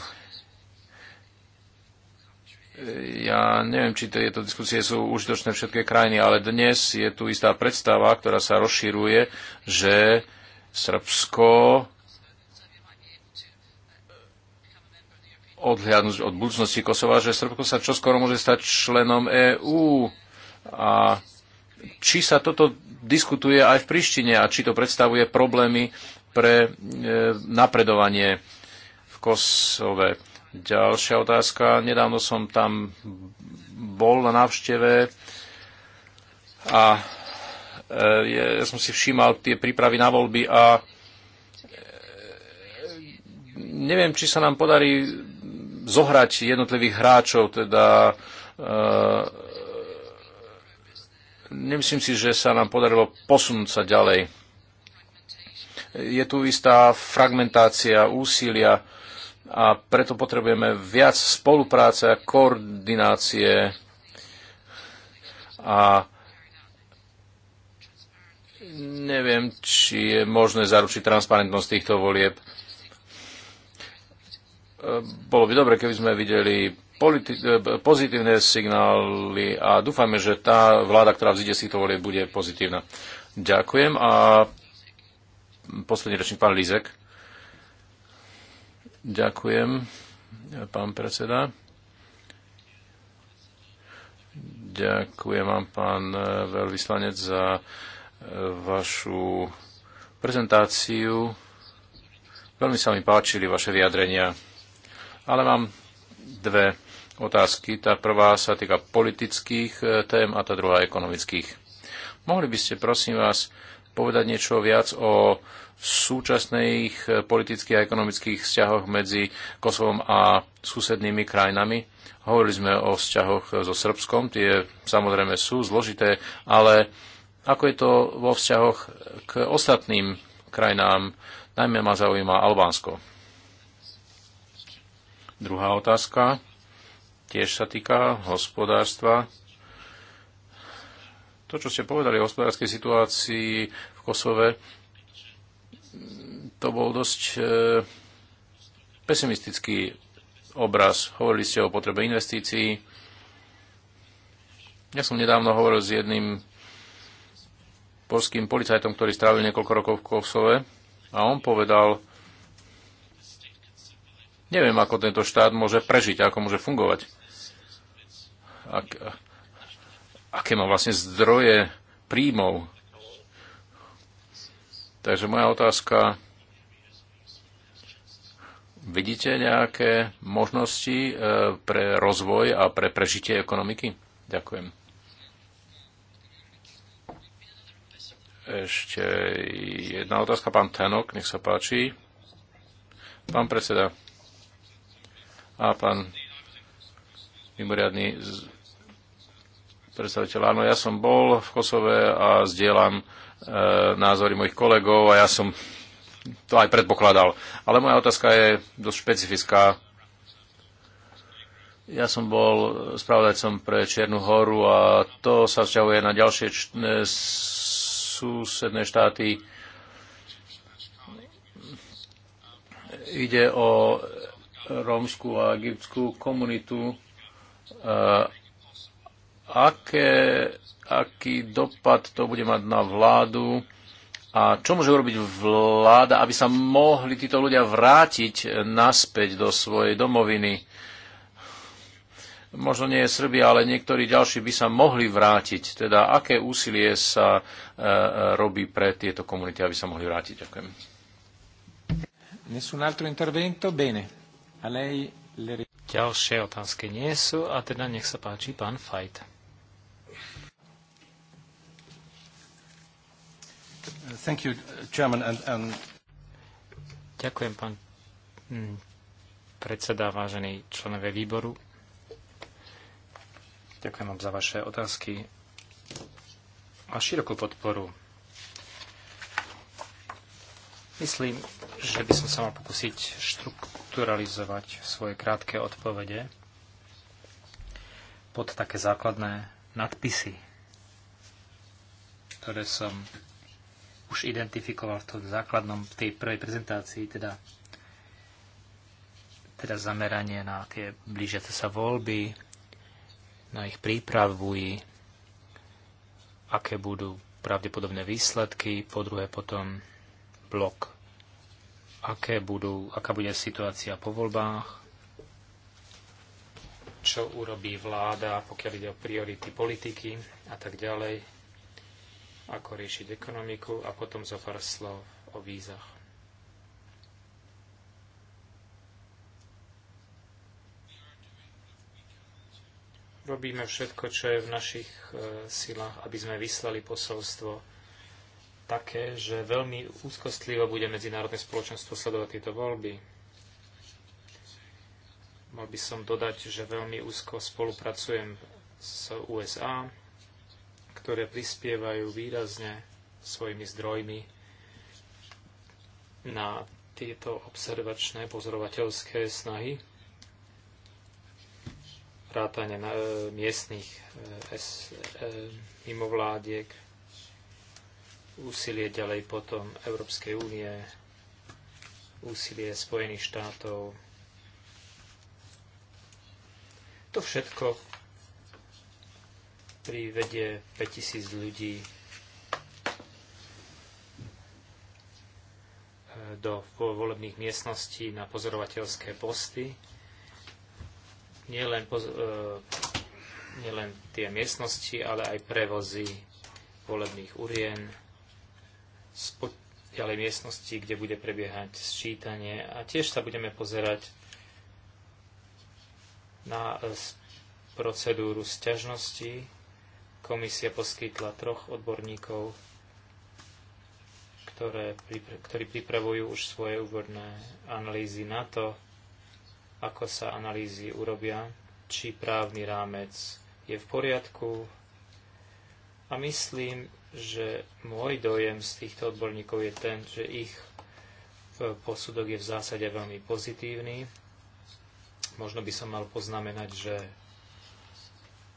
ja neviem, či tieto diskusie sú užitočné všetké krajiny, ale dnes je tu istá predstava, ktorá sa rozširuje, že Srbsko odhľadnúť od budúcnosti Kosova, že Srbko sa čoskoro môže stať členom EÚ. A či sa toto diskutuje aj v Prištine a či to predstavuje problémy pre e, napredovanie v Kosove. Ďalšia otázka. Nedávno som tam bol na návšteve a e, ja som si všímal tie prípravy na voľby a e, neviem, či sa nám podarí zohrať jednotlivých hráčov, teda eh, nemyslím si, že sa nám podarilo posunúť sa ďalej. Je tu istá fragmentácia úsilia a preto potrebujeme viac spolupráce a koordinácie a neviem, či je možné zaručiť transparentnosť týchto volieb. E, bolo by dobre, keby sme videli e, pozitívne signály a dúfajme, že tá vláda, ktorá vzíde z týchto volieb, bude pozitívna. Ďakujem a posledný rečník, pán Lízek. Ďakujem, pán predseda. Ďakujem vám, pán veľvyslanec, za vašu prezentáciu. Veľmi sa mi páčili vaše vyjadrenia ale mám dve otázky. Tá prvá sa týka politických e, tém a tá druhá ekonomických. Mohli by ste, prosím vás, povedať niečo viac o súčasných e, politických a ekonomických vzťahoch medzi Kosovom a susednými krajinami. Hovorili sme o vzťahoch e, so Srbskom, tie samozrejme sú zložité, ale ako je to vo vzťahoch k ostatným krajinám, najmä ma zaujíma Albánsko. Druhá otázka tiež sa týka hospodárstva. To, čo ste povedali o hospodárskej situácii v Kosove, to bol dosť e, pesimistický obraz. Hovorili ste o potrebe investícií. Ja som nedávno hovoril s jedným polským policajtom, ktorý strávil niekoľko rokov v Kosove a on povedal, Neviem, ako tento štát môže prežiť, ako môže fungovať. Ak, aké má vlastne zdroje príjmov. Takže moja otázka, vidíte nejaké možnosti e, pre rozvoj a pre prežitie ekonomiky? Ďakujem. Ešte jedna otázka, pán Tenok, nech sa páči. Pán predseda, a pán mimoriadný predstaviteľ. Áno, ja som bol v Kosove a zdieľam e, názory mojich kolegov a ja som to aj predpokladal. Ale moja otázka je dosť špecifická. Ja som bol spravodajcom pre Čiernu horu a to sa vzťahuje na ďalšie č- e, susedné štáty. Ide o rómskú a egyptskú komunitu. Aké, aký dopad to bude mať na vládu a čo môže urobiť vláda, aby sa mohli títo ľudia vrátiť naspäť do svojej domoviny? možno nie je Srbia, ale niektorí ďalší by sa mohli vrátiť. Teda aké úsilie sa e, robí pre tieto komunity, aby sa mohli vrátiť? Ďakujem. Nessun altro intervento? Bene. Ďalšie otázky nie sú a teda nech sa páči pán Fajt. You, Chairman, and, and... Ďakujem, pán mm, predseda, vážení členové výboru. Ďakujem vám za vaše otázky a širokú podporu Myslím, že by som sa mal pokúsiť štrukturalizovať svoje krátke odpovede pod také základné nadpisy, ktoré som už identifikoval v tom základnom, v tej prvej prezentácii, teda, teda zameranie na tie blížiace sa voľby, na ich prípravu, aké budú pravdepodobné výsledky, po druhé potom blok, aké budú, aká bude situácia po voľbách, čo urobí vláda, pokiaľ ide o priority politiky a tak ďalej, ako riešiť ekonomiku a potom zo pár slov o vízach. Robíme všetko, čo je v našich e, silách, aby sme vyslali posolstvo také, že veľmi úzkostlivo bude medzinárodné spoločenstvo sledovať tieto voľby. Mal by som dodať, že veľmi úzko spolupracujem s USA, ktoré prispievajú výrazne svojimi zdrojmi na tieto observačné pozorovateľské snahy vrátane na, e, miestných e, e, mimovládiek úsilie ďalej potom Európskej únie, úsilie Spojených štátov. To všetko privedie 5000 ľudí eh, do volebných miestností na pozorovateľské posty. Nielen, poz- eh, nielen tie miestnosti, ale aj prevozy volebných urien, spod ďalej miestnosti, kde bude prebiehať sčítanie a tiež sa budeme pozerať na e, procedúru sťažnosti. Komisia poskytla troch odborníkov, ktoré, ktorí pripravujú už svoje úvodné analýzy na to, ako sa analýzy urobia, či právny rámec je v poriadku. A myslím, že môj dojem z týchto odborníkov je ten, že ich e, posudok je v zásade veľmi pozitívny. Možno by som mal poznamenať, že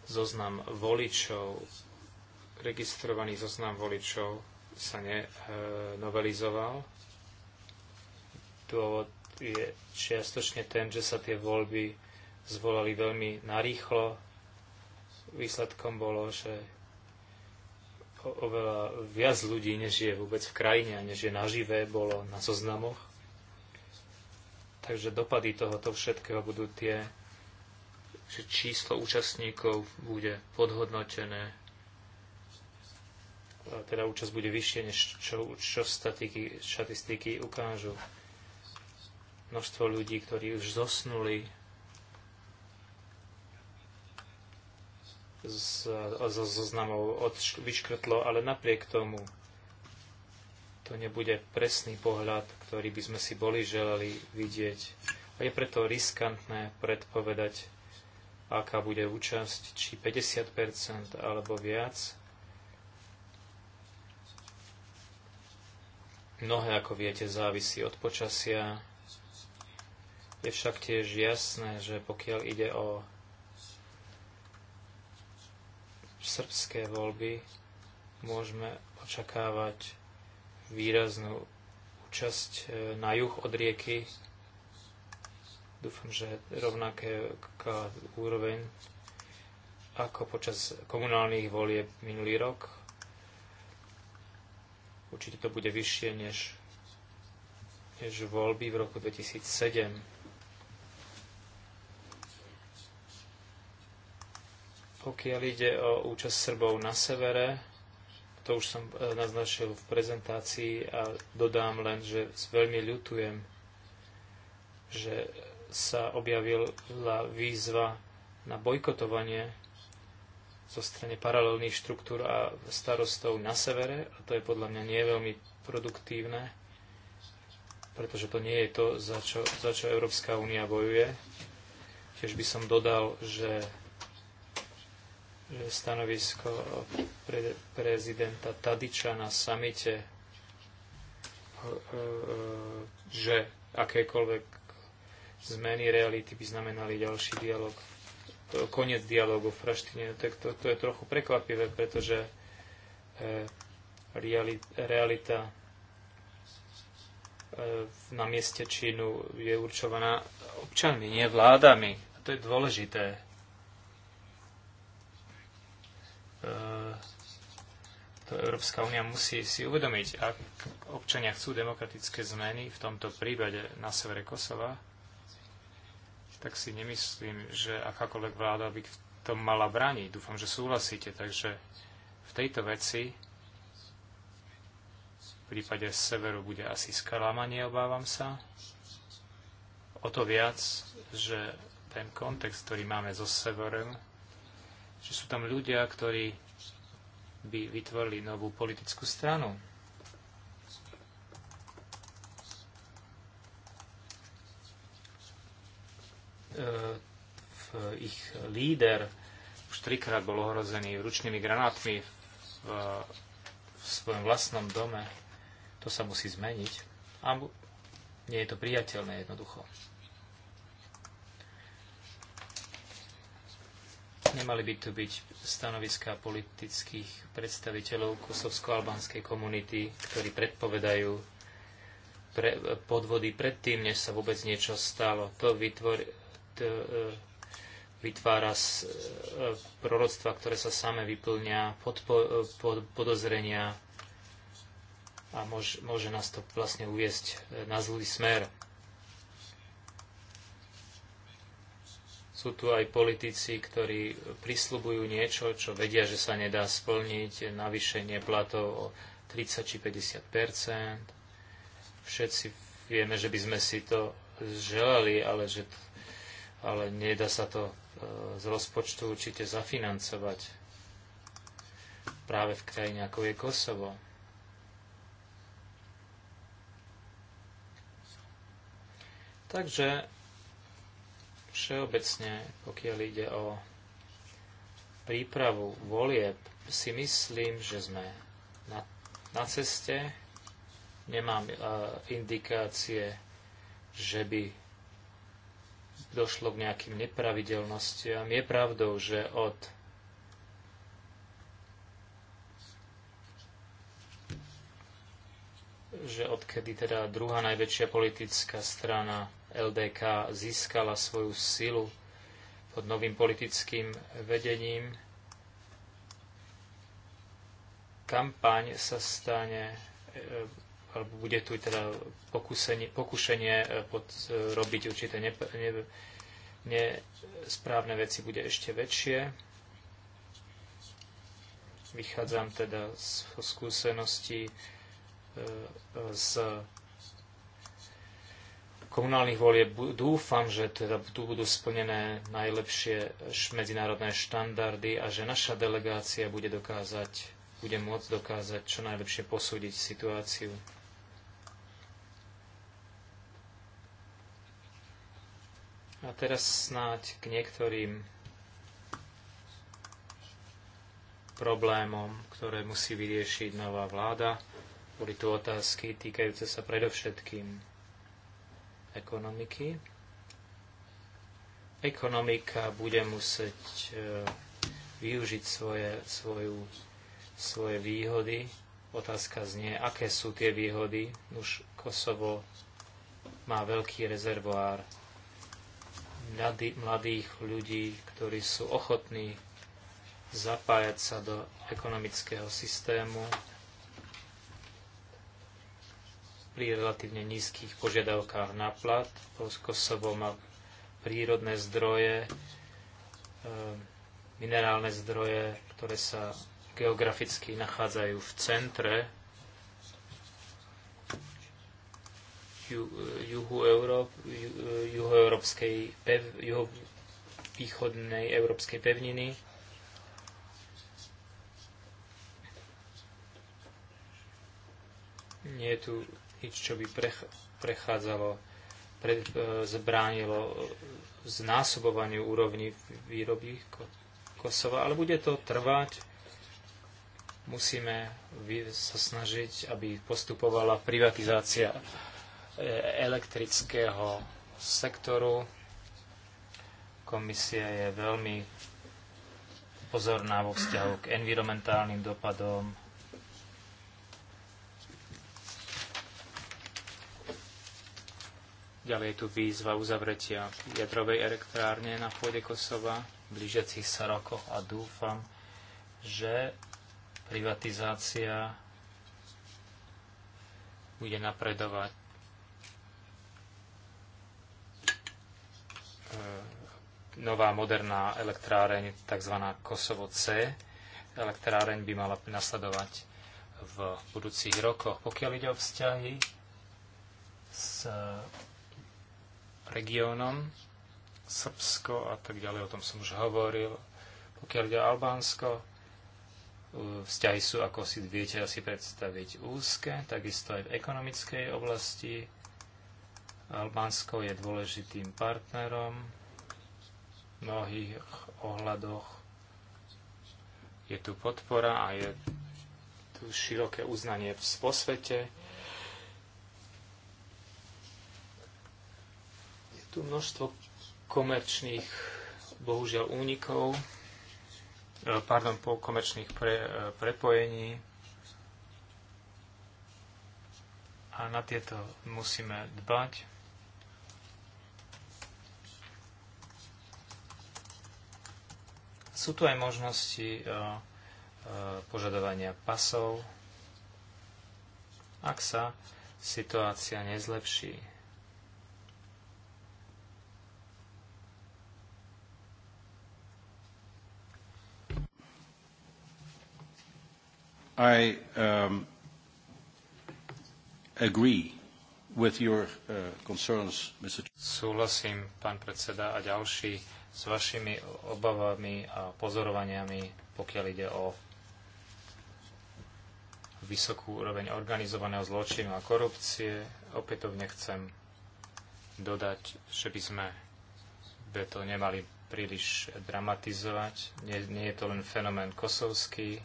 zoznam voličov, registrovaný zoznam voličov sa nenovelizoval. E, Dôvod je čiastočne ten, že sa tie voľby zvolali veľmi narýchlo. Výsledkom bolo, že oveľa viac ľudí, než je vôbec v krajine a než je naživé, bolo na zoznamoch. Takže dopady tohoto všetkého budú tie, že číslo účastníkov bude podhodnotené, teda účasť bude vyššie, než čo, čo statiky, štatistiky ukážu. Množstvo ľudí, ktorí už zosnuli, zo zoznamov vyškrtlo, ale napriek tomu to nebude presný pohľad, ktorý by sme si boli želali vidieť. A je preto riskantné predpovedať, aká bude účasť, či 50% alebo viac. Mnohé, ako viete, závisí od počasia. Je však tiež jasné, že pokiaľ ide o srbské voľby môžeme očakávať výraznú účasť e, na juh od rieky. Dúfam, že rovnaké úroveň ako počas komunálnych volieb minulý rok. Určite to bude vyššie než, než voľby v roku 2007 Pokiaľ ide o účasť Srbov na severe, to už som e, naznačil v prezentácii a dodám len, že veľmi ľutujem, že sa objavila výzva na bojkotovanie zo strany paralelných štruktúr a starostov na severe a to je podľa mňa nie veľmi produktívne, pretože to nie je to, za čo, za čo Európska únia bojuje. Tiež by som dodal, že že stanovisko pre, prezidenta Tadiča na samite, e, e, že akékoľvek zmeny reality by znamenali ďalší dialog, e, koniec dialogu v Praštine, tak to, to je trochu prekvapivé, pretože realita na mieste Čínu je určovaná občanmi, nie vládami. A to je dôležité Európska únia musí si uvedomiť, ak občania chcú demokratické zmeny, v tomto prípade na severe Kosova, tak si nemyslím, že akákoľvek vláda by v tom mala brániť. Dúfam, že súhlasíte. Takže v tejto veci v prípade severu bude asi sklamanie, obávam sa. O to viac, že ten kontext, ktorý máme so severom, že sú tam ľudia, ktorí by vytvorili novú politickú stranu. E, ich líder už trikrát bol ohrozený ručnými granátmi v, v svojom vlastnom dome. To sa musí zmeniť. A nie je to priateľné jednoducho. nemali by tu byť stanoviská politických predstaviteľov kosovsko-albánskej komunity, ktorí predpovedajú pre, podvody predtým, než sa vôbec niečo stalo. To, vytvor, to e, vytvára z, e, proroctva, ktoré sa same vyplňa, podpo, e, pod, podozrenia a môže, môže nás to vlastne uviesť na zlý smer. Sú tu aj politici, ktorí prislubujú niečo, čo vedia, že sa nedá splniť, navýšenie platov o 30 či 50 Všetci vieme, že by sme si to želali, ale, že, ale nedá sa to e, z rozpočtu určite zafinancovať práve v krajine ako je Kosovo. Takže Všeobecne, pokiaľ ide o prípravu volieb, si myslím, že sme na, na ceste. Nemám uh, indikácie, že by došlo k nejakým nepravidelnostiam. Je pravdou, že od že odkedy teda druhá najväčšia politická strana LDK získala svoju silu pod novým politickým vedením. Kampaň sa stane, e, alebo bude tu teda pokusenie, pokušenie e, pod, e, robiť určité ne, ne, veci bude ešte väčšie. Vychádzam teda z skúseností z komunálnych volieb dúfam, že teda tu budú splnené najlepšie medzinárodné štandardy a že naša delegácia bude dokázať, bude môcť dokázať čo najlepšie posúdiť situáciu. A teraz snáď k niektorým problémom, ktoré musí vyriešiť nová vláda. Boli tu otázky týkajúce sa predovšetkým ekonomiky. Ekonomika bude musieť e, využiť svoje, svoju, svoje výhody. Otázka znie, aké sú tie výhody. Už Kosovo má veľký rezervoár mladý, mladých ľudí, ktorí sú ochotní zapájať sa do ekonomického systému, pri relatívne nízkych požiadavkách na plat. Polsko sobou má prírodné zdroje, eh, minerálne zdroje, ktoré sa geograficky nachádzajú v centre juhu Európ, európskej pev, východnej európskej pevniny. Nie je tu nič, čo by prechádzalo, pre, e, zbránilo e, znásobovaniu úrovni výroby Kosova, ale bude to trvať. Musíme sa snažiť, aby postupovala privatizácia e, elektrického sektoru. Komisia je veľmi pozorná vo vzťahu k environmentálnym dopadom, Ďalej je tu výzva uzavretia jadrovej elektrárne na pôde Kosova v blížiacich sa rokoch a dúfam, že privatizácia bude napredovať. E, nová moderná elektráreň, tzv. Kosovo C, elektráreň by mala nasledovať v budúcich rokoch. Pokiaľ ide o vzťahy s regiónom, Srbsko a tak ďalej, o tom som už hovoril. Pokiaľ ide o Albánsko, e, vzťahy sú, ako si viete asi predstaviť, úzke, takisto aj v ekonomickej oblasti. Albánsko je dôležitým partnerom v mnohých ohľadoch. Je tu podpora a je tu široké uznanie v svete. tu množstvo komerčných, bohužiaľ, únikov, e, pardon, po komerčných pre, e, prepojení. A na tieto musíme dbať. Sú tu aj možnosti e, požadovania pasov, ak sa situácia nezlepší. I um, agree with your uh, concerns, Mr. Súhlasím, pán predseda, a ďalší s vašimi obavami a pozorovaniami, pokiaľ ide o vysokú úroveň organizovaného zločinu a korupcie. Opätovne chcem dodať, že by sme by to nemali príliš dramatizovať. Nie, nie je to len fenomén kosovský,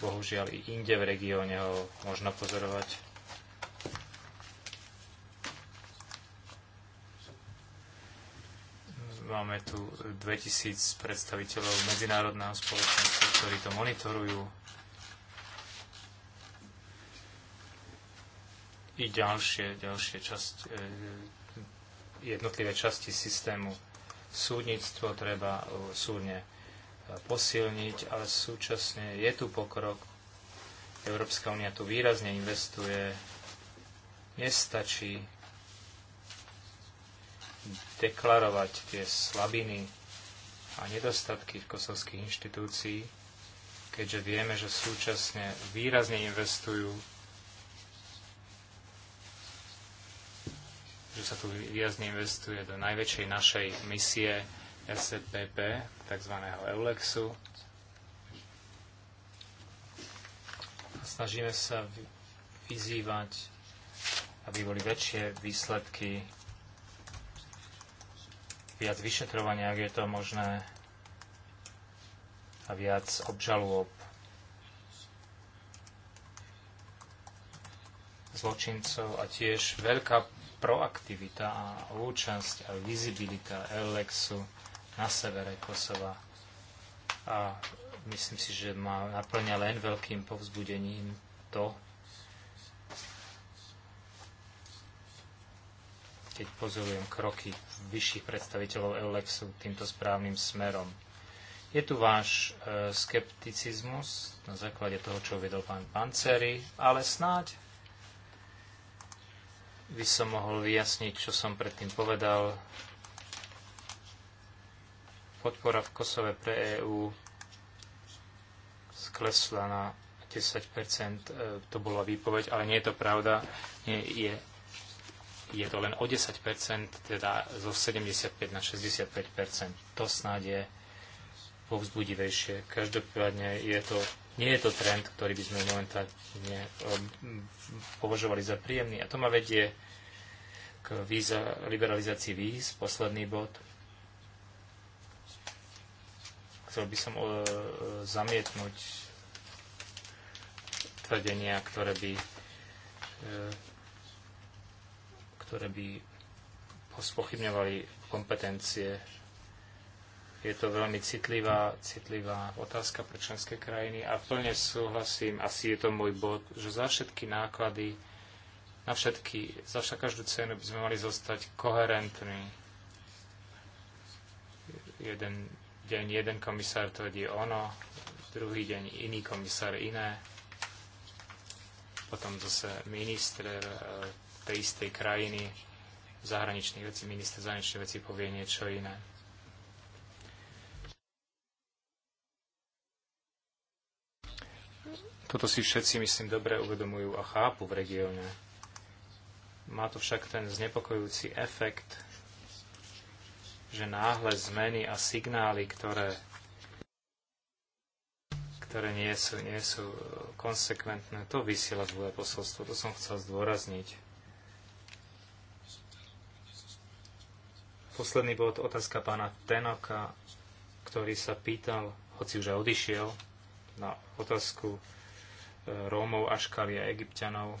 Bohužiaľ i inde v regióne ho možno pozorovať. Máme tu 2000 predstaviteľov medzinárodného spoločenstva, ktorí to monitorujú. I ďalšie, ďalšie časť, e, jednotlivé časti systému súdnictvo treba e, súdne posilniť, ale súčasne je tu pokrok. Európska únia tu výrazne investuje. Nestačí deklarovať tie slabiny a nedostatky kosovských inštitúcií, keďže vieme, že súčasne výrazne investujú že sa tu výrazne investuje do najväčšej našej misie SZPP, tzv. EULEXu. Snažíme sa vyzývať, aby boli väčšie výsledky, viac vyšetrovania, ak je to možné, a viac obžalôb zločincov a tiež veľká proaktivita a účasť a vizibilita Eulexu na severe Kosova. A myslím si, že ma naplňa len veľkým povzbudením to, keď pozorujem kroky vyšších predstaviteľov Eulexu týmto správnym smerom. Je tu váš e, skepticizmus na základe toho, čo uvedol pán Panceri, ale snáď by som mohol vyjasniť, čo som predtým povedal, podpora v Kosove pre EÚ sklesla na 10%, e, to bola výpoveď, ale nie je to pravda, nie, je, je to len o 10%, teda zo 75 na 65%. To snáď je povzbudivejšie. Každopádne je to, nie je to trend, ktorý by sme momentálne um, považovali za príjemný. A to ma vedie k víza, liberalizácii víz, posledný bod – Chcel by som e, e, zamietnúť tvrdenia, ktoré by e, ktoré by spochybňovali kompetencie. Je to veľmi citlivá, citlivá otázka pre členské krajiny a plne súhlasím, asi je to môj bod, že za všetky náklady, na všetky, za však každú cenu by sme mali zostať koherentní. Jeden deň jeden komisár tvrdí ono, druhý deň iný komisár iné, potom zase minister e, tej istej krajiny zahraničných vecí, minister zahraničných vecí povie niečo iné. Toto si všetci, myslím, dobre uvedomujú a chápu v regióne. Má to však ten znepokojujúci efekt, že náhle zmeny a signály, ktoré, ktoré nie, sú, nie sú konsekventné, to vysiela dvoje posolstvo. To som chcel zdôrazniť. Posledný bod, otázka pána Tenoka, ktorý sa pýtal, hoci už aj odišiel, na otázku e, Rómov, Aškali a Egyptianov,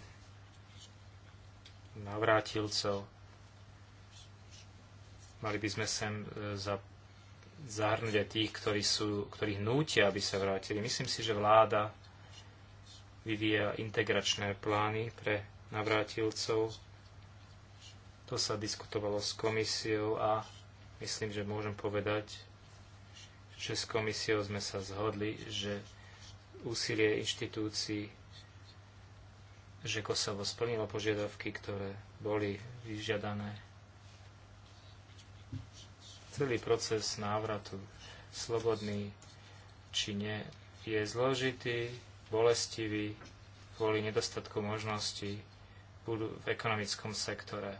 navrátilcov Mali by sme sem e, za, zahrnúť aj tých, ktorí sú, ktorých nútia, aby sa vrátili. Myslím si, že vláda vyvíja integračné plány pre navrátilcov. To sa diskutovalo s komisiou a myslím, že môžem povedať, že s komisiou sme sa zhodli, že úsilie inštitúcií, že Kosovo splnilo požiadavky, ktoré boli vyžiadané Celý proces návratu, slobodný či nie, je zložitý, bolestivý kvôli nedostatku možností budú v ekonomickom sektore.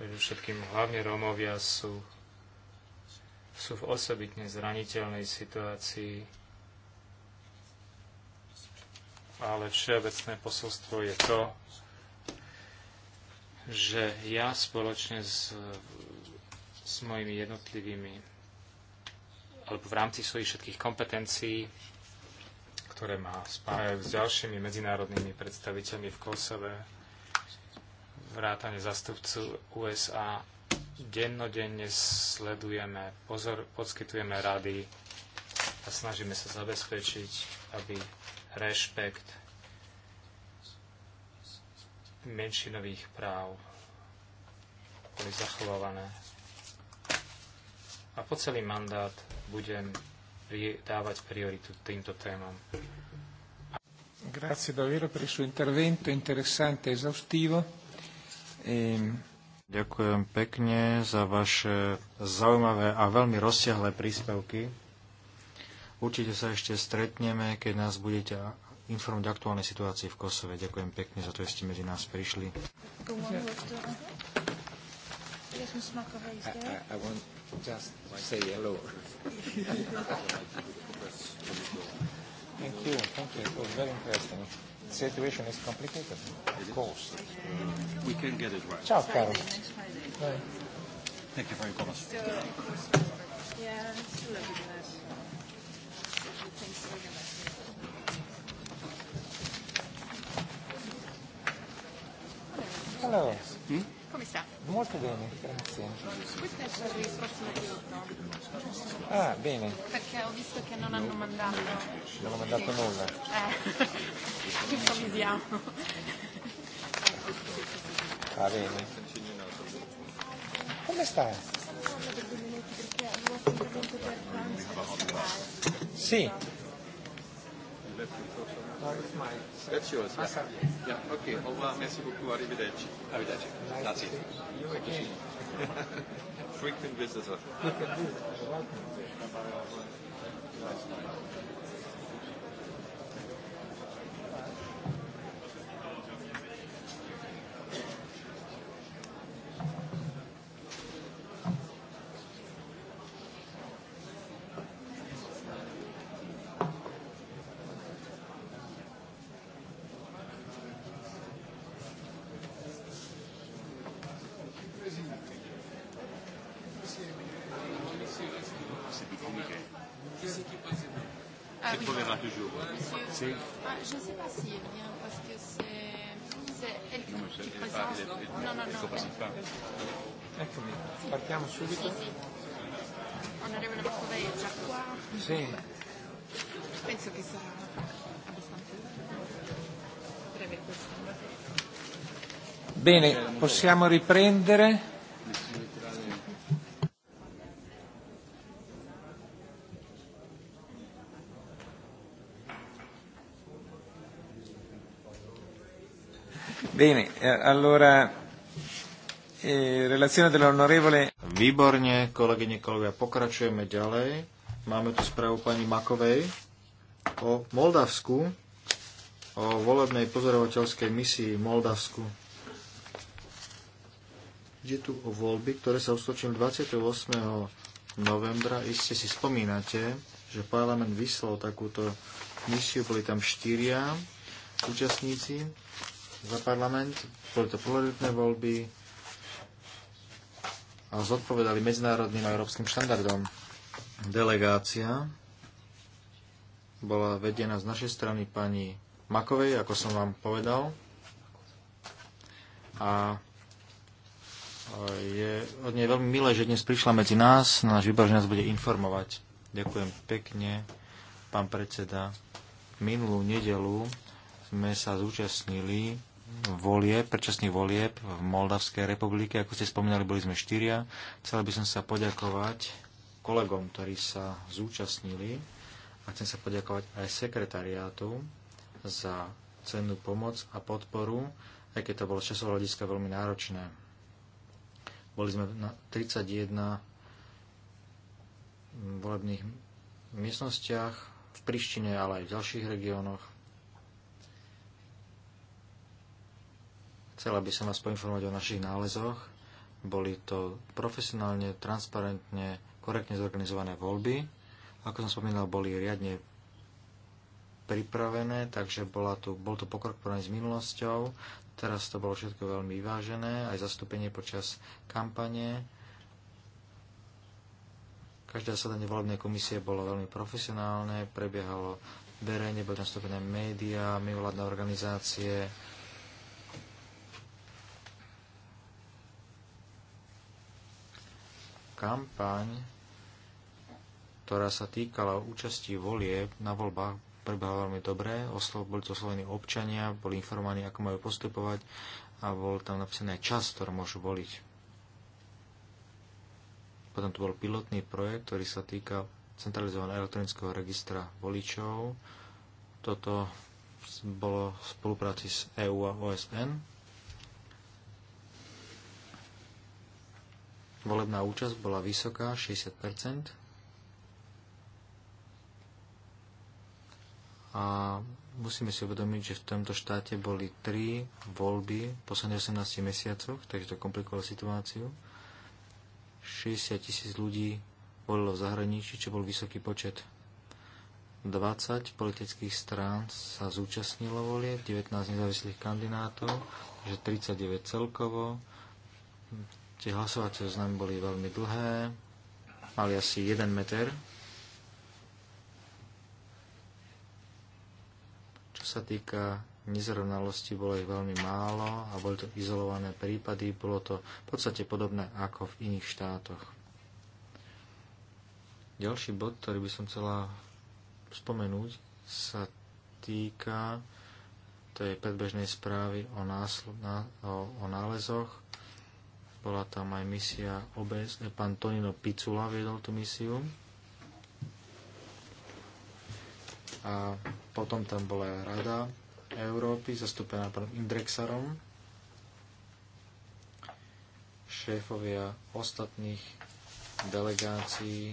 všetkým hlavne Rómovia sú, sú v osobitne zraniteľnej situácii, ale všeobecné posolstvo je to, že ja spoločne s, s mojimi jednotlivými alebo v rámci svojich všetkých kompetencií, ktoré ma spájajú s ďalšími medzinárodnými predstaviteľmi v Kosove, vrátane zastupcu USA, dennodenne sledujeme, pozor, poskytujeme rady a snažíme sa zabezpečiť, aby rešpekt menšinových práv boli zachovávané. A po celý mandát budem dávať prioritu týmto témam. Grazie davvero per il suo intervento interessante e esaustivo. Ehm, Ďakujem pekne za vaše zaujímavé a veľmi rozsiahle príspevky. Určite sa ešte stretneme, keď nás budete informovať o aktuálnej situácii v Kosove. Ďakujem pekne za to, že ste medzi nás prišli. Thank you, thank you. It was very interesting. The situation is complicated, of course. We can get it right. Ciao, Carol. Bye. Thank you very much. Yeah, it's bit nice. Thanks for Allora, hm? come sta? Molto bene, grazie. Questo è il di risorso Ah, bene. Perché ho visto che non hanno mandato. Non hanno mandato nulla. Eh, improvvisiamo. Va bene. Come sta? Sì. No, it's mine. That's yours. Yeah. yeah. Okay. Au revoir. Merci beaucoup. Arrivederci. Arrivederci. Nice That's it. You again. Frequent visitor. Frequent visitor. Welcome. passé ah, Je ne sais pas si elle vient parce que c'est elle qui, présente. Pas, non, non, no, no. no. Eccomi, partiamo subito. Sì, sì. Onorevole Maccovei è già qua. Sì. Penso che sarà abbastanza breve questo. Bene, possiamo riprendere. Bene, eh, allora eh, relazione dell'onorevole. Výborne, kolegyne, kolegovia, pokračujeme ďalej. Máme tu správu pani Makovej o Moldavsku, o volebnej pozorovateľskej misii v Moldavsku. Ide tu o voľby, ktoré sa uskutočnili 28. novembra. Iste si spomínate, že parlament vyslal takúto misiu, boli tam štyria účastníci za parlament, boli to pluralitné voľby a zodpovedali medzinárodným a európskym štandardom. Delegácia bola vedená z našej strany pani Makovej, ako som vám povedal. A e, je od nej veľmi milé, že dnes prišla medzi nás. Náš výbor, že nás bude informovať. Ďakujem pekne, pán predseda. Minulú nedelu sme sa zúčastnili volie, predčasných volieb v Moldavskej republike. Ako ste spomínali, boli sme štyria. Chcel by som sa poďakovať kolegom, ktorí sa zúčastnili a chcem sa poďakovať aj sekretariátu za cennú pomoc a podporu, aj keď to bolo z časového hľadiska veľmi náročné. Boli sme na 31 volebných miestnostiach v Prištine, ale aj v ďalších regiónoch Chcela by som vás poinformovať o našich nálezoch. Boli to profesionálne, transparentne, korektne zorganizované voľby. Ako som spomínal, boli riadne pripravené, takže bola tu, bol to pokrok porovnaný s minulosťou. Teraz to bolo všetko veľmi vyvážené, aj zastúpenie počas kampane. Každé zasadanie volebnej komisie bolo veľmi profesionálne, prebiehalo verejne, boli nastúpené médiá, mimovládne organizácie, kampaň, ktorá sa týkala účasti volie na voľbách, prebehla veľmi dobre. Oslo, boli to oslovení občania, boli informovaní, ako majú postupovať a bol tam napísaný čas, ktorý môžu voliť. Potom tu bol pilotný projekt, ktorý sa týka centralizovaného elektronického registra voličov. Toto bolo v spolupráci s EU a OSN Volebná účasť bola vysoká, 60%. A musíme si uvedomiť, že v tomto štáte boli tri voľby v posledných 18 mesiacoch, takže to komplikovalo situáciu. 60 tisíc ľudí volilo v zahraničí, čo bol vysoký počet. 20 politických strán sa zúčastnilo volie, 19 nezávislých kandidátov, takže 39 celkovo. Tie hlasovacie zoznamy boli veľmi dlhé, mali asi 1 meter. Čo sa týka nezrovnalosti, bolo ich veľmi málo a boli to izolované prípady. Bolo to v podstate podobné ako v iných štátoch. Ďalší bod, ktorý by som chcela spomenúť, sa týka tej predbežnej správy o, násl- na, o, o nálezoch bola tam aj misia OBS, pán Tonino Picula viedol tú misiu. A potom tam bola aj Rada Európy, zastúpená pánom Indrexarom, šéfovia ostatných delegácií,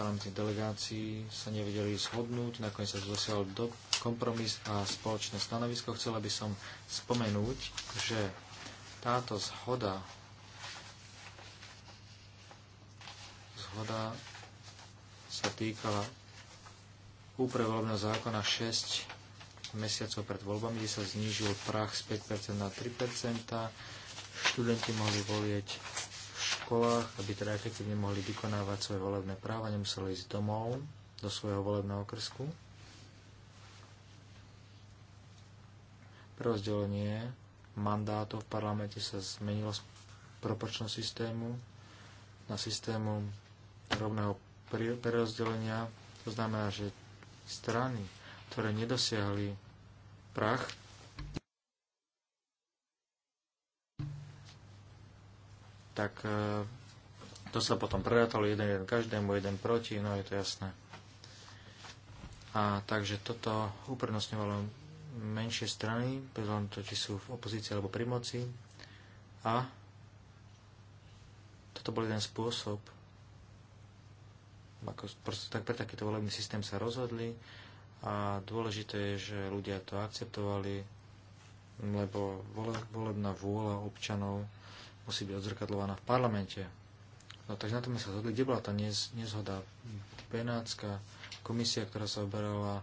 parlamentných delegácií sa nevedeli zhodnúť, nakoniec sa dosiahol do kompromis a spoločné stanovisko. Chcel by som spomenúť, že táto zhoda zhoda sa týkala úpre volebného zákona 6 mesiacov pred voľbami, kde sa znížil prach z 5% na 3%. Študenti mohli volieť v školách, aby teda efektívne mohli vykonávať svoje volebné práva, nemuseli ísť domov do svojho volebného okrsku. Rozdelenie mandátov v parlamente sa zmenilo z proporčného systému na systému rovného prerozdelenia. To znamená, že strany, ktoré nedosiahli prach, tak e, to sa potom prerátalo jeden, jeden každému, jeden proti, no je to jasné. A takže toto uprednostňovalo menšie strany, bez to, či sú v opozícii alebo pri moci. A toto bol jeden spôsob, ako proste tak pre takýto volebný systém sa rozhodli a dôležité je, že ľudia to akceptovali, lebo volebná vôľa občanov musí byť odzrkadlovaná v parlamente. No takže na tom sa zhodli, kde bola tá nez, nezhoda. Benátska komisia, ktorá sa oberala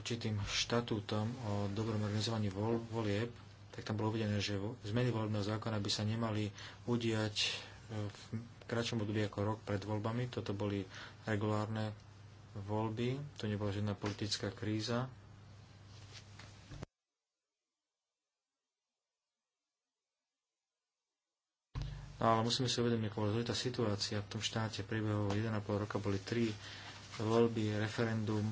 určitým štatútom o dobrom organizovaní vol, volieb, tak tam bolo uvedené, že zmeny volebného zákona by sa nemali udiať e, v kratšom období ako rok pred voľbami. Toto boli regulárne voľby, to nebola žiadna politická kríza. No ale musíme si uvedomiť, ako bola zložitá situácia v tom štáte. Priebehu 1,5 roka boli tri voľby, referendum.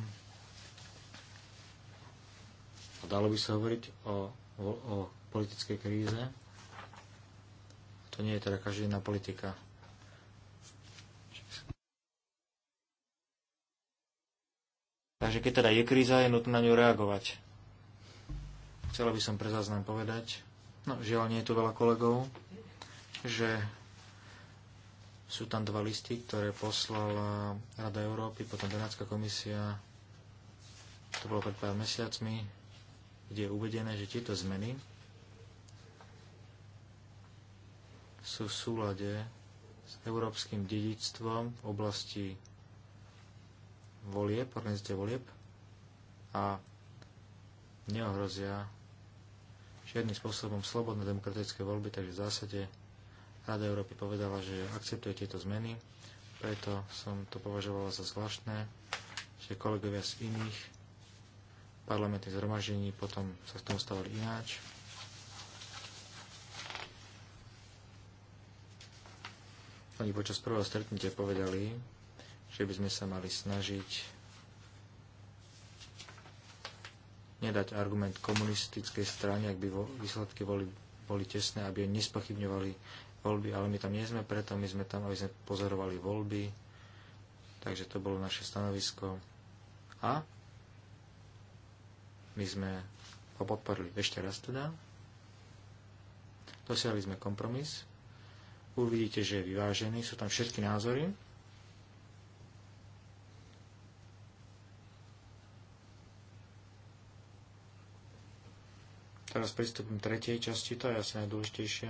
A dalo by sa hovoriť o, o, o politickej kríze. To nie je teda každá jedna politika. Takže keď teda je kríza, je nutné na ňu reagovať. Chcela by som pre záznam povedať, no žiaľ nie je tu veľa kolegov, že sú tam dva listy, ktoré poslala Rada Európy, potom Benátska komisia, to bolo pred pár mesiacmi, kde je uvedené, že tieto zmeny sú v súlade s európskym dedictvom v oblasti volieb, organizácie volieb a neohrozia žiadnym spôsobom slobodné demokratické voľby, takže v zásade Rada Európy povedala, že akceptuje tieto zmeny, preto som to považovala za zvláštne, že kolegovia z iných parlamentných zhromaždení potom sa v tom stavali ináč. Oni počas prvého stretnutia povedali, že by sme sa mali snažiť nedať argument komunistickej strane, ak by vo, výsledky boli, boli tesné, aby oni nespochybňovali voľby, ale my tam nie sme preto, my sme tam, aby sme pozorovali voľby, takže to bolo naše stanovisko. A my sme ho podporili ešte raz teda. Dosiahli sme kompromis. Uvidíte, že je vyvážený, sú tam všetky názory, Teraz pristúpim k tretej časti, to je asi najdôležitejšia.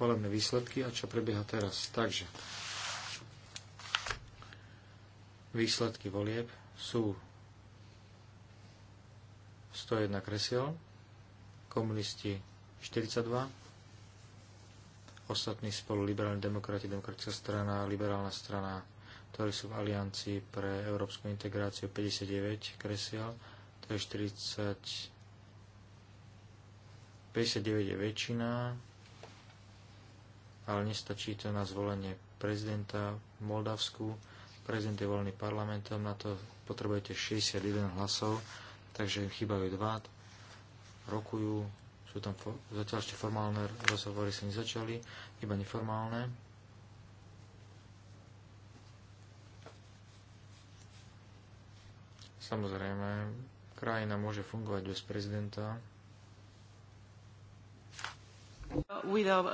Volebné výsledky a čo prebieha teraz. Takže výsledky volieb sú 101 kresiel, komunisti 42, ostatní spolu liberálni demokrati, demokratická strana, liberálna strana ktorí sú v aliancii pre európsku integráciu 59 kresiel je 40... 59 je väčšina, ale nestačí to na zvolenie prezidenta v Moldavsku. Prezident je volený parlamentom, na to potrebujete 61 hlasov, takže im chýbajú dva. Rokujú, sú tam zatiaľ ešte formálne rozhovory sa nezačali, iba neformálne. Samozrejme, Krajina môže fungovať bez prezidenta. Uh, uh,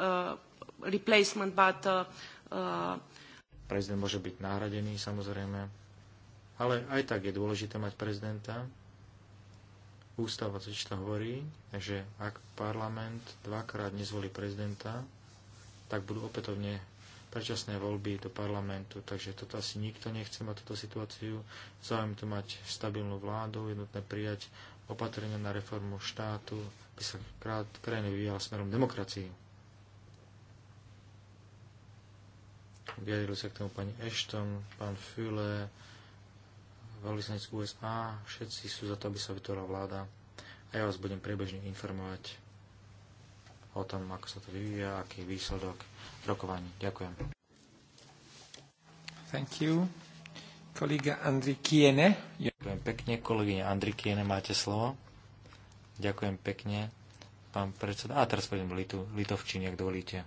Prezident môže byť náhradený, samozrejme. Ale aj tak je dôležité mať prezidenta. Ústava totiž to hovorí, že ak parlament dvakrát nezvolí prezidenta, tak budú opätovne predčasné voľby do parlamentu. Takže toto asi nikto nechce mať túto situáciu. Záujem tu mať stabilnú vládu, jednotné prijať opatrenia na reformu štátu, aby sa krajina vyvíjala smerom demokracii. Vyjadrili sa k tomu pani Ashton, pán Füle, veľvyslanec USA, všetci sú za to, aby sa vytvorila vláda a ja vás budem priebežne informovať o tom, ako sa to vyvíja, aký je výsledok rokovaní. Ďakujem. Thank you. Kolega Andrikiene. Ďakujem pekne. Kolegyňa Andrikiene, máte slovo. Ďakujem pekne, pán predseda. A teraz pôjdem do Litu, Litovčiny, ak dovolíte.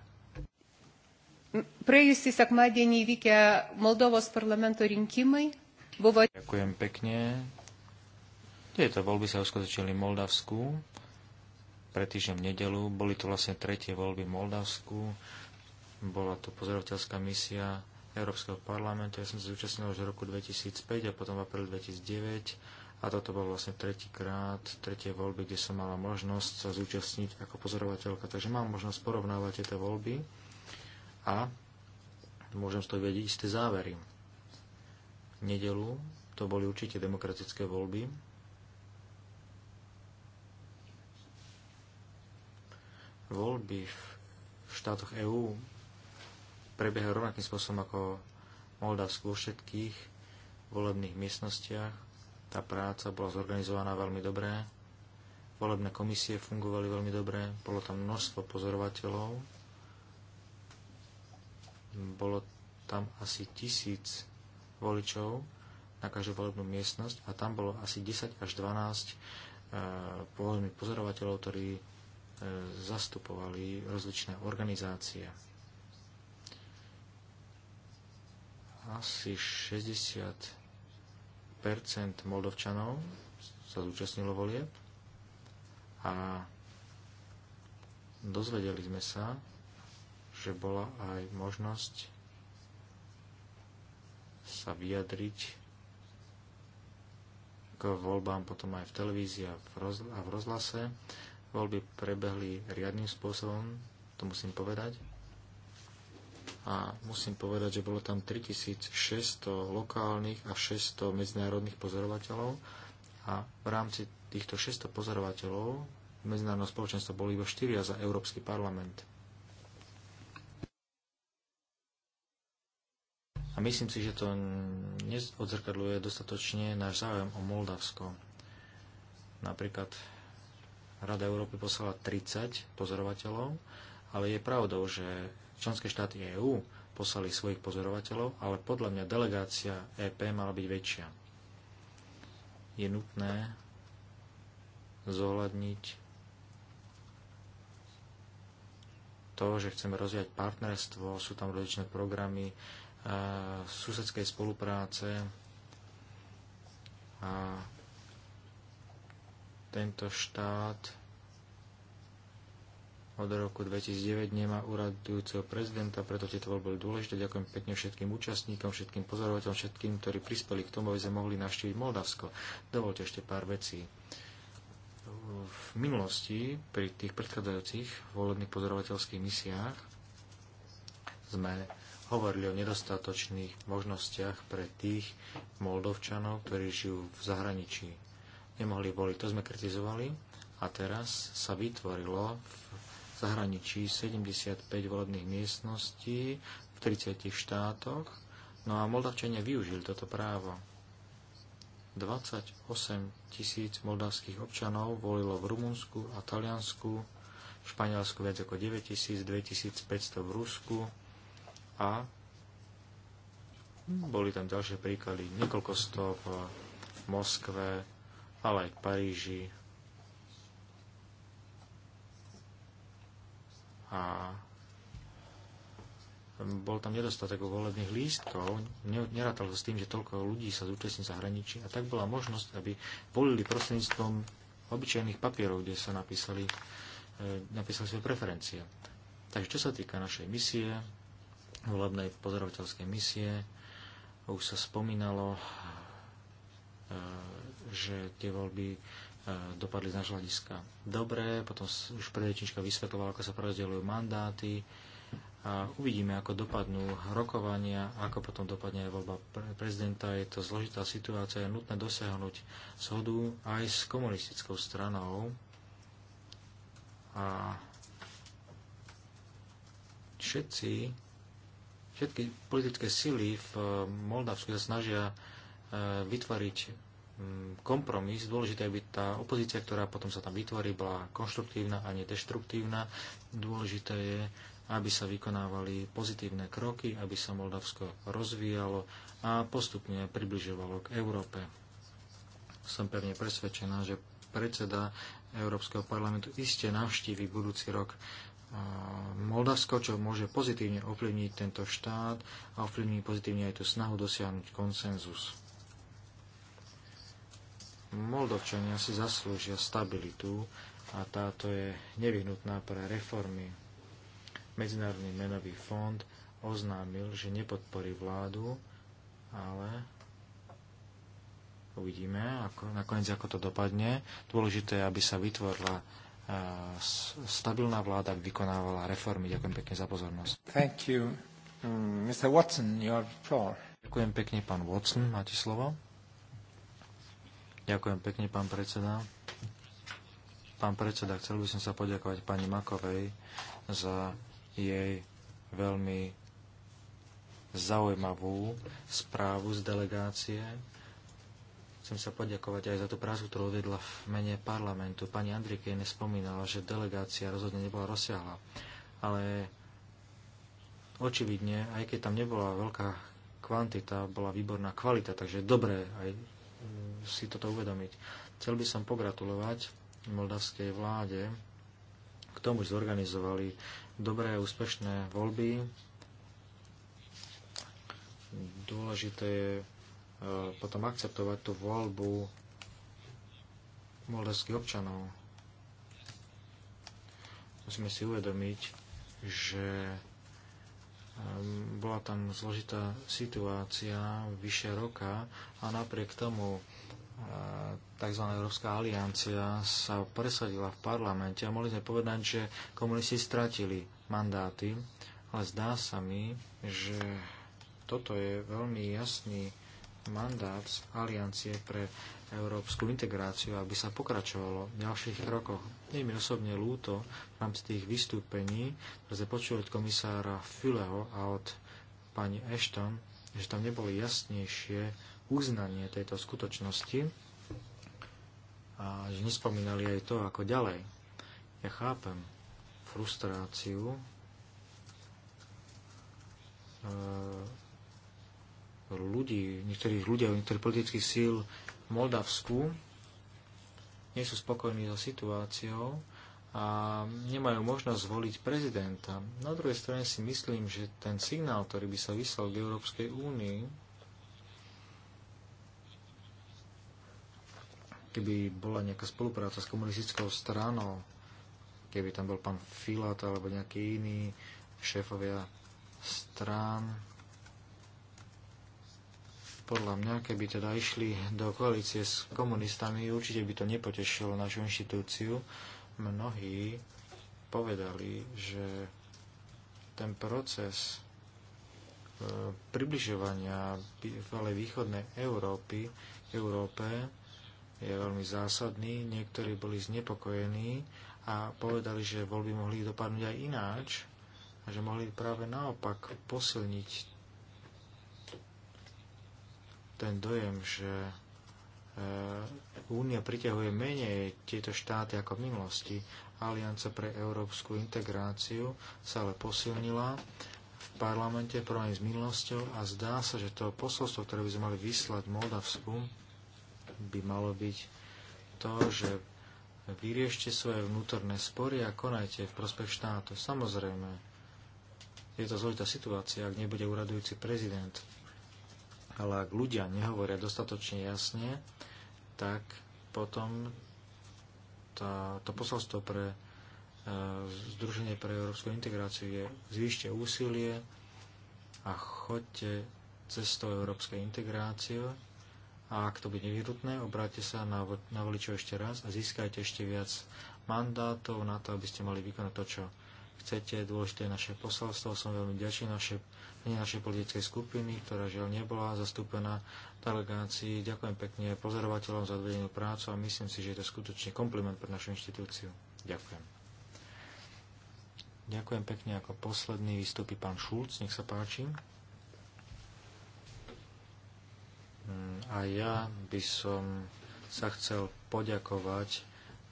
sa k mladení vykia Moldovo z parlamentu buvo... Ďakujem pekne. Tieto voľby sa uskutočnili v Moldavsku pre týždeň v nedelu. Boli to vlastne tretie voľby v Moldavsku. Bola to pozorovateľská misia Európskeho parlamentu. Ja som sa zúčastnil už v roku 2005 a potom v apríli 2009. A toto bol vlastne tretí krát, tretie voľby, kde som mala možnosť sa zúčastniť ako pozorovateľka. Takže mám možnosť porovnávať tieto voľby a môžem z toho vedieť isté závery. V nedelu to boli určite demokratické voľby, Voľby v štátoch EÚ prebiehajú rovnakým spôsobom ako Moldavsku vo všetkých volebných miestnostiach. Tá práca bola zorganizovaná veľmi dobre. Volebné komisie fungovali veľmi dobre. Bolo tam množstvo pozorovateľov. Bolo tam asi tisíc voličov na každú volebnú miestnosť a tam bolo asi 10 až 12 e, eh, pozorovateľov, ktorí E, zastupovali rozličné organizácie. Asi 60 Moldovčanov sa zúčastnilo volieb a dozvedeli sme sa, že bola aj možnosť sa vyjadriť k voľbám potom aj v televízii a v, rozhlase Voľby prebehli riadným spôsobom, to musím povedať. A musím povedať, že bolo tam 3600 lokálnych a 600 medzinárodných pozorovateľov. A v rámci týchto 600 pozorovateľov medzinárodného spoločenstva boli iba 4 za Európsky parlament. A myslím si, že to neodzrkadľuje dostatočne náš záujem o Moldavsko. Napríklad Rada Európy poslala 30 pozorovateľov, ale je pravdou, že členské štáty EÚ poslali svojich pozorovateľov, ale podľa mňa delegácia EP mala byť väčšia. Je nutné zohľadniť to, že chceme rozvíjať partnerstvo, sú tam rozličné programy e, susedskej spolupráce a tento štát od roku 2009 nemá uradujúceho prezidenta, preto tieto voľby boli dôležité. Ďakujem pekne všetkým účastníkom, všetkým pozorovateľom, všetkým, ktorí prispeli k tomu, aby sme mohli navštíviť Moldavsko. Dovolte ešte pár vecí. V minulosti, pri tých predchádzajúcich volebných pozorovateľských misiách, sme hovorili o nedostatočných možnostiach pre tých Moldovčanov, ktorí žijú v zahraničí nemohli voliť. To sme kritizovali a teraz sa vytvorilo v zahraničí 75 volebných miestností v 30 štátoch. No a Moldavčania využili toto právo. 28 tisíc moldavských občanov volilo v Rumunsku a Taliansku, v Španielsku viac ako 9 tisíc, 2500 v Rusku a boli tam ďalšie príklady, niekoľko stov v Moskve, ale aj v Paríži a bol tam nedostatok volebných lístkov, nerátalo sa s tým, že toľko ľudí sa zúčastní zahraničí a tak bola možnosť, aby volili prostredníctvom obyčajných papierov, kde sa napísali, e, napísali svoje preferencie. Takže čo sa týka našej misie, volebnej pozorovateľskej misie, už sa spomínalo, e, že tie voľby e, dopadli z nášho hľadiska dobre, potom už predrečnička vysvetlovala, ako sa prerozdeľujú mandáty a uvidíme, ako dopadnú rokovania, ako potom dopadne aj voľba prezidenta. Je to zložitá situácia, je nutné dosiahnuť zhodu aj s komunistickou stranou a všetci, všetky politické sily v Moldavsku sa snažia e, vytvoriť Mm, kompromis. Dôležité, aby tá opozícia, ktorá potom sa tam vytvorí, bola konštruktívna a nie deštruktívna. Dôležité je, aby sa vykonávali pozitívne kroky, aby sa Moldavsko rozvíjalo a postupne približovalo k Európe. Som pevne presvedčená, že predseda Európskeho parlamentu iste navštívi budúci rok Moldavsko, čo môže pozitívne ovplyvniť tento štát a ovplyvniť pozitívne aj tú snahu dosiahnuť konsenzus. Moldovčania si zaslúžia stabilitu a táto je nevyhnutná pre reformy. Medzinárodný menový fond oznámil, že nepodporí vládu, ale uvidíme ako, nakoniec, ako to dopadne. Dôležité je, aby sa vytvorila stabilná vláda vykonávala reformy. Ďakujem pekne za pozornosť. Thank you. Mr. Mm, Watson, your floor. Ďakujem pekne, pán Watson, máte slovo. Ďakujem pekne, pán predseda. Pán predseda, chcel by som sa poďakovať pani Makovej za jej veľmi zaujímavú správu z delegácie. Chcem sa poďakovať aj za tú prácu, ktorú odvedla v mene parlamentu. Pani Andrikejne nespomínala, že delegácia rozhodne nebola rozsiahla, ale očividne, aj keď tam nebola veľká kvantita, bola výborná kvalita, takže dobré aj si toto uvedomiť. Chcel by som pogratulovať moldavskej vláde k tomu, že zorganizovali dobré, úspešné voľby. Dôležité je e, potom akceptovať tú voľbu moldavských občanov. Musíme si uvedomiť, že e, bola tam zložitá situácia vyše roka a napriek tomu tzv. Európska aliancia sa presadila v parlamente a mohli sme povedať, že komunisti stratili mandáty, ale zdá sa mi, že toto je veľmi jasný mandát z aliancie pre európsku integráciu, aby sa pokračovalo v ďalších krokoch. Je mi osobne lúto v rámci tých vystúpení, ktoré sme počuli od komisára Fileho a od pani Ashton, že tam neboli jasnejšie uznanie tejto skutočnosti a že nespomínali aj to, ako ďalej. Ja chápem frustráciu e, ľudí, niektorých ľudí, niektorých politických síl v Moldavsku nie sú spokojní so situáciou a nemajú možnosť zvoliť prezidenta. Na druhej strane si myslím, že ten signál, ktorý by sa vyslal k Európskej únii, keby bola nejaká spolupráca s komunistickou stranou, keby tam bol pán Filat alebo nejaký iný šéfovia strán. Podľa mňa, keby teda išli do koalície s komunistami, určite by to nepotešilo našu inštitúciu. Mnohí povedali, že ten proces e, približovania bývalej východnej Európy, Európe je veľmi zásadný. Niektorí boli znepokojení a povedali, že voľby mohli dopadnúť aj ináč a že mohli práve naopak posilniť ten dojem, že eh, Únia priťahuje menej tieto štáty ako v minulosti. Alianca pre európsku integráciu sa ale posilnila v parlamente porovnaní s minulosťou a zdá sa, že to posolstvo, ktoré by sme mali vyslať Moldavsku, by malo byť to, že vyriešte svoje vnútorné spory a konajte v prospech štátu. Samozrejme, je to zložitá situácia, ak nebude uradujúci prezident. Ale ak ľudia nehovoria dostatočne jasne, tak potom tá, to posolstvo pre e, Združenie pre európsku integráciu je zvýšte úsilie a chodte cestou európskej integrácie, a ak to bude nevyhnutné, obráte sa na, na voličov ešte raz a získajte ešte viac mandátov na to, aby ste mali vykonať to, čo chcete. Dôležité je naše posolstvo. Som veľmi ďačný naše, našej politickej skupiny, ktorá žiaľ nebola zastúpená v delegácii. Ďakujem pekne pozorovateľom za odvedenú prácu a myslím si, že je to skutočne kompliment pre našu inštitúciu. Ďakujem. Ďakujem pekne. Ako posledný vystupí pán Šulc. Nech sa páči. Mm, a ja by som sa chcel poďakovať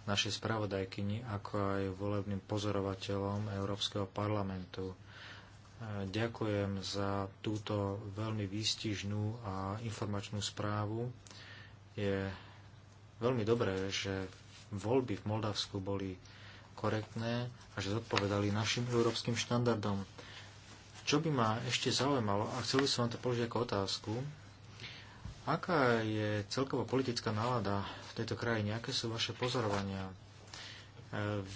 našej spravodajkyni, ako aj volebným pozorovateľom Európskeho parlamentu. E, ďakujem za túto veľmi výstižnú a informačnú správu. Je veľmi dobré, že voľby v Moldavsku boli korektné a že zodpovedali našim európskym štandardom. Čo by ma ešte zaujímalo, a chcel by som vám to položiť ako otázku, Aká je celková politická nálada v tejto krajine? Aké sú vaše pozorovania? E,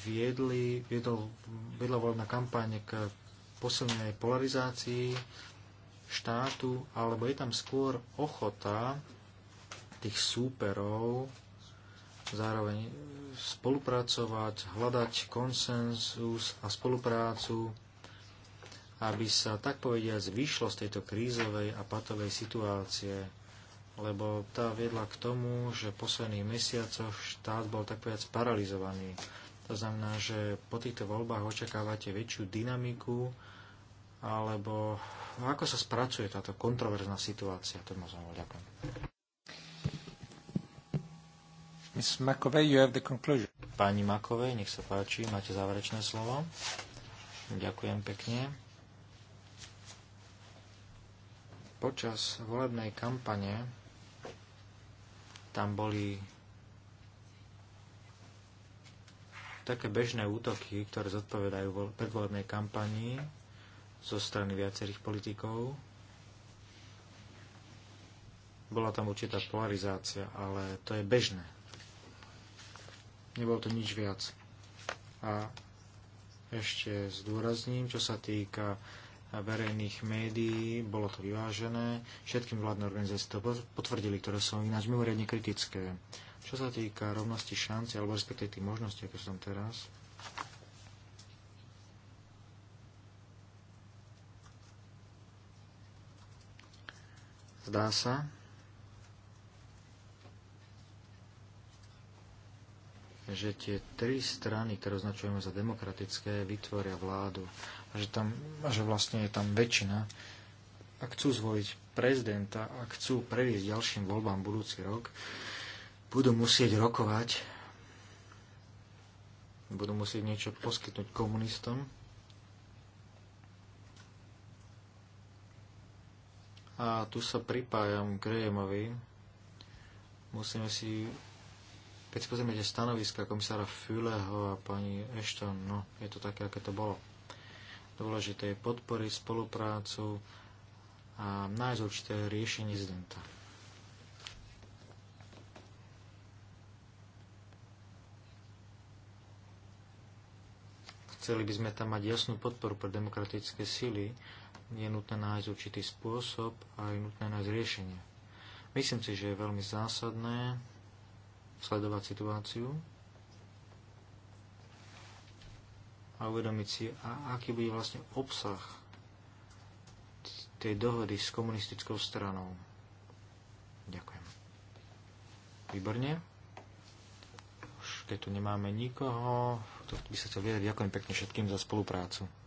viedli, viedol, viedla voľná kampaň k posilnenej polarizácii štátu, alebo je tam skôr ochota tých súperov zároveň spolupracovať, hľadať konsenzus a spoluprácu, aby sa tak povediať vyšlo z tejto krízovej a patovej situácie lebo tá viedla k tomu, že v posledných mesiacoch štát bol tak povedať paralizovaný. To znamená, že po týchto voľbách očakávate väčšiu dynamiku, alebo ako sa spracuje táto kontroverzná situácia? To možno ďakujem. Ms. you have the conclusion. Pani Makovej, nech sa páči, máte záverečné slovo. Ďakujem pekne. Počas volebnej kampane tam boli také bežné útoky, ktoré zodpovedajú predvolebnej kampanii zo strany viacerých politikov. Bola tam určitá polarizácia, ale to je bežné. Nebolo to nič viac. A ešte zdôrazním, čo sa týka verejných médií, bolo to vyvážené, všetkým vládne organizácie to potvrdili, ktoré sú ináč mimoriadne kritické. Čo sa týka rovnosti šanci, alebo respektíve tých možností, ako som teraz, zdá sa, že tie tri strany, ktoré označujeme za demokratické, vytvoria vládu že, tam, že vlastne je tam väčšina. Ak chcú zvoliť prezidenta a chcú previesť ďalším voľbám budúci rok, budú musieť rokovať, budú musieť niečo poskytnúť komunistom. A tu sa pripájam k Rejemovi. Musíme si keď pozrieme tie stanoviska komisára Füleho a pani Ešton, no, je to také, aké to bolo. Dôležité je podpory, spoluprácu a nájsť určité riešenie zdenta. Chceli by sme tam mať jasnú podporu pre demokratické síly, je nutné nájsť určitý spôsob a je nutné nájsť riešenie. Myslím si, že je veľmi zásadné sledovať situáciu a uvedomiť si, a aký bude vlastne obsah tej dohody s komunistickou stranou. Ďakujem. Výborne. Už keď tu nemáme nikoho, to by sa chcel vyjadriť. Ďakujem pekne všetkým za spoluprácu.